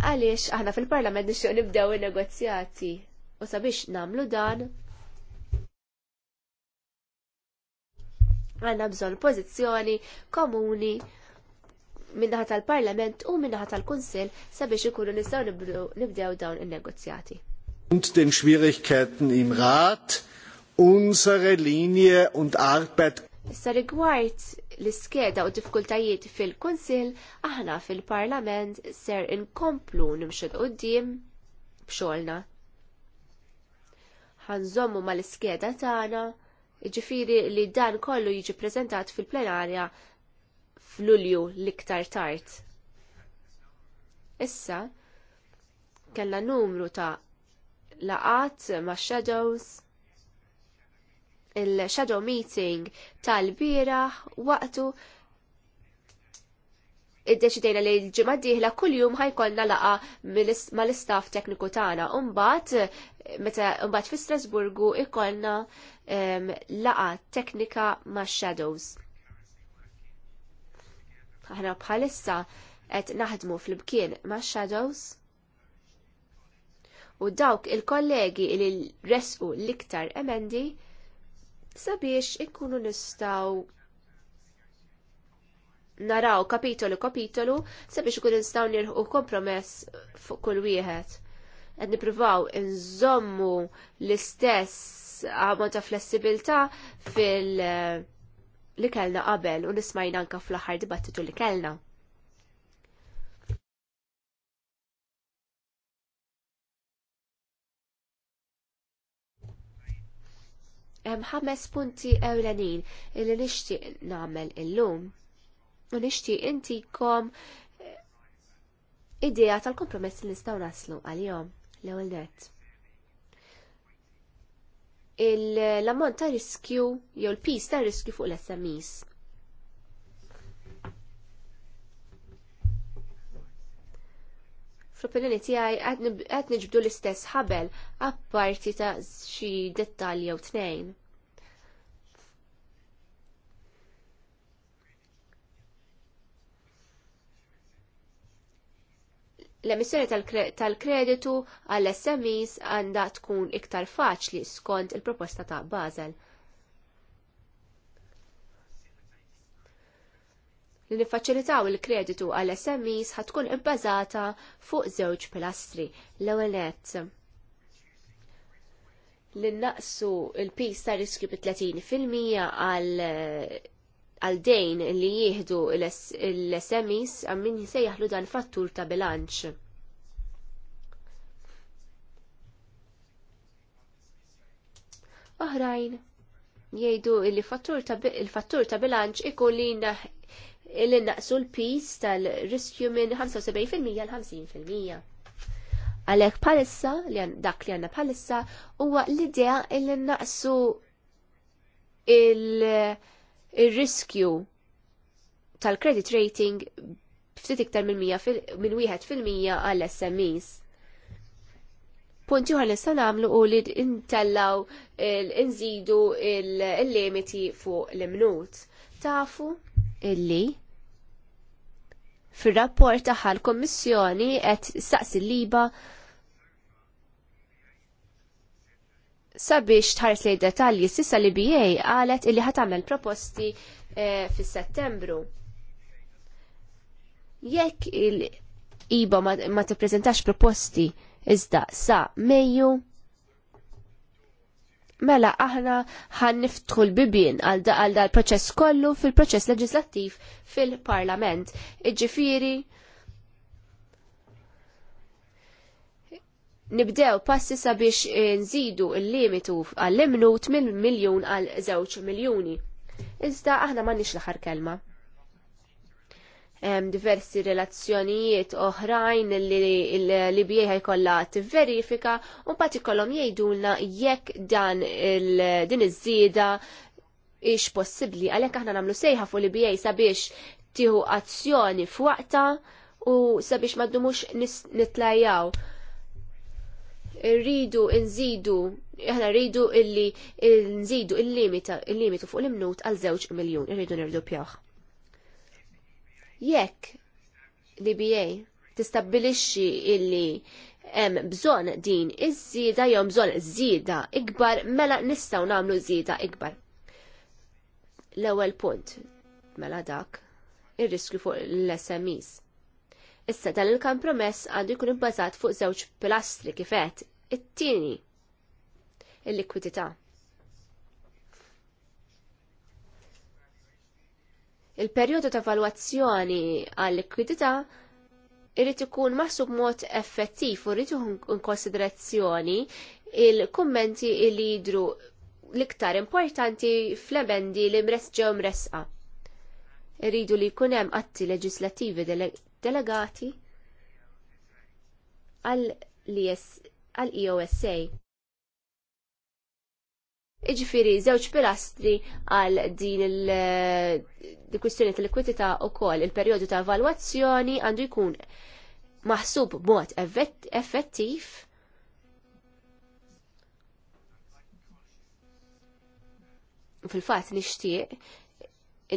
Għaliex aħna fil-Parlament nixtieq nibdew in-negozjati u sabiex nagħmlu dan għandna bżonn pożizzjoni komuni minnaħa tal-Parlament u minnaħa tal-Kunsill sabiex ikunu nistgħu nibdew dawn in-negozjati. Und den Schwierigkeiten im Rat unsere Linie und Arbeit. rigward l-iskeda u diffikultajiet fil-Kunsill, aħna fil-Parlament ser inkomplu nimxu qoddim b'xogħolna. Ħanżommu mal-iskeda tagħna, jiġifieri li dan kollu jiġi ppreżentat fil-plenarja f'Lulju l-iktar tard. Issa, kellna numru ta' laqat ma' shadows, il-shadow meeting tal-biraħ waqtu iddeċidejna li l-ġimgħa dieħla kuljum ħajkollna laqa mal-istaff tekniku tagħna. Imbagħad meta mbagħad fi Strasburgu ikollna ehm, laqa teknika max-shadows. Aħna bħalissa qed naħdmu fl-imkien max-shadows u dawk il-kollegi li resqu l-iktar emendi sabiex ikunu nistaw naraw kapitolu kapitolu sabiex ikun nistaw nirħu kompromess fuq kull wieħed. Qed nippruvaw inżommu l-istess ammont ta' flessibilità fil- li kellna qabel u nismajna anka fl-aħħar dibattitu li kellna. Hemm ħames punti ewlenin li nixtieq nagħmel illum. U nixtieq intikom eh, idea tal-kompromess li nistgħu naslu għal-jom l-ewwel nett. L-ammont ta' riskju jew l-pis ta' riskju fuq l-SMEs. Fl-opinjoni tiegħi qed niġbdu l-istess ħabel apparti ta' xi dettalji jew tnejn. L-emissjoni tal-kreditu għall smes għandha tkun iktar faċli skont il-proposta ta' Basel. li niffaċilitaw il-kreditu għal SMEs ħatkun ibbażata fuq żewġ pilastri. L-ewwel li naqsu il-pis ta' riskju bi 30% għal għal dejn li jieħdu l-SMEs għammin jisejjaħlu dan fattur ta' bilanċ. Oħrajn jgħidu li il-fattur ta' bilanċ ikun illi naqsu l-pis tal-riskju minn 75% l-50%. Għalek palissa, li dak li għanna palissa, huwa l-idea illi naqsu il-riskju tal-credit rating ftit iktar minn wieħed fil-mija għall-SMEs. Punti uħar nista namlu u li intellaw nżidu il-limiti fuq l-imnut. Tafu, illi fir-rapport tagħha l-Kommissjoni qed saqsi l-liba sabiex tħares li detalji sissa li BA qalet illi ħat tagħmel proposti eh, fis-Settembru. Jekk il-IBA ma, t tippreżentax proposti iżda sa Mejju, mela aħna ħan niftħu l-bibien għal dal proċess kollu fil-proċess leġislattiv fil-parlament. Iġifiri, nibdew passi sabiex eh, nżidu il-limitu għall-imnut mill miljon għal żewġ miljoni. Iżda aħna ma nix l-ħar kelma diversi relazzjonijiet oħrajn li l bieħa jkollha tivverifika u mbagħad ikollhom jgħidulna jekk dan din iż-żieda ix possibbli għalhekk aħna nagħmlu sejħa fuq li bieħ sabiex tieħu azzjoni f'waqta u sabiex ma ddumux nitlajjaw. Rridu nżidu aħna rridu illi nżidu il-limitu fuq l-imnut għal żewġ miljun, irridu nirdu pjaħ. Jekk l-IBA tistabbilixxi illi hemm bżonn din iż-żieda jew bżonn żieda ikbar mela nistgħu nagħmlu żieda ikbar. L-ewwel punt mela dak ir-riskju fuq l-SMEs. Issa dan il-kompromess għandu jkun ibbażat fuq żewġ pilastri kif għedt It-tieni il-likwidità. il-perjodu ta' valwazzjoni għal likwidità irrid ikun maħsub mod effettiv u rrid konsiderazzjoni il-kummenti li jidru l-iktar importanti fl-emendi li mres ġew mresqa. Irridu li jkun hemm atti leġislattivi delegati għal-EOSA. Iġifiri, żewġ pilastri għal din il-kwistjoni eh, tal-likwidità u koll il-periodu ta' evalwazzjoni għandu jkun maħsub mod effettiv fil-fat nixtieq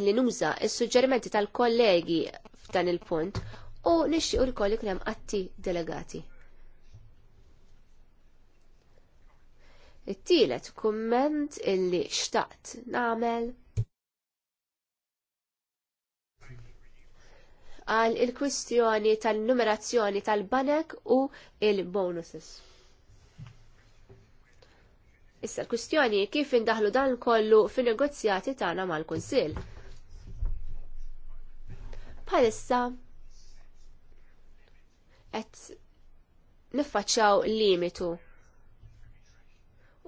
illi nuża il suġġerimenti tal-kollegi f'dan il-punt u nishtiq u ikun hemm atti delegati. It-tielet kumment illi xtaqt namel għal il-kwistjoni tal-numerazzjoni tal-banek u il-bonuses. Issa l-kwistjoni kif indaħlu dan kollu fin negozjati tagħna mal-Kunsill. Bħalissa qed niffaċċaw limitu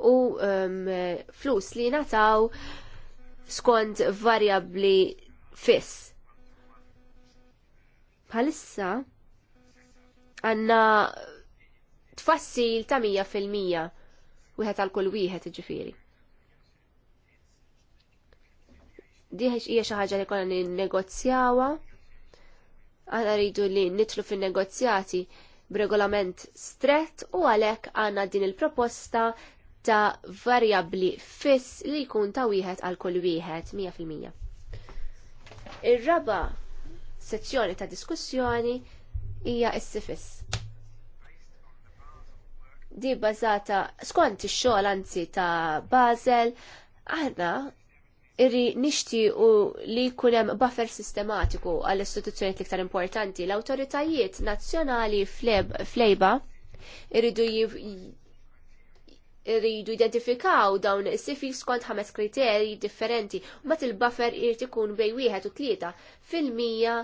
u um, flus li nataw skont variabli fiss. Bħalissa għanna tfassil ta' 100% wieħed għal kull wieħed ġifiri. diħeċ hija xi ħaġa li konna ninnegozjawha. Għana rridu li nitlu fin negozjati b'regolament strett u għalhekk għandna din il-proposta ta' varjabbli fiss li jkun ta' wieħed għal kull wieħed 100%. Ir-raba sezzjoni ta' diskussjoni hija s-sifis. Di bażata skont ix-xogħol anzi ta' Basel, aħna irri nixtiequ li jkun hemm buffer sistematiku għall istituzzjonijiet l-iktar importanti, l-awtoritajiet nazzjonali flejba irridu iridu identifikaw dawn is-sifil skont ħames kriterji differenti u mat il-buffer irid ikun bej wieħed u tlieta fil-mija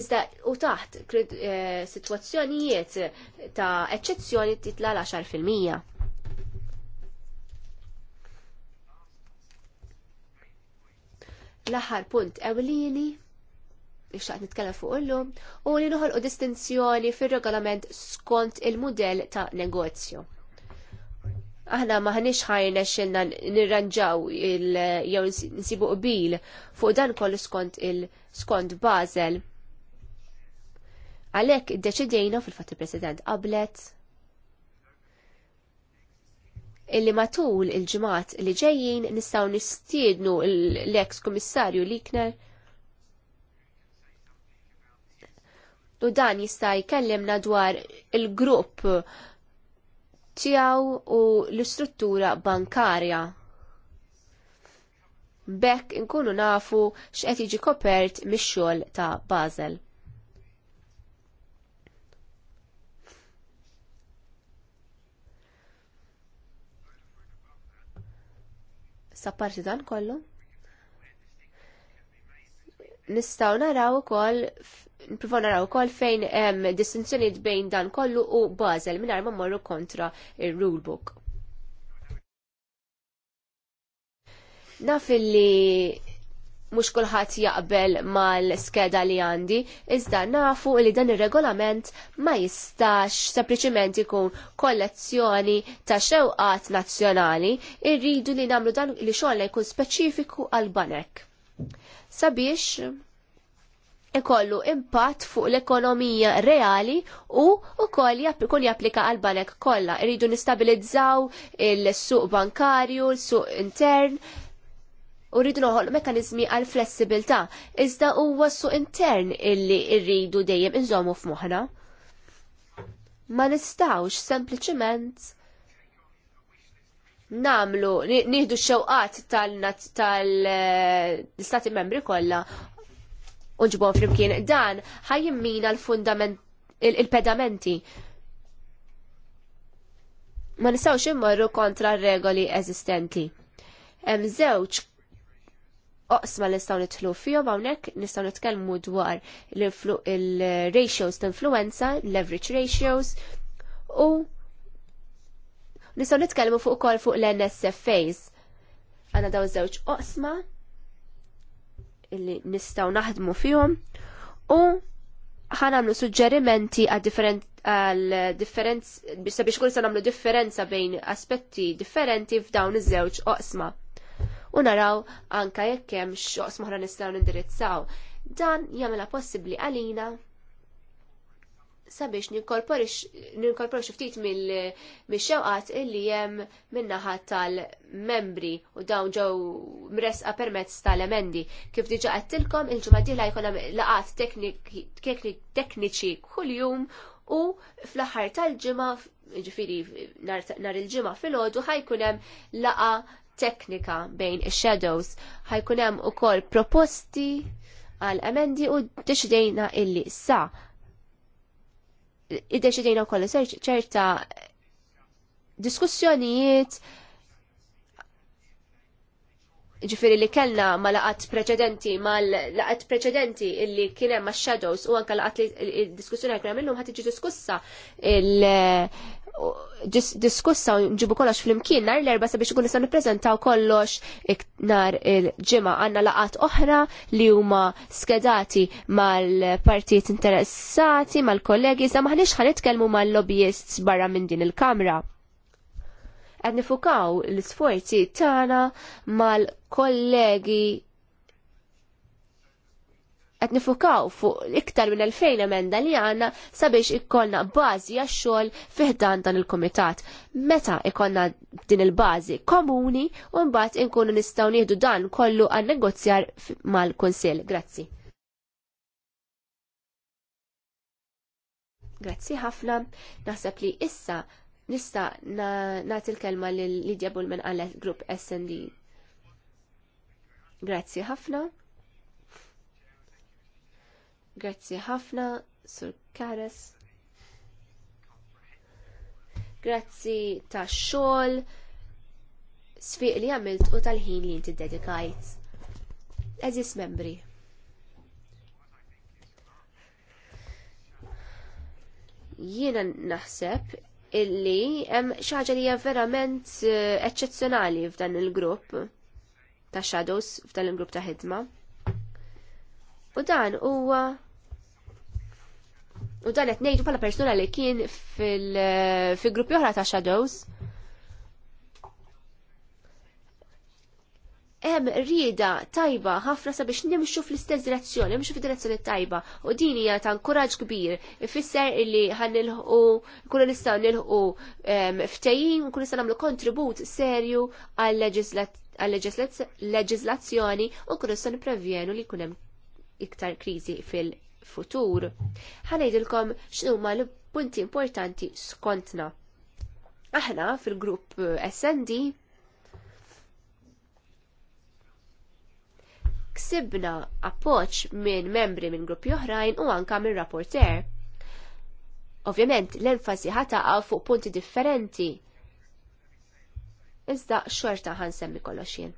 iżda u taħt eh, sitwazzjonijiet ta' eċċezzjoni titla l-10 fil-mija. L-aħħar punt ewlieni xaqt nitkellem fuq illum u li noħolqu distinzjoni fir-regolament skont il-mudell ta' negozju. Aħna maħniex ħajna xinna nirranġaw jew nsibu qbil fuq dan kollu skont il-skont Basel. Għalhekk iddeċidejna fil fat il-President qablet illi matul il-ġimgħat li ġejjin nistgħu nistiednu l-ex kummissarju Likner u dan jista' jkellimna dwar il-grupp tiegħu u l-istruttura bankarja. Bekk inkunu nafu x'qed jiġi kopert mix-xogħol ta' Basel. Sa parti dan kollu? Nistgħu naraw ukoll Nipruvaw naraw ukoll fejn hemm distinzjonijiet bejn dan kollu u Basel mingħajr ma mmorru kontra il rulebook Naf li mhux kulħadd jaqbel mal-skeda li għandi, iżda nafu li dan ir-regolament ma jistax sempliċiment ikun kollezzjoni ta' xewqat nazzjonali, irridu li nagħmlu dan li xogħol jkun speċifiku għal banek. Sabiex, ikollu impatt fuq l-ekonomija reali u wkoll kun japplika għal banek kollha. Iridu nistabilizzaw il-suq bankarju, il-suq intern, u rridu noħol mekanizmi għal flessibilta. Iżda huwa suq intern illi rridu dejjem inżommu f'moħħna. Ma nistawx sempliċement namlu, nieħdu x-xewqat tal-istati eh, membri kollha unġbon flimkien dan ħajjimmina l-fundament il-pedamenti. Ma nistaw ximmarru kontra regoli eżistenti. Hemm żewġ oqsma li nitħlu nidħlu fihom hawnhekk nistgħu nitkellmu dwar il-ratios ta' influenza, leverage ratios u nistgħu nitkellmu fuq ukoll fuq l-NSFAs. Għandna dawn żewġ oqsma illi nistaw naħdmu fihom u ħanamlu suġġerimenti għal differenz biex sabiex kull sa namlu differenza bejn aspetti differenti f'dawn iż-żewġ oqsma. U naraw anka jekk hemm x'oqsma oħra nistgħu nindirizzaw. Dan jagħmilha possibbli għalina sabiex ninkorporu ftit mill-xewqat illi jem minnaħa tal-membri u dawn ġew mresqa permezz tal-emendi. Kif diġa għattilkom il-ġumaddi la jkollha laqat tekniċi kuljum u fl-aħħar tal-ġimgħa ġifiri nar il-ġimgħa fil-ħodu ħajkun hemm laqa teknika bejn ix-shadows. Ħajkun hemm ukoll proposti għal emendi u deċidejna illi sa id-deċidejna u kolla ċerta diskussjonijiet ġifiri li kellna ma laqat preċedenti, ma laqat preċedenti illi kienem ma shadows u anka laqat li diskussjoni għakna minnum ħat diskussa il diskussa u nġibu kollox fl-imkien nar l-erba sabiex ikun nisan nipprezentaw kollox nar il ġima għanna laqat oħra li huma skedati mal-partijiet interessati, mal-kollegi, sa maħniex ħanitkellmu mal-lobbyists barra minn din il-kamra qed nifukaw l-isforzi tagħna mal-kollegi qed nifukaw fuq iktar minn 2000 emenda li għandna sabiex ikkonna bażi għax-xogħol fiħdan dan il-kumitat. Meta ikkonna din il-bażi komuni u mbagħad inkunu nistgħu nieħdu dan kollu għan negozjar mal-Kunsill. Grazzi. Grazzi ħafna. Naħseb li issa Nista nagħti l-kelma lil Lidja Bullman għal grupp SD. Grazzi ħafna. Grazzi ħafna, Sur Karas. Grazzi ta' xogħol sfiq li għamilt u tal-ħin li inti dedikajt. Eżis membri. jiena naħseb illi hemm xi ħaġa li hija verament eh, eċċezzjonali f'dan il-grupp ta' shadows f'dan il-grupp ta' ħidma. U dan huwa u dan qed ngħidu bħala persuna li kien fil eh, grupp oħra ta' shadows hemm rieda tajba ħafna sabiex nimxu fl-istess direzzjoni, nimxu fil direzzjoni tajba u din hija ta' kuraġġ kbir ifisser li ħanilħu kullu nistgħu nilħu u kullu nistgħu nagħmlu kontribut serju għal leġislazzjoni u kullu nistgħu nipprevjenu li jkun hemm iktar kriżi fil-futur. Ħanejdilkom x'huma l-punti importanti skontna. Aħna fil-grupp SND ksibna appoġġ minn membri minn gruppi oħrajn u anka minn rapporter. Ovvjament l-enfasi ħataqa fuq punti differenti. Iżda xorta ħan semmi kolloxin.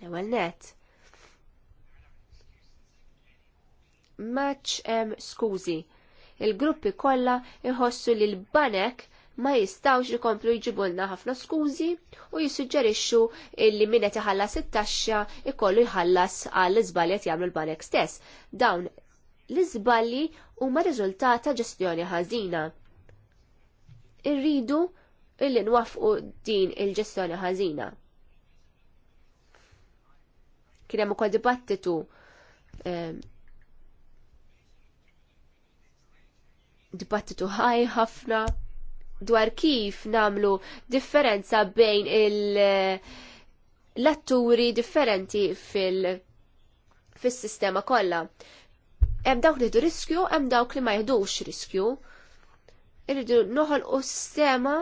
L-ewwel net. Maċ skużi. Il-gruppi kollha iħossu li l-banek ma jistawx ikomplu jġibulna ħafna skużi u jissuġġerixxu illi min qed iħallas it-taxxa ikollu jħallas għall iżbalja jagħmlu l-banek stess. Dawn l-iżbalji huma riżultat ta' ġestjoni ħażina. Irridu illi nwafqu din il-ġestjoni ħażina. Kien hemm ukoll dibattitu ehm, dibattitu ħaj ħafna dwar kif namlu differenza bejn l-atturi differenti fil- fis-sistema kollha. Hemm dawk li riskju, hemm dawk li ma jħdux riskju. Irridu noħolqu s-sistema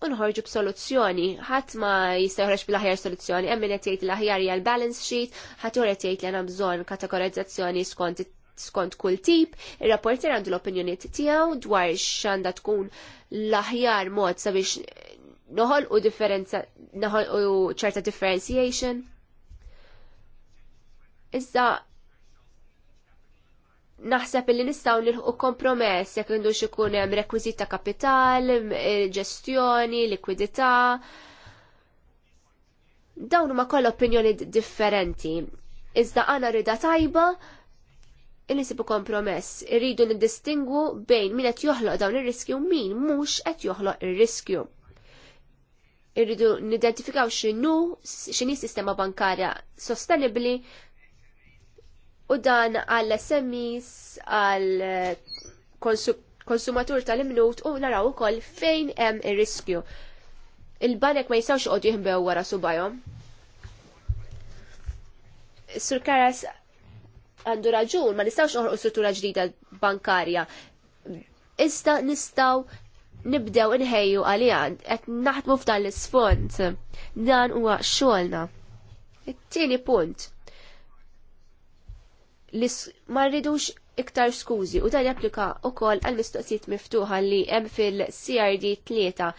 u nħorġu b'soluzzjoni. Ħadd ma jista' joħroġ bil-aħjar soluzzjoni, hemm min qed jgħid l-aħjar hija l-balance sheet, ħadd jgħid li għandna bżonn kategorizzazzjoni skont skont kull tip, ir-rapporter għandu l-opinjoniet tiegħu dwar x'għandha tkun l-aħjar mod sabiex noħol u differenza noħol u ċerta differentiation. Iżda naħseb li nistgħu nilħu kompromess jekk għandu xikun hemm rekwiżit ta' kapital, ġestjoni, likwidità. Dawn huma kollha opinjoni differenti. Iżda għana rida tajba illi sibu kompromess. Irridu niddistingu bejn min qed joħloq dawn ir-riskju u min mhux qed joħloq ir-riskju. Irridu nidentifikaw x'inhu x'inhi sistema bankarja sostenibbli u dan għall SMEs, għall konsumatur tal-imnut u naraw ukoll fejn hemm ir-riskju. Il-banek ma jistgħux qogħdu jihbew wara subajhom. Sur Karas għandu raġun, ma nistawx uħru struttura ġdida bankarja. Issa nistaw nibdew inħejju għalijan, qed naħdmu f'dan l-isfond. Dan huwa xogħolna. It-tieni punt. Ma rridux iktar skużi u dan japplika wkoll għal mistoqsijiet miftuħa li hemm fil-CRD tlieta.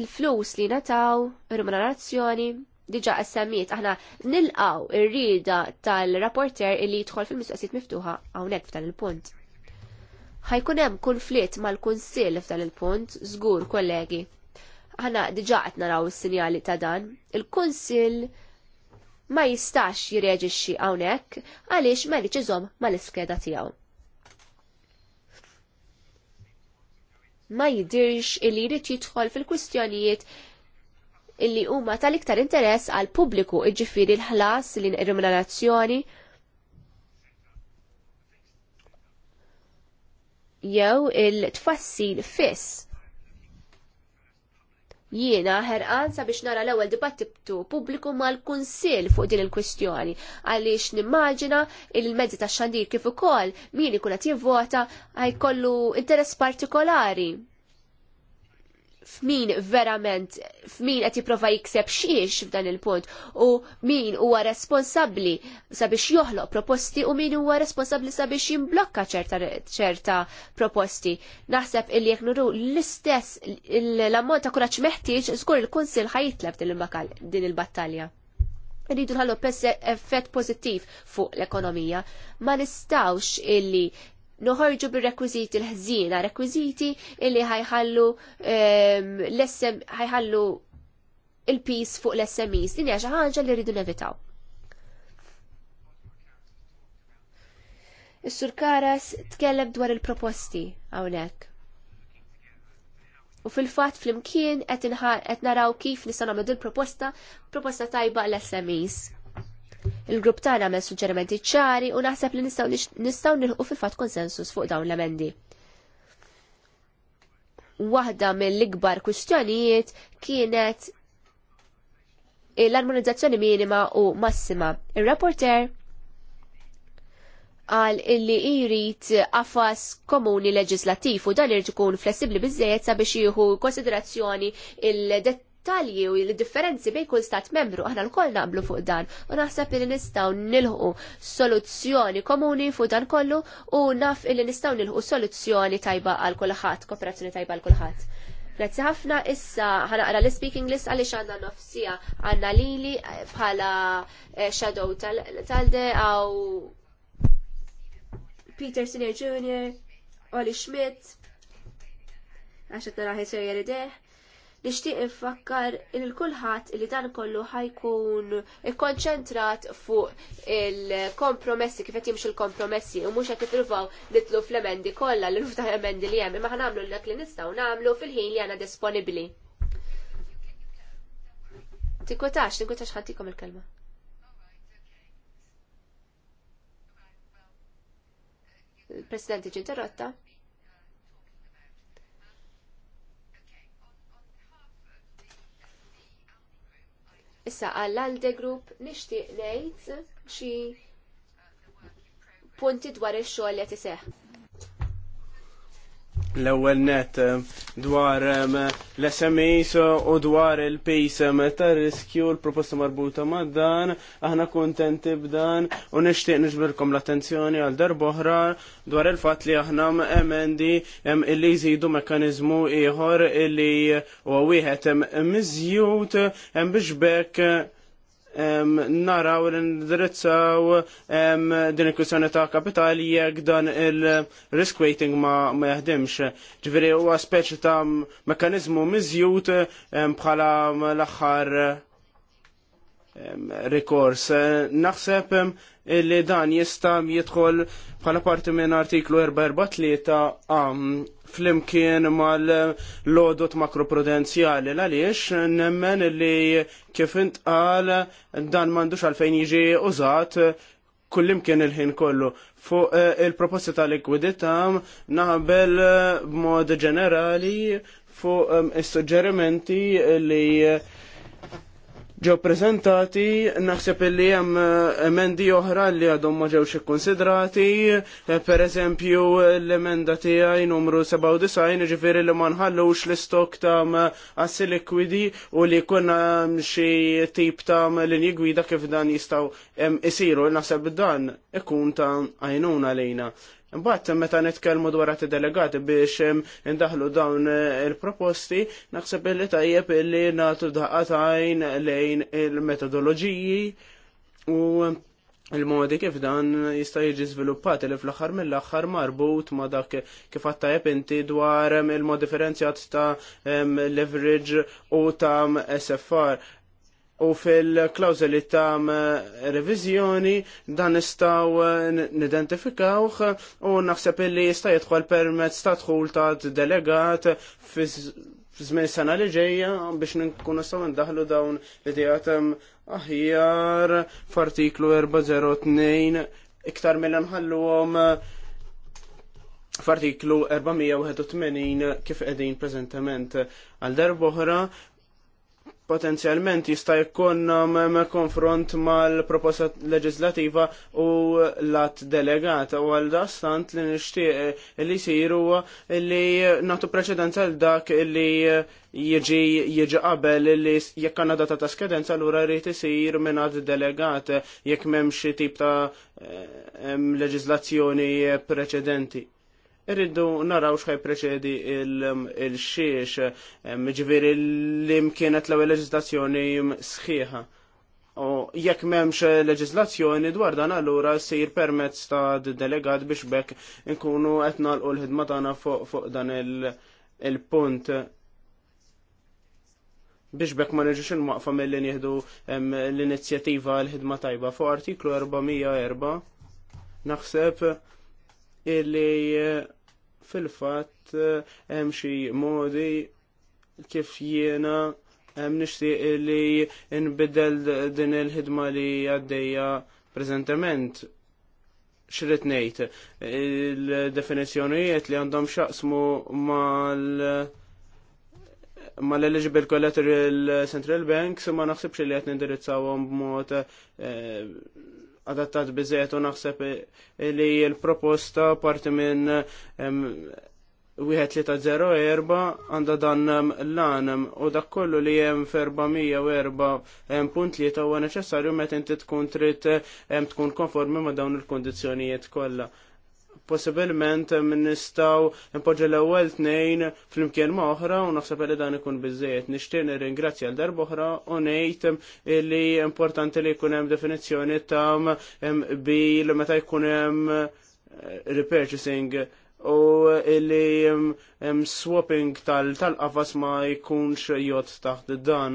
Il-flus li nataw, remunerazzjoni, diġa għassamiet, aħna nilqaw ir-rida tal-rapporter illi jidħol fil-mistoqsijiet miftuħa hawnhekk f'dan il-punt. Ħajkun hemm kunflitt mal-kunsill f'dan il-punt, żgur kollegi. Aħna diġa qed naraw is-sinjali ta' dan. Il-kunsill ma jistax jireġixxi hawnhekk għaliex ma iżomm mal-iskeda tiegħu. Ma jidirx illi jrid jidħol fil-kwistjonijiet illi huma tal-iktar interess għal pubbliku iġifiri l-ħlas li remunerazzjoni jew il-tfassil fiss. Jiena ħerqan sabiex nara l-ewwel dibattitu pubbliku mal-Kunsill fuq din il-kwistjoni għaliex nimmaġina il-mezzi tax-xandir kif ukoll min ikun qed jivvota ħajkollu interess partikolari f'min verament f'min qed jipprova jikseb xiex f'dan il-punt u min huwa responsabbli sabiex joħloq proposti u min huwa responsabbli sabiex jimblokka ċerta, ċerta proposti. Naħseb illi jekk nuru l-istess l-ammont ta' kuraġġ meħtieġ żgur il-Kunsill ħajitlab din il-battalja rridu nħallu effett pozittiv fuq l-ekonomija. Ma nistawx illi noħorġu bir-rekwiżiti l-ħżina, rekwiżiti illi ħajħallu l essem ħajħallu il-pis fuq l-SMEs. Din hija xi ħaġa li rridu nevitaw. Is-Sur Karas tkellem dwar il-proposti hawnhekk. U fil-fatt flimkien qed naraw kif nistgħu nagħmlu din proposta, proposta tajba l-SMEs Il-grupp tagħna għamel suġġerimenti ċari u naħseb li nistgħu nilħu fi fatt konsensus fuq dawn l-emendi. Waħda mill-ikbar kwistjonijiet kienet l-armonizzazzjoni minima u massima. Ir-rapporter għal illi jrid qafas komuni leġislattiv u dan irġikun ikun flessibbli sabiex jieħu konsiderazzjoni il-det dettalji u l-differenzi bejn kull stat membru, aħna l-koll naqblu fuq dan u naħseb li nistgħu nilħu soluzzjoni komuni fuq dan kollu u naf li nistgħu nilħu soluzzjoni tajba għal kulħadd, kooperazzjoni tajba għal kulħadd. Grazzi ħafna issa ħanaqra l-speaking list għaliex xanna nofsija għandna lili eh, bħala eh, shadow tal-de għaw Peter Sr. Jr., Oli Schmidt, għaxet naraħi serja li deħ nixtieq infakkar il kulħadd li dan kollu ħajkun ikkonċentrat fuq il-kompromessi kif qed il l-kompromessi u mhux qed ippruvaw nitlu fl-emendi kollha l ta' emendi li hemm imma ħnamlu l li nistgħu nagħmlu fil-ħin li għandna disponibbli. Tinkutax, tinkutax ħantikom il-kelma. Presidenti ġinterrotta. Issa għall-Alde Group nixtieq ngħid xi punti dwar ix-xogħol li qed iseħħ l-ewwel net eh, dwar eh, l-SMEs eh, u dwar il pism ta' riskju l-proposta marbuta ma' dan, aħna kontenti b'dan u nixtieq niġbirkom l-attenzjoni għal darboħra dwar il-fatt li aħna emendi illi jżidu mekkaniżmu ieħor illi huwa wieħed miżjut biex bekk naraw li ndirizzaw din il-kwistjoni ta' kapitali jekk dan il-risk weighting ma, ma jaħdimx. Ġifieri huwa speċi ta' mekkaniżmu miżjud bħala l-aħħar rikors. Naħseb li dan jista' jidħol bħala parti minn artiklu 443 għam um, flimkien mal-lodot makroprudenzjali għaliex nemmen li kif intqal dan m'għandux għalfejn jiġi użat kullimkien il-ħin kollu. Fuq eh, il-proposta ta' likwidità naħbel eh, b'mod ġenerali fuq eh, is-suġġerimenti li ġew prezentati, naħseb li hemm eh, emendi oħra li għadhom ma ġewx ikkonsidrati, eh, per eżempju l-emenda tiegħi numru 97, ġifieri li ma nħallux l-istok ta' assi likwidi u li kunna xi tip ta' linji gwida kif dan jistgħu isiru, naħseb dan ikun ta' għajnuna lejna. Imbagħad meta nitkellmu dwar għati delegati biex indaħlu dawn eh, il-proposti, naħseb li tajjeb li nagħtu daqatajn lejn il-metodoloġiji u il-modi kif dan jista' jiġi żviluppat li fl-aħħar mill-aħħar marbut ma dak kif għattajb inti dwar il-mod differenzjat ta' leverage u ta' SFR u fil-klawżoli ta' revizjoni dan istaw eh, nidentifikawh u naħseb illi jista' jidħol permezz ta' dħul ta' delegat fi żmien sena li ġejja biex nkunu nistgħu ndaħlu dawn l-idejat eh, aħjar f'artiklu 402 iktar mill ħalluhom f'artiklu 481 kif qegħdin preżentament għal darboħra potenzjalment jista' jkun um, konfront mal-proposta leġislativa u lat delegata u għal dastant li nixtieq li jsiru li nagħtu preċedenza l dak li jiġi jiġi qabel li jekk għandna data ta' skedenza allura jrid isir għad delegat jekk m'hemm xi tip ta' eh, leġislazzjoni preċedenti irridu naraw xħaj preċedi il-xiex, ġviri l-imkienet l leġislazzjoni sħiħa. U jekk memx leġislazzjoni dwar dan allura sir permezz ta' delegat biex bekk nkunu qed nagħlqu l-ħidma tagħna fuq dan il-punt biex bekk ma neġux il-maqfa mill-li nieħdu l-inizjattiva l-ħidma tajba fuq artiklu 404 naħseb illi fil-fatt eh, hemm xi modi kif jiena hemm eh, nixtieq li inbidel din il-ħidma li għaddejja preżentament x'rid ngħid il-definizzjonijiet li għandhom xaqsmu mal mal-eligible collateral central banks ma naħsibx li qed nindirizzawhom b'mod eh, adattat bizzet u naħseb li l-proposta parti minn wieħed li ta' 04 għandha dan l anem u dak kollu li hemm ferba punt li ta' huwa neċessarju meta inti tkun trid tkun konformi ma' dawn il-kondizzjonijiet kollha possibilment minn eh, nistaw impoġġa l-ewwel tnejn flimkien ma' oħra u naħseb li dan ikun biżejjed. Nixtieq nirringrazzja l darba oħra u ngħid eh, li importanti li jkun hemm definizzjoni ta' bil meta jkun hemm eh, repurchasing u li swapping tal-qafas ma jkunx jod taħt dan.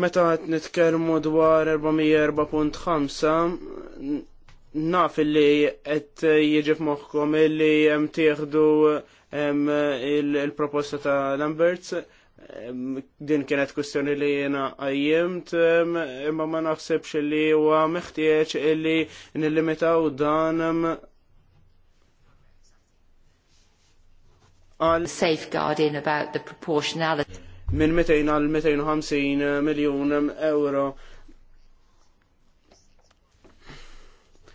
Meta nitkellmu dwar 404.5 naf li qed jiġi f'moħħkom li hemm tieħdu il-proposta ta' Lamberts din kienet kwestjoni li jena għajjimt imma ma naħsebx li huwa meħtieġ li nillimitaw dan għal safeguarding about the proportionality minn 200 għal 250 miljon euro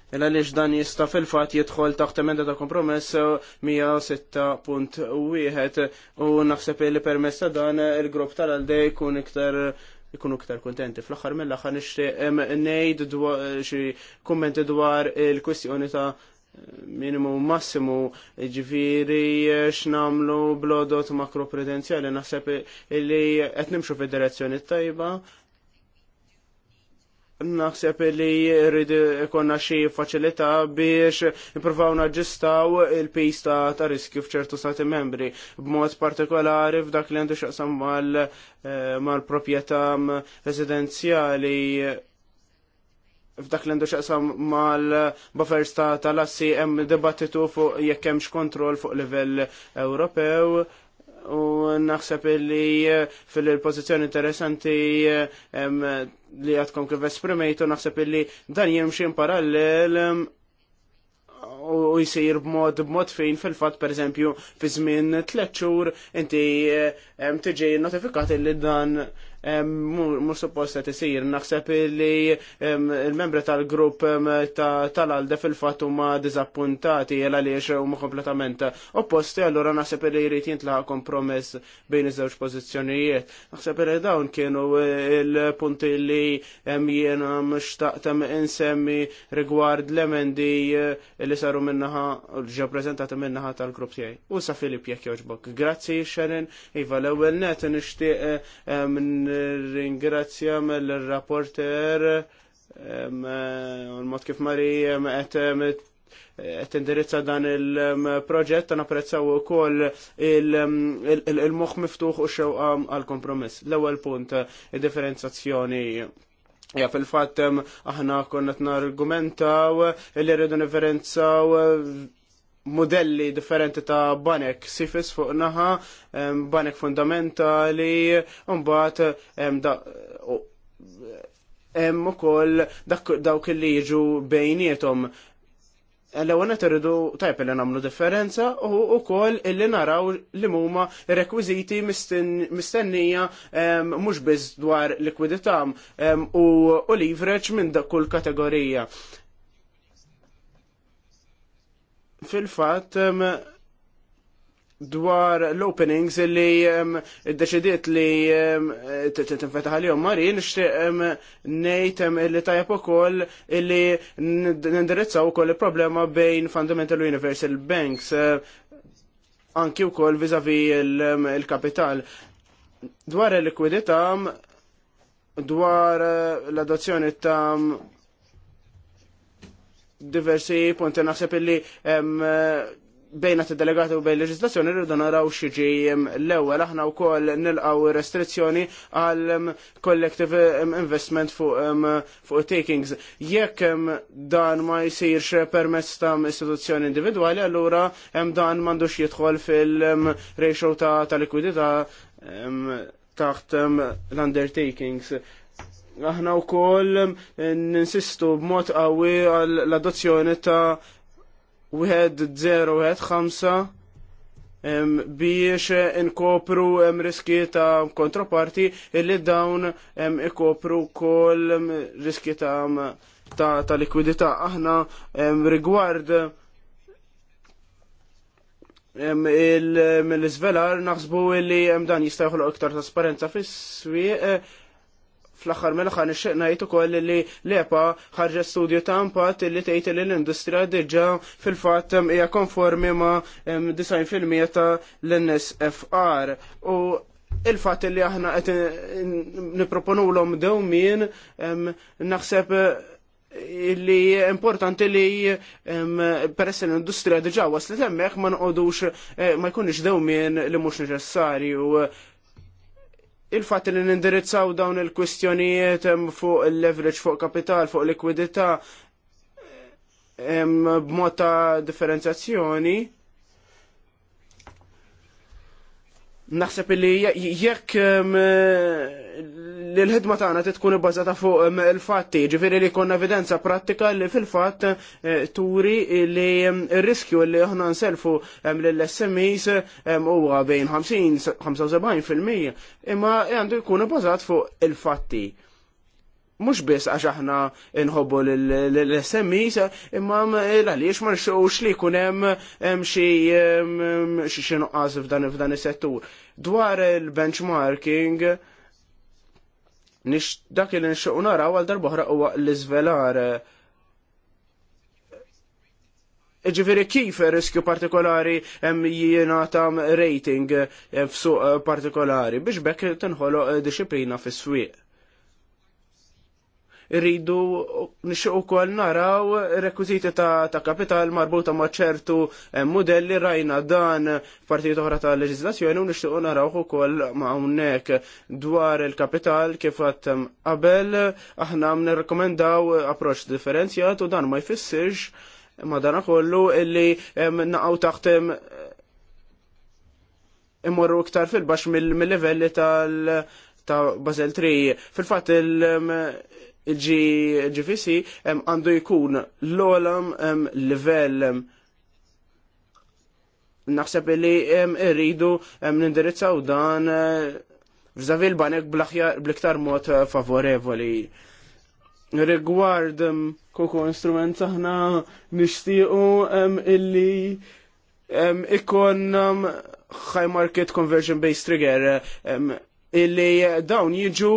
Illa lix dan jista fil-fat jidħol taħt emenda ta' kompromess 106.1 eh, u naħseb li permess ta' dan eh, il-grupp tal għaldej jkun iktar ikunu iktar kontenti. Fl-axar mill-axar nixtieq ngħid xi kummenti dwar il-kwistjoni ta' minimu massimu ġviri eh, x'namlu blodot makro predenzjali naħseb li qed nimxu fid-direzzjoni tajba Naħseb li rrid ikonna xi faċilità biex nippruvaw naġġistaw il pejs ta' riskju f'ċertu stati membri, b'mod partikolari f'dak li għandu xaqsam eh, mal-proprjetà residenzjali f'dak li għandu xaqsam mal-buffers ta' tal-assi hemm dibattitu fuq jekk hemmx kontroll fuq livell Ewropew u naħseb li eh, fil-pozizjoni interessanti eh, li għatkom kif esprimejtu naħseb li dan jimxin parallel u jisir b'mod b'mod fejn fil-fat per eżempju fi żmien tliet xhur inti eh, tiġi notifikat li dan mux qed isir. Naħseb li il-membri tal-grupp tal-alde fil fatt huma dizappuntati jela għaliex huma kompletament opposti, allura naħseb li jrid jintlaħ kompromess bejn iż-żewġ pożizzjonijiet. Naħseb li dawn kienu e, il-punti li jien mxtaqtem insemmi rigward l-emendi e, li saru minnaħa, ġew prezentati minnaħa tal-grupp tiegħi. U sa Filip jekk jogħġbok. Grazzi Sharon, iva l-ewwel net nixtieq minn Ringrazzja mill-rapporter u mod kif mari qed indirizza dan il-proġett ta' napprezzaw ukoll il-moħħ miftuħ u xewqa għal kompromiss. L-ewwel punt id-differenzjazzjoni Ja, fil-fatt aħna konna t-nargumentaw, il-li rridu differenzaw modelli differenti ta' banek sifis fuq naħa, banek fundamentali, unbat hemm ukoll dawk li jiġu bejnietom. L-ewwel qed irridu tajb li nagħmlu differenza u wkoll illi naraw li huma rekwiżiti mistennija mhux biss dwar likwidità u leverage minn dak kull kategorija fil-fatt dwar l-openings li id-deċidiet li t-tinfetaħ jom marin, xtiq nejt li tajab ukoll li nindirizzaw koll il-problema bejn Fundamental Universal Banks eh, anki wkoll vizavi il-kapital. Dwar il-likwidità, dwar eh, l-adozzjoni ta' diversi punti naħseb illi bejna t delegati u bejn leġislazzjoni rridu naraw xiġi l-ewwel aħna wkoll nilqgħu restrizzjoni għal collective investment fuq takings. Jekk dan ma jsirx permezz ta' istituzzjoni individwali, allura hemm dan m'għandux jidħol fil-ratio ta' likwidità taħt l-undertakings aħna u koll ninsistu b'mod għawi l-adozzjoni ta' 1-0-1-5 biex inkopru riski ta' kontraparti illi dawn ikopru koll riski ta' ta', ta likwidità. Aħna rigward mill-izvelar naħsbu li dan jista' jħolq iktar trasparenza fis-swieq fl-axar mela ħan ixxeq ngħid ukoll li l ħarġa studju ta' impatt li tgħid li l-industrija diġà fil-fatt hija konformi ma' fil-mieta l-NSFR u il-fatt li aħna qed nipproponulhom dewmien naħseb li importanti li peress l-industrija diġà waslet hemmhekk ma nqogħdux eh, ma jkunx dewmien li mhux neċessarju il-fat li nindirizzaw dawn il-kwistjonijiet fuq il-leverage, fuq kapital, fuq likwidità b'mod ta' differenzjazzjoni. Naħseb li jekk li l-ħidma tagħna tkun ibbażata fuq ehm, il-fatti, ġifieri li jkun evidenza prattika li fil-fatt eh, turi li ehm, r-riskju li aħna nselfu ehm, lill-SMEs huwa bejn 50-75% imma għandu jkun ibbażat fuq il-fatti. Mux biss għax aħna nħobbu l-SMEs, imma l-għaliex ma nxuqux li kunem xie xinuqqas f'dan is-settur. Dwar il-benchmarking, Nix dak li nixuq naraw għal darbohra huwa l-izvelar. Iġifiri kif riskju partikolari hemm jiena tam rating f'suq partikolari biex bekk tinħoloq disciplina fis-swieq rridu nixuq kol naraw rekwiżiti ta', ta kapital marbuta ma' ċertu eh, modelli rajna dan partit oħra ta' leġislazzjoni u nixuq naraw ukoll ma' hawnhekk dwar il-kapital kif qatt eh, qabel aħna nirrekomendaw approċċ differenzjat u dan ma jfissirx madana kollu illi eh, naqaw taħtem imorru iktar fil-bax mill-livelli tal- ta' Basel 3. Fil-fat il-GVC għandu jkun l-olam livell naħseb li irridu nindirizzaw dan eh, f'żavil banek bl-iktar mod eh, favorevoli. Rigward koko instrument aħna nixtiequ illi ikon high market conversion based trigger illi dawn jiġu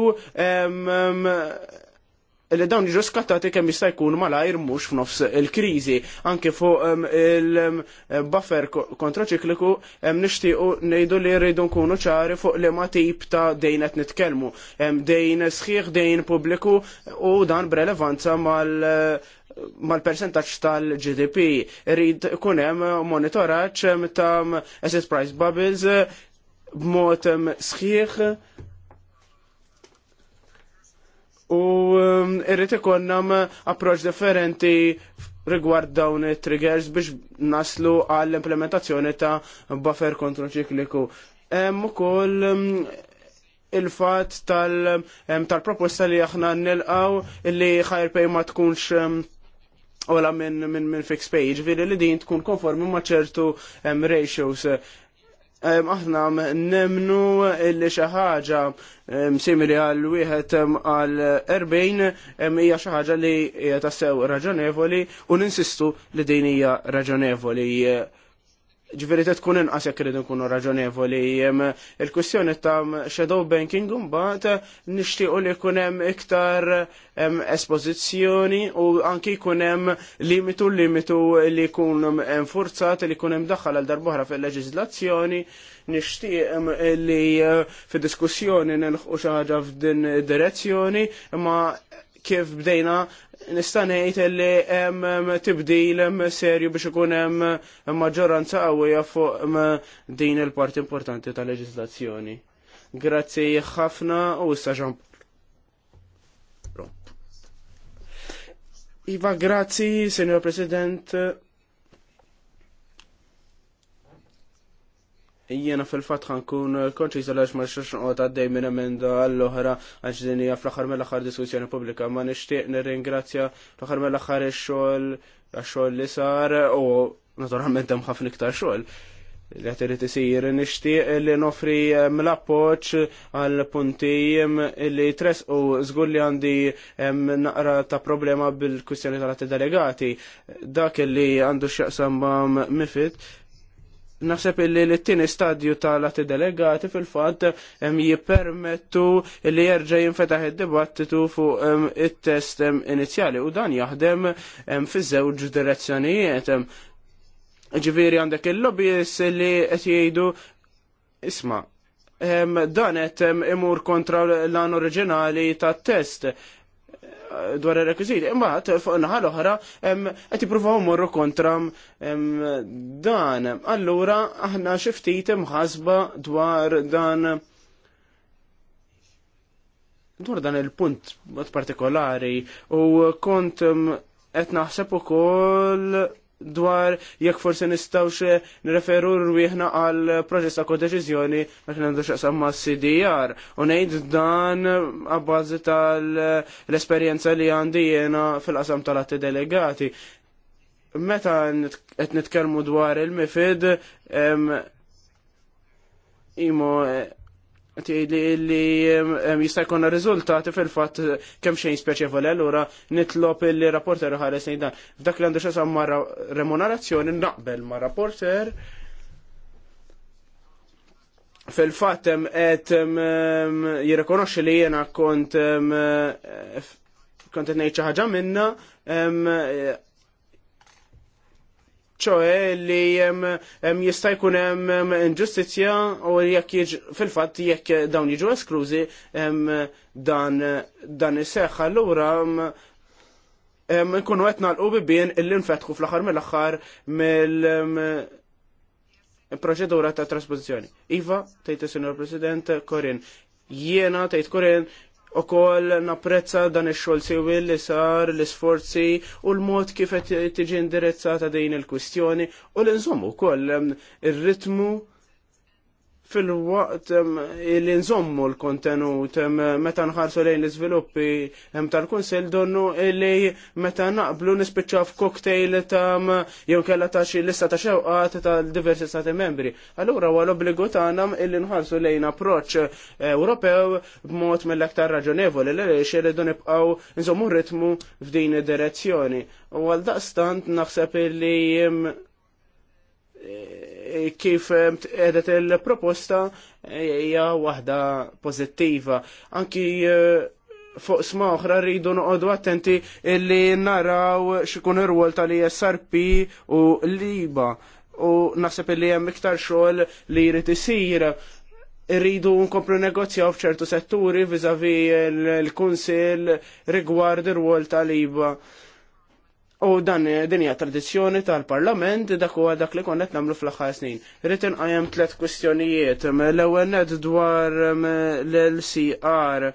li dawn jiġu skattati kemm jista' jkun malajr mhux f'nofs il-kriżi. Anke fuq il-buffer kontraċikliku nixtiequ ngħidu li rridu nkunu ċari fuq li ma tip ta' dejn qed nitkellmu. Dejn sħiħ, dejn pubbliku u dan b'relevanza mal- mal-percentaċ tal-GDP. Rrid kunem monitoraċ ta' asset price bubbles b'mod sħiħ U um, irrit ikonnam approċ differenti rigward dawn triggers biex naslu għall-implementazzjoni ta' buffer ċikliku. Hemm ukoll um, il-fat um, tal-proposta li aħna nilqaw li ħajrpej ma tkunx ola minn min, min page, viri li din tkun konformi ma ċertu ratios aħna nemnu li xi ħaġa simili għal wieħed għal erbejn hija xi ħaġa li hija tassew raġonevoli u ninsistu li din hija raġonevoli ġveri t tkun inqas jekk rridu nkunu raġonevoli. Il-kwistjoni ta' shadow banking mbagħad nixtiequ li jkun hemm iktar espożizzjoni u anki jkun hemm limitu limitu li jkun enforzat li jkun hemm daħħal għal darbohra fil-leġiżlazzjoni nixtieq li eh, fid-diskussjoni nilħqu xi ħaġa f'din direzzjoni ma' kif bdejna nista' ngħid li hemm tibdil hemm serju biex ikun hemm maġġoranza qawwija fuq din il-parti importanti tal-leġislazzjoni. Grazzi ħafna u issa ġan. Iva, grazzi, Signor President. Jiena fil-fat ħankun eh, konċiż għal għax marxax nqot għaddej minn emenda għall-oħra għax din hija fl-aħħar mill-aħħar diskussjoni pubblika. Ma nixtieq nirringrazzja fl-aħħar mill-aħħar ix-xogħol għax-xogħol li sar u naturalment hemm ħafna iktar xogħol li qed irid isir nixtieq li nofri eh, mlappoċ appoġġ għal punti eh, li tres u żgur li għandi naqra ta' problema bil-kwistjoni tal għati delegati. Dak li għandu xieqsam mifid Naħseb illi l-tini stadju tal-atti delegati fil-fat jippermettu li jerġa' jinfetaħ id-dibattitu fuq it-test inizjali u dan jaħdem fi żewġ direzzjonijiet. Ġiviri għandek il-lobbies li qed jgħidu isma' dan qed imur kontra l-an oriġinali tat-test dwar ir-rekwiżiti. Imbagħad fuq naħa l-oħra qed jippruvaw morru kontra dan. Allura aħna xi ftit imħasba dwar dan dwar dan il-punt partikolari u kont qed naħseb ukoll dwar jekk forsi nistgħux nreferu rwieħna għal proġess ta' kodeċiżjoni meta għandu x'aqsam ma' CDR u ngħid dan għabbażi tal-esperjenza li għandi jiena fil-qasam tal-atti delegati. Meta qed nitkellmu dwar il-mifid imo li jista' jkollna riżultati fil-fatt eh, kemm xejn speċevoli allura nitlob il rapporter ħares dan. F'dak li għandu xasam ma' remunerazzjoni naqbel ma' rapporter fil-fatt qed jirrikonoxxi li jiena kont eh, kont qed ngħid xi ħaġa minna eh, ċoħe li jista' jkun hemm inġustizzja u jekk fil-fatt jekk dawn jiġu esklużi dan dan is-seħħ allura nkunu qed nagħlqu bibien illi nfetħu fl-aħħar mill-aħħar mill-proċedura ta' trasposizzjoni. Iva, tgħid is-Sinjor President Korin. Jiena tgħid Korin u kol napprezza dan il-xol siwi li sar l isforzi u l-mod kif qed tiġi indirizzata din il-kwistjoni u l-inżommu ukoll ehm, ir ritmu fil-waqt li nżommu l-kontenut meta nħarsu lejn l-iżviluppi hemm tal kunsel donnu li meta naqblu nispiċċaw f'cocktail ta' jew kellha ta' xi lista ta' xewqat tal-diversi stati membri. Allura huwa l-obbligu tagħna illi nħarsu lejn approċċ eh, Ewropew b'mod mill-aktar raġonevoli li xiridu nibqgħu nżommu ritmu f'din id-direzzjoni. U għal daqstant naħseb illi kif ehm, edet il-proposta eh, hija waħda pozittiva. Anki eh, fuq sma oħra rridu noqogħdu attenti illi naraw xikun ir-rwol tal-ISRP u l liba u naħseb illi hemm iktar xogħol li jrid isir rridu nkomplu negozjaw f'ċertu setturi viżavi l kunsill rigward ir-rwol tal-IBA. U dan eh, din hija tradizzjoni tal-Parlament dak huwa dak li konnet qed nagħmlu fl-aħħar snin. Rrid inqajjem tliet kwistjonijiet. Eh, mela l-ewwel net dwar eh, l-LCR.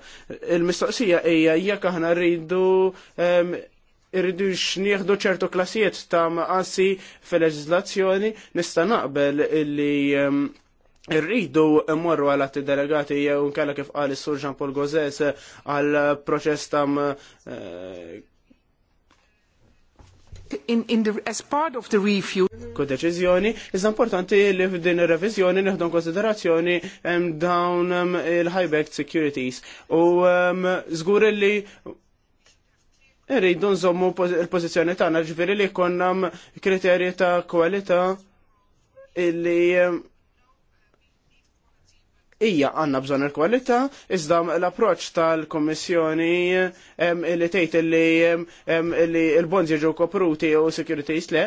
Il-mistoqsija hija jekk aħna rridu irridu xnieħdu ċertu klasijiet ta' maqasi fil leġislazzjoni nista' naqbel illi Irridu morru għal għati delegati jew nkella kif għal sur Jean Paul Gozes għal proċess tam in, in the, as part of the review. Kod deċizjoni, importanti li f'din ir-reviżjoni neħdu konsiderazzjoni dawn il high securities. U żgur li rridu nżommu il pożizzjoni tagħna ġifieri li konna kriterji ta' kwalità illi ija għanna bżon il-kwalità, iżda l-approċ tal-Kommissjoni li tgħid li l bonzi jiġu kopruti u securities le,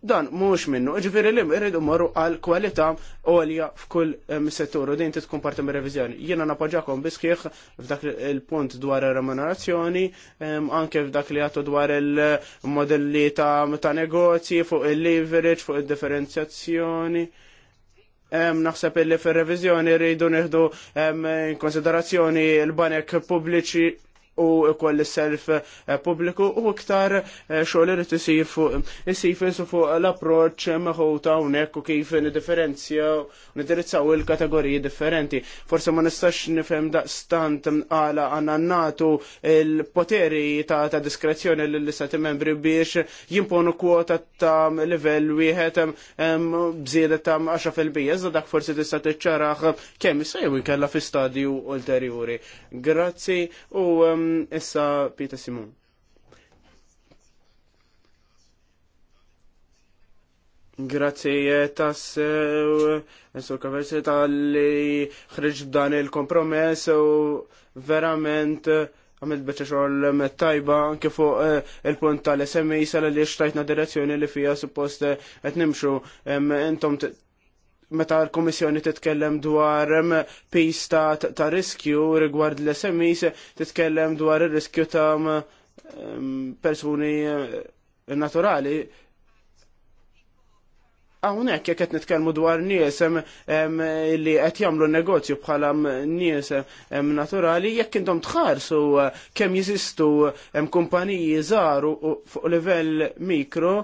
dan mhux minnu, ġifieri li rridu morru għal kwalità għolja f'kull settur u din titkun parti mir reviżjoni. Jiena napoġakom biskieħ f'dak il-punt dwar remunerazzjoni, anke f'dak li għatu dwar il-modelli ta' negozji fuq il-leverage, fuq il-differenzjazzjoni naħseb illi fir-reviżjoni rridu nieħdu konsiderazzjoni l-banek pubbliċi u ikoll is-self eh, pubbliku u iktar eh, xogħol irid isir fuq isir fuq l-approċċ maħuta hawnhekk u kif nidifferenzja u nidirizzaw il-kategoriji differenti. Forse ma nistax nifhem daqstant għala għandna natu il-poteri ta' ta' diskrezzjoni l istati membri biex jimponu kwota ta' livell wieħed bżieda ta' 10% iżda dak forsi tista' tiċċaraħ kemm jista' jew fi stadju ulterjuri. Grazzi u issa Peter Simon. Grazzi eh, tassew, esu eh, kaversi tal-li xriġ dan il-kompromess u verament eh, għamil bieċa xogħol tajba anke fuq il-punt tal-SMI sal li xtajtna direzzjoni li fija suppost qed nimxu intom meta l-Komissjoni titkellem dwar pis ta', ta riskju rigward l-SMIs, titkellem dwar il-riskju ta' persuni eh, naturali. Hawnhekk jekk qed nitkellmu dwar nies li qed jagħmlu negozju bħala nies naturali, jekk intom tħarsu eh, kemm jeżistu kumpaniji żgħar fuq livell mikro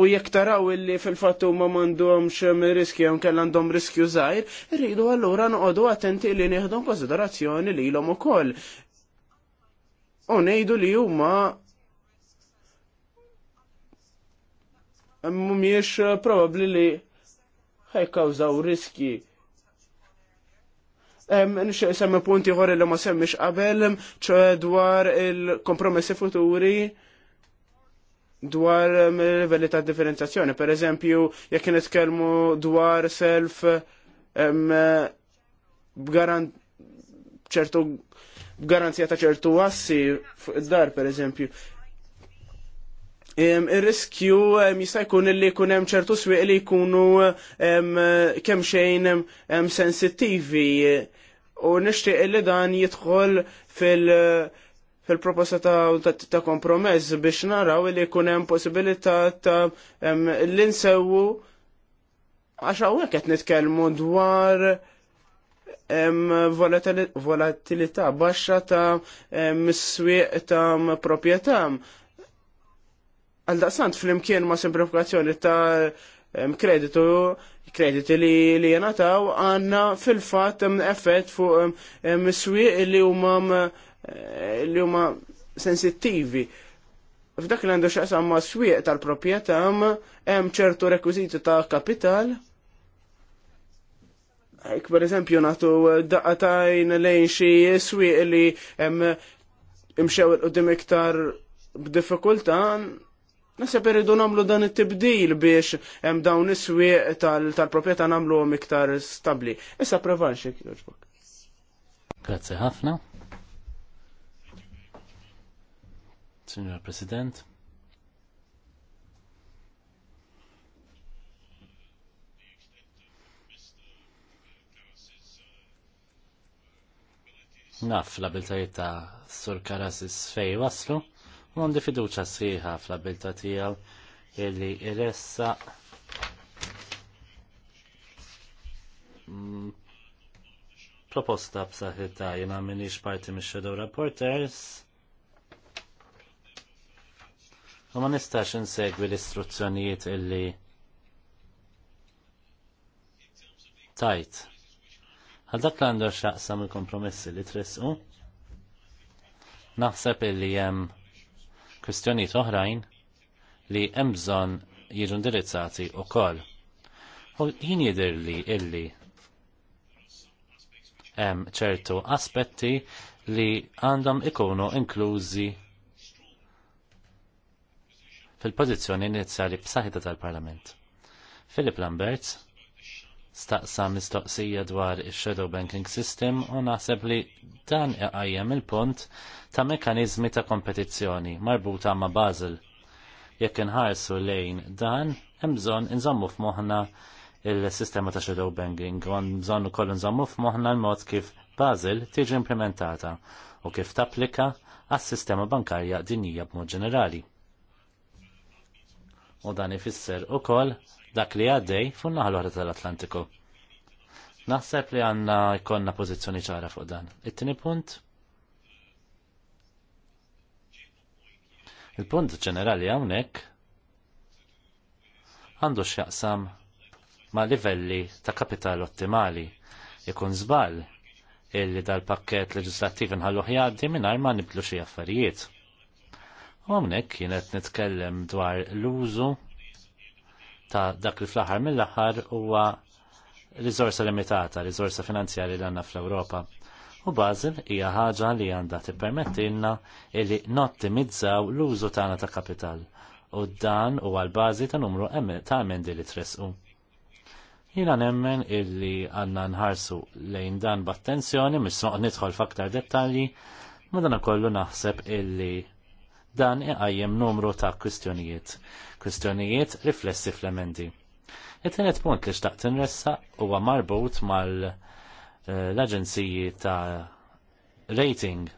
u jekk taraw illi fil-fattu ma mandomx riski jew kell għandhom riskju żgħir, irridu allura noqogħdu attenti li nieħdu konsiderazzjoni lilhom ukoll. U ngħidu li huma mhumiex probabbli li ħajkawżaw riski. Semmi punti għor li ma semmix qabel, ċe dwar il-kompromessi futuri dwar eh, livelli ta' differenzjazzjoni. Per eżempju, jekk nitkellmu dwar self ċertu garanzija ta' ċertu assi fuq id-dar, per eżempju. Ir-riskju jista' jkun li jkun hemm ċertu swieq li jkunu kemm xejn sensittivi u nixtieq li dan jidħol fil- fil-proposta ta' kompromess biex naraw li jkun hemm possibilità ta' l-insewu għax hawnhekk qed nitkellmu dwar volatilità baxxa ta' mis-swieq ta' proprjetà. Għaldaqsant fl-imkien ma' simplifikazzjoni ta' kreditu, krediti li li jenataw għanna fil-fat effett fuq mis-swieq li huma Eh, li huma sensittivi. F'dak li għandu xaqsam ma' swieq tal-proprjetà hemm ċertu rekwiżiti ta' kapital. Ek per eżempju natu daqatajn lejn xi swieq li hemm imxew il-qudiem iktar b'diffikultà Nasib irridu namlu dan it-tibdil biex hemm dawn is-swieq tal-proprjetà tal namluhom iktar stabbli. Issa prevanxi kjoġbok. Grazie ħafna. Signor President. Naf l-abiltajiet ta' Sur Karasis fej waslu, u għandi fiduċa sħiħa fl-abilta tijaw illi iressa mm, proposta b'saħħitha jiena minix parti mix-Shadow Reporters U ma nistax insegwi l-istruzzjonijiet illi tajt. Għal dak l-għandu xaqsam il-kompromessi li tresqu, naħseb illi jem kwistjonijiet oħrajn li hemm bżonn jiġu indirizzati wkoll. U jien jidher li illi hemm ċertu aspetti li għandhom ikunu inklużi fil-pozizjoni inizjali b'saħħita tal-Parlament. Philip Lambert staqsa mistoqsija dwar il-Shadow Banking System u naħseb li dan iqajjem il-punt ta' mekanizmi ta' kompetizzjoni marbuta ma' Basel. Jekk inħarsu lejn dan, hemm bżonn inżommu f'moħħna il-sistema ta' shadow banking u bżonn ukoll inżommu f'moħħna l-mod kif Basel tiġi implementata u kif tapplika għas-sistema bankarja dinjija b'mod ġenerali u dan ifisser ukoll dak li għaddej fun naħa l-oħra tal-Atlantiku. Naħseb li għanna jkollna pożizzjoni ċara fuq dan. It-tieni punt? Il-punt ġenerali hawnhekk għandu x'jaqsam ma' livelli ta' kapital ottimali jkun żball illi dal-pakket leġislattiv inħalluh jgħaddi mingħajr ma nibdlu xi affarijiet għamnek kienet nitkellem dwar l-użu ta' dak li fl-aħħar mill-aħħar huwa rizorsa limitata, rizorsa finanzjari li għanna fl-Ewropa. U Basel hija ħaġa li għandha tippermettilna illi nottimizzaw l-użu tagħna ta' kapital u dan u għal-bazi ta' numru ta' emendi li tresqu. Jina nemmen illi għanna nħarsu lejn dan b'attenzjoni, mis nidħol f'aktar dettalji, ma dan kollu naħseb illi dan iqajjem numru ta' kwistjonijiet. Kwistjonijiet riflessi fl-emendi. it tenet punt li xtaqt inressa huwa marbut mal eh, l-aġenziji ta' rating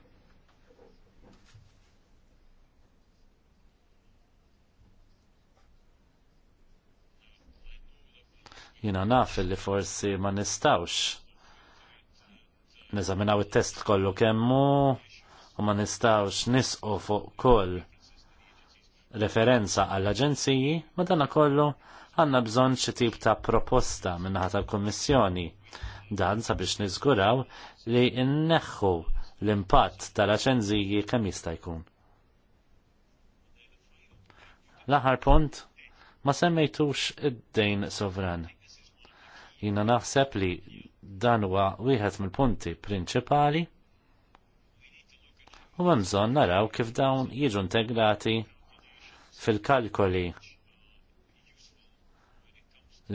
jina naf li forsi ma nistawx nizaminaw il-test kollu kemmu u ma nistawx nisqu fuq koll referenza għall-aġenziji, ma dana kollu għanna bżon xi tip ta' proposta minnaħa tal-Kummissjoni dan sabiex niżguraw li nneħħu l-impatt tal-aċenziji kemm jista' jkun. L-aħħar punt ma semmejtux id-dejn sovran. Jina naħseb li dan huwa wieħed mill-punti prinċipali u hemm bżonn naraw kif dawn jiġu integrati fil-kalkoli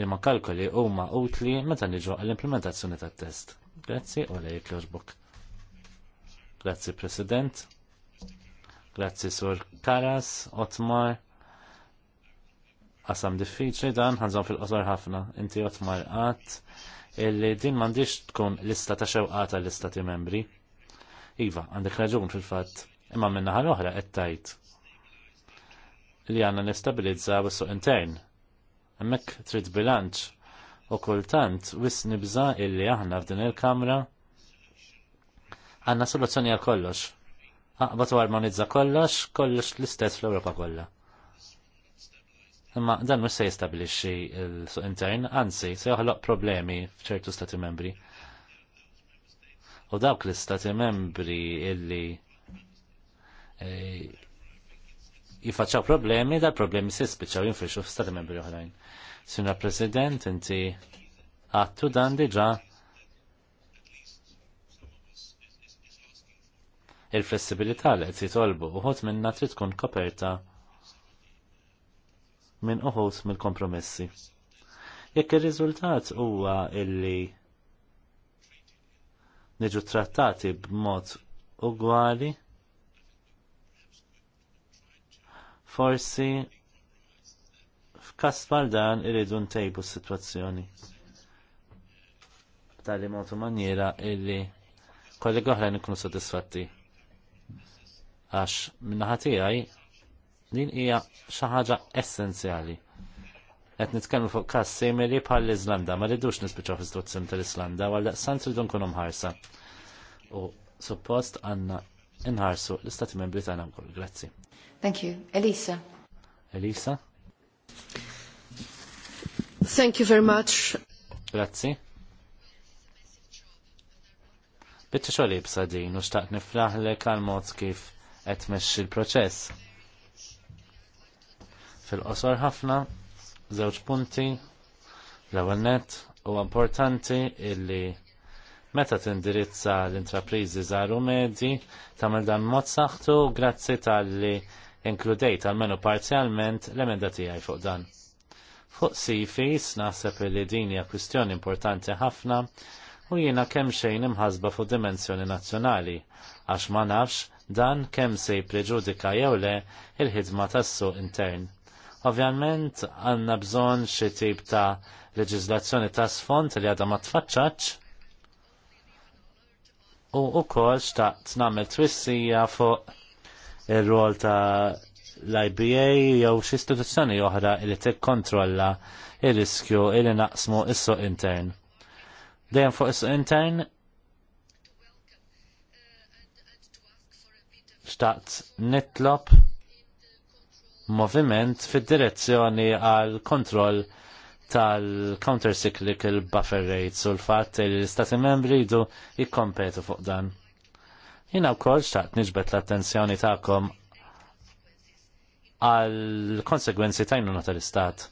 li ma kalkoli huma utli meta niġu għall-implementazzjoni tat-test. Grazzi u lejk l-oġbok. Grazzi President. Grazzi Sur Karas, Otmar. Qasam diffiċli dan, ħanżom fil-qosor ħafna. Inti Otmar għat illi din mandiġ tkun lista ta' xewqata l-istati membri. Iva, għandek raġun fil-fatt. Imma minna ħal oħra qed tajt li għanna nistabilizza suq intern. Hemmhekk trid bilanċ u kultant wis nibża illi aħna f'din il-kamra għandna soluzzjoni għal kollox. Aqbad u armonizza kollox, kollox l-istess fl-Ewropa kollha. Imma dan mhux se jistabilixxi l-suq intern, anzi se joħloq problemi f'ċertu stati membri u dawk l-istati membri illi eh, jifacċaw problemi, dal problemi si spiċaw jinfriċu f-stati membri uħrajn. Sina President, inti għattu dan diġa il-flessibilità li qed jitolbu uħut minna trid tkun koperta minn uħut mill-kompromessi. Jekk ir-riżultat huwa illi niġu trattati b'mod ugwali. Forsi f'kas bħal dan irridu ntejbu s-sitwazzjoni. Tali mod maniera illi kolli oħrajn ikunu sodisfatti. Għax minnaħa tiegħi din hija xi ħaġa essenzjali qed nitkellmu fuq kas simili bħal l islanda ma rridux nispiċċaw fis-situazzjoni tal islanda għal daqsant rridu nkunu mħarsa. U suppost għandna inħarsu l-Istati Membri tagħna wkoll. Grazzi. Thank you. Elisa. Elisa. Thank you very much. Grazzi. Bitti xogħol jibsa din u xtaqt nifraħlek għal mod kif qed mexxi l-proċess. Fil-qosor ħafna żewġ punti l-ewwel nett huwa importanti illi meta tindirizza l-intrapriżi żgħar u medji tagħmel dan mod saħħtu grazzi tal-li inkludejt almenu parzjalment l-emenda tiegħi fuq dan. Fuq sifis naħseb li din hija kwistjoni importanti ħafna u jiena kemm xejn imħasba fuq dimensjoni nazzjonali għax ma nafx dan kemm se jippreġudika jew le il-ħidma tas-suq intern. Ovvjament għanna bżon xi tip ta' leġislazzjoni ta' sfond li għadha ma tfaċċaċ u wkoll xtaqt nagħmel twissija fuq ir-rol ta' l-IBA jew xi istituzzjoni oħra li tikkontrolla ir-riskju li naqsmu is-suq intern. Dejjem fuq is-suq intern xtaqt nitlob moviment fid-direzzjoni għal kontroll tal-countercyclical buffer rates u l-fatt li l-istati membri jdu jikkompetu fuq dan. Jina wkoll xtaqt niġbed l-attenzjoni tagħkom għal konsegwenzi tajnuna tal-istat.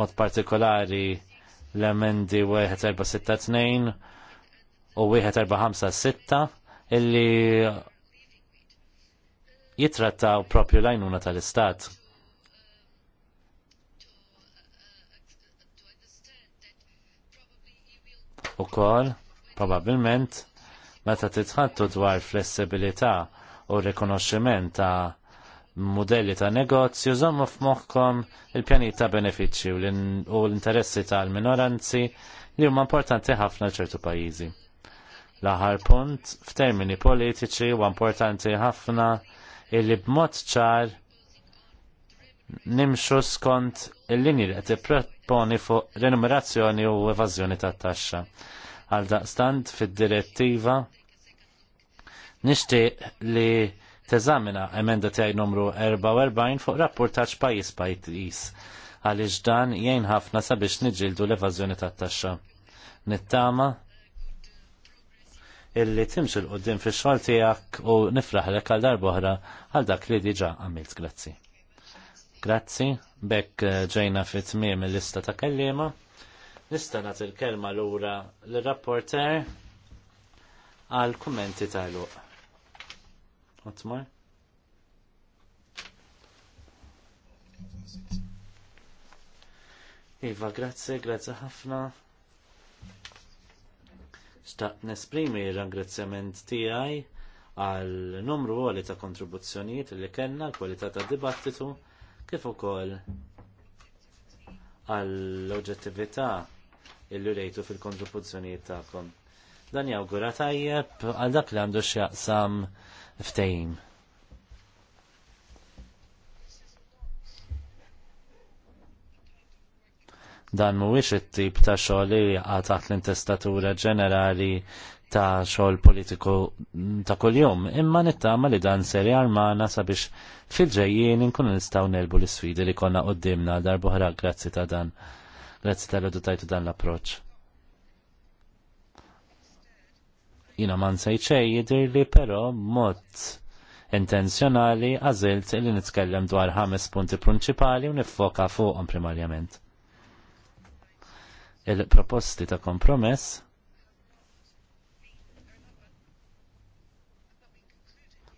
Mod partikolari l-emendi 1462 u 1456 illi jitrattaw propju lajnuna tal-Istat. U kol, probabilment, meta titħattu dwar flessibilità u rikonoxximent ta' modelli ta' negozju, zommu f'moħħkom il-pjanit ta' benefiċċju u l-interessi tal-minoranzi li huma importanti ħafna ċertu pajjiżi. L-aħar punt, f'termini politiċi huwa importanti ħafna illi b'mod ċar nimxu skont il-linji li qed proponi fuq renumerazzjoni u evażjoni tat-taxxa. Għal daqstant fid-direttiva nixtieq li teżamina emenda tiegħi numru 44 fuq rapportaġġ pajjiż pajjiż għaliex dan jgħin ħafna sabiex niġġieldu l-evażjoni tat-taxxa. Nittama' illi timxil qoddim fi xogħol tiegħek u nifraħlek għal darbohra għal dak li diġa għamilt grazzi. Grazzi, bekk eh, ġejna fi tmiem il-lista ta' kellima. Nista' nagħti l-kelma lura l-rapporter għal kummenti tal-luq. Otmar? Iva, grazzi, grazzi ħafna nixtaq nesprimi r-ringrazzjament tiegħi għal numru għali ta' kontribuzzjonijiet li kellna, l-kwalità ta' dibattitu, kif ukoll għall oġġettività illi rejtu fil-kontribuzzjonijiet tagħkom. Dan jawgura tajjeb għal dak li għandu x'jaqsam ftehim. Dan mhuwiex it-tip ta' xogħol li jaqa' taħt l-intestatura ġenerali ta' xogħol politiku ta' kuljum, imma nittama li dan seri armana sabiex fil-ġejjien inkunu nistgħu nelbu l-isfidi li konna qudiemna darbohra grazzi ta' dan. Grazzi tal-għadu tajtu dan l-approċ. Jina man sejċej jidir li pero mod intenzjonali għazilt li nitkellem dwar ħames punti prinċipali u nifoka fuqhom primarjament il-proposti ta' kompromess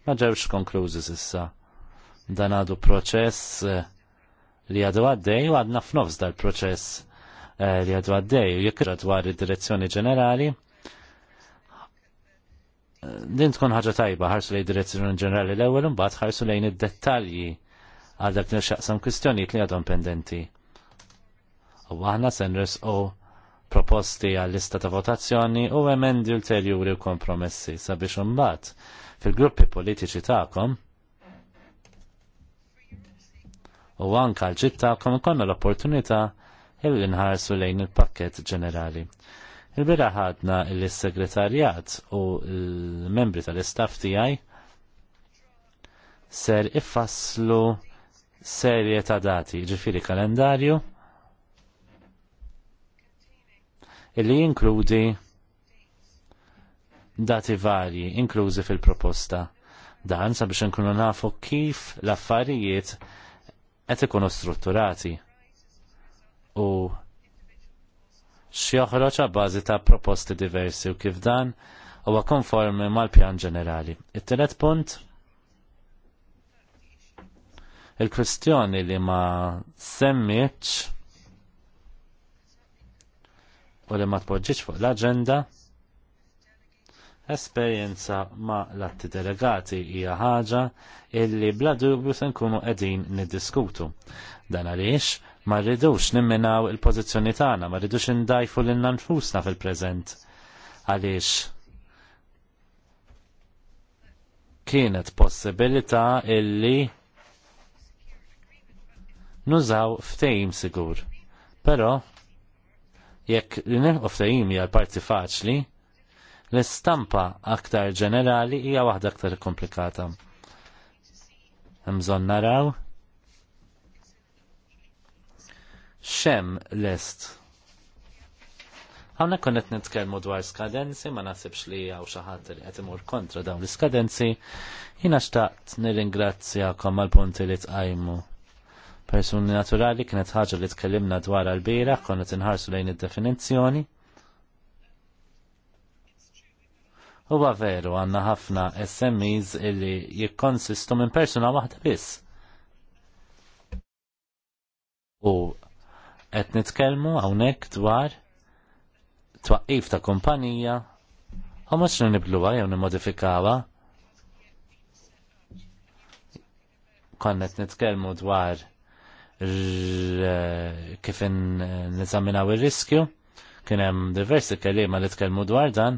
ma ġewx konklużi sissa. Dan għadu proċess eh, li għadu għaddej u għadna f'nofs dal-proċess eh, li għadu għaddej u jekk dwar id-direzzjoni ġenerali. Eh, din tkun ħaġa tajba ħarsu lejn direzzjoni ġenerali l-ewwel imbagħad ħarsu lejn id-dettalji għal dak nixaqsam kwistjonijiet li għadhom pendenti. U aħna senres u proposti għall-lista ta' votazzjoni u emendi ulterjuri u kompromessi sabiex imbagħad fil-gruppi politiċi tagħkom u anka l-ġit tagħkom ikollna l-opportunità illi nħarsu lejn il-pakket ġenerali. Il-bira ħadna il-segretarjat u l-membri tal-istaff tiegħi ser iffasslu serje ta' dati, ġifiri kalendarju, illi jinkludi dati varji, inklużi fil-proposta. Dan sabiex nkunu nafu kif l-affarijiet qed ikunu strutturati u x'joħroġ għabbażi ta' proposti diversi u kif dan huwa konformi mal-pjan ġenerali. it telet punt il-kwestjoni li ma semmiċ u li ma tpoġġiġ fuq l-agenda esperjenza ma l-atti delegati hija ħaġa illi bla dubju se nkunu qegħdin niddiskutu. Dan għaliex ma rridux nimminaw il-pożizzjoni tagħna, ma rridux indajfu lil nfusna fil-preżent. Għaliex kienet possibilità illi nużaw ftehim sigur. Però Jekk li nilħu ftajim hija parti faċli, l-istampa aktar ġenerali hija waħda aktar komplikata. Mżon naraw xem lest. Għawna konnet nitkelmu dwar skadenzi, ma nasibx li għaw xaħat li għetimur kontra dawn l-skadenzi, jina xtaqt nir-ingrazzjakom għal-punti li tqajmu persuni naturali kienet ħaġa li tkellimna dwar għal-bira, konna tinħarsu lejn id-definizjoni. Huwa veru għanna ħafna SMEs illi jikkonsistu minn persuna waħda biss. U qed nitkellmu hawnhekk dwar twaqqif ta' kumpanija u mhux nibluha jew nimmodifikawha. Konna qed nitkellmu dwar kif nizaminaw il-riskju, kien hemm diversi kelliema li tkellmu dwar dan.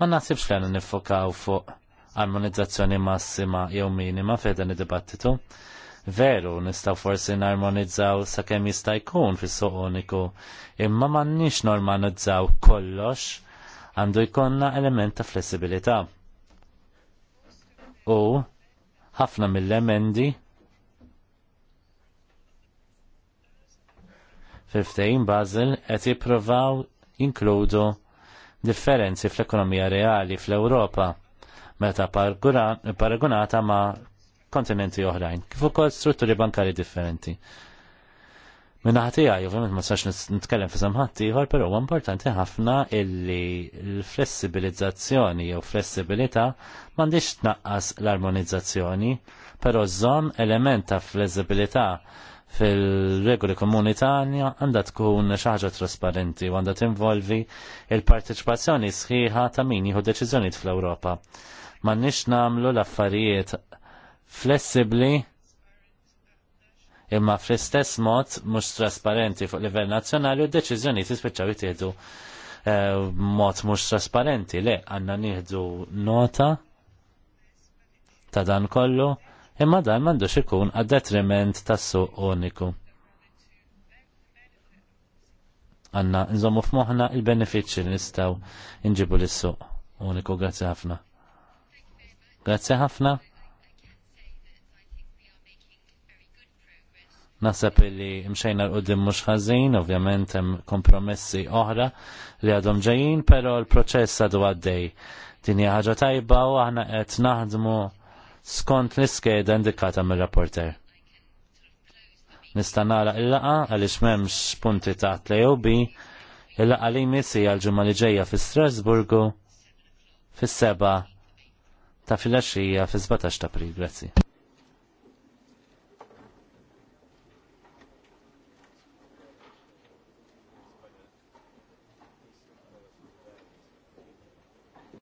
Ma nasibx li għanna nifokaw fuq armonizzazzjoni massima jew minima fejn dan id-dibattitu. Veru, nistaw forsi narmonizzaw sakemm jista' jkun fis-suq uniku, imma m'għandniex normalizzaw kollox għandu jkollna element ta' flessibilità u ħafna mill-emendi 15 Basel qed jippruvaw jinkludu differenzi fl-ekonomija reali fl-Ewropa meta paragunata ma' kontinenti oħrajn, kif ukoll strutturi bankari differenti. Minna għaj, ovvijament ma sax nitkellem fi samħat ieħor, però huwa importanti ħafna illi l-flessibilizzazzjoni jew flessibilità m'għandix tnaqqas l-armonizzazzjoni, però zon element ta' flessibilità fil-regoli komuni għandha tkun xaħġa ħaġa trasparenti u għandha tinvolvi il-parteċipazzjoni sħiħa ta' min jieħu deċiżjonijiet fl-Ewropa. M'għandniex nagħmlu l-affarijiet flessibbli imma fl-istess mod mhux trasparenti fuq livell nazzjonali u deċiżjonijiet jispiċċaw jittieħdu eh, mod mhux trasparenti le għandna nieħdu nota ta' dan kollu imma dan m'għandux ikun għad detriment tas-suq uniku. Għanna nżommu f'moħna il-benefiċċji li nistgħu nġibu lis-suq uniku grazzi ħafna. Grazzi ħafna. Nasab li mxejna l-qoddim mux ħazin, ovvjament hemm kompromessi oħra li għadhom ġejjin, pero l-proċess għadu għaddej. Din hija ħaġa tajba u aħna qed naħdmu skont l-iskeda indikata mill-rapporter. Nista' nara il-laqa għaliex m'hemmx punti taħt li bi il-laqa li jmissi għal ġimgħa li ġejja fi Strasburgu fis-seba ta' filgħaxija fi 17 ta' april. Grazzi.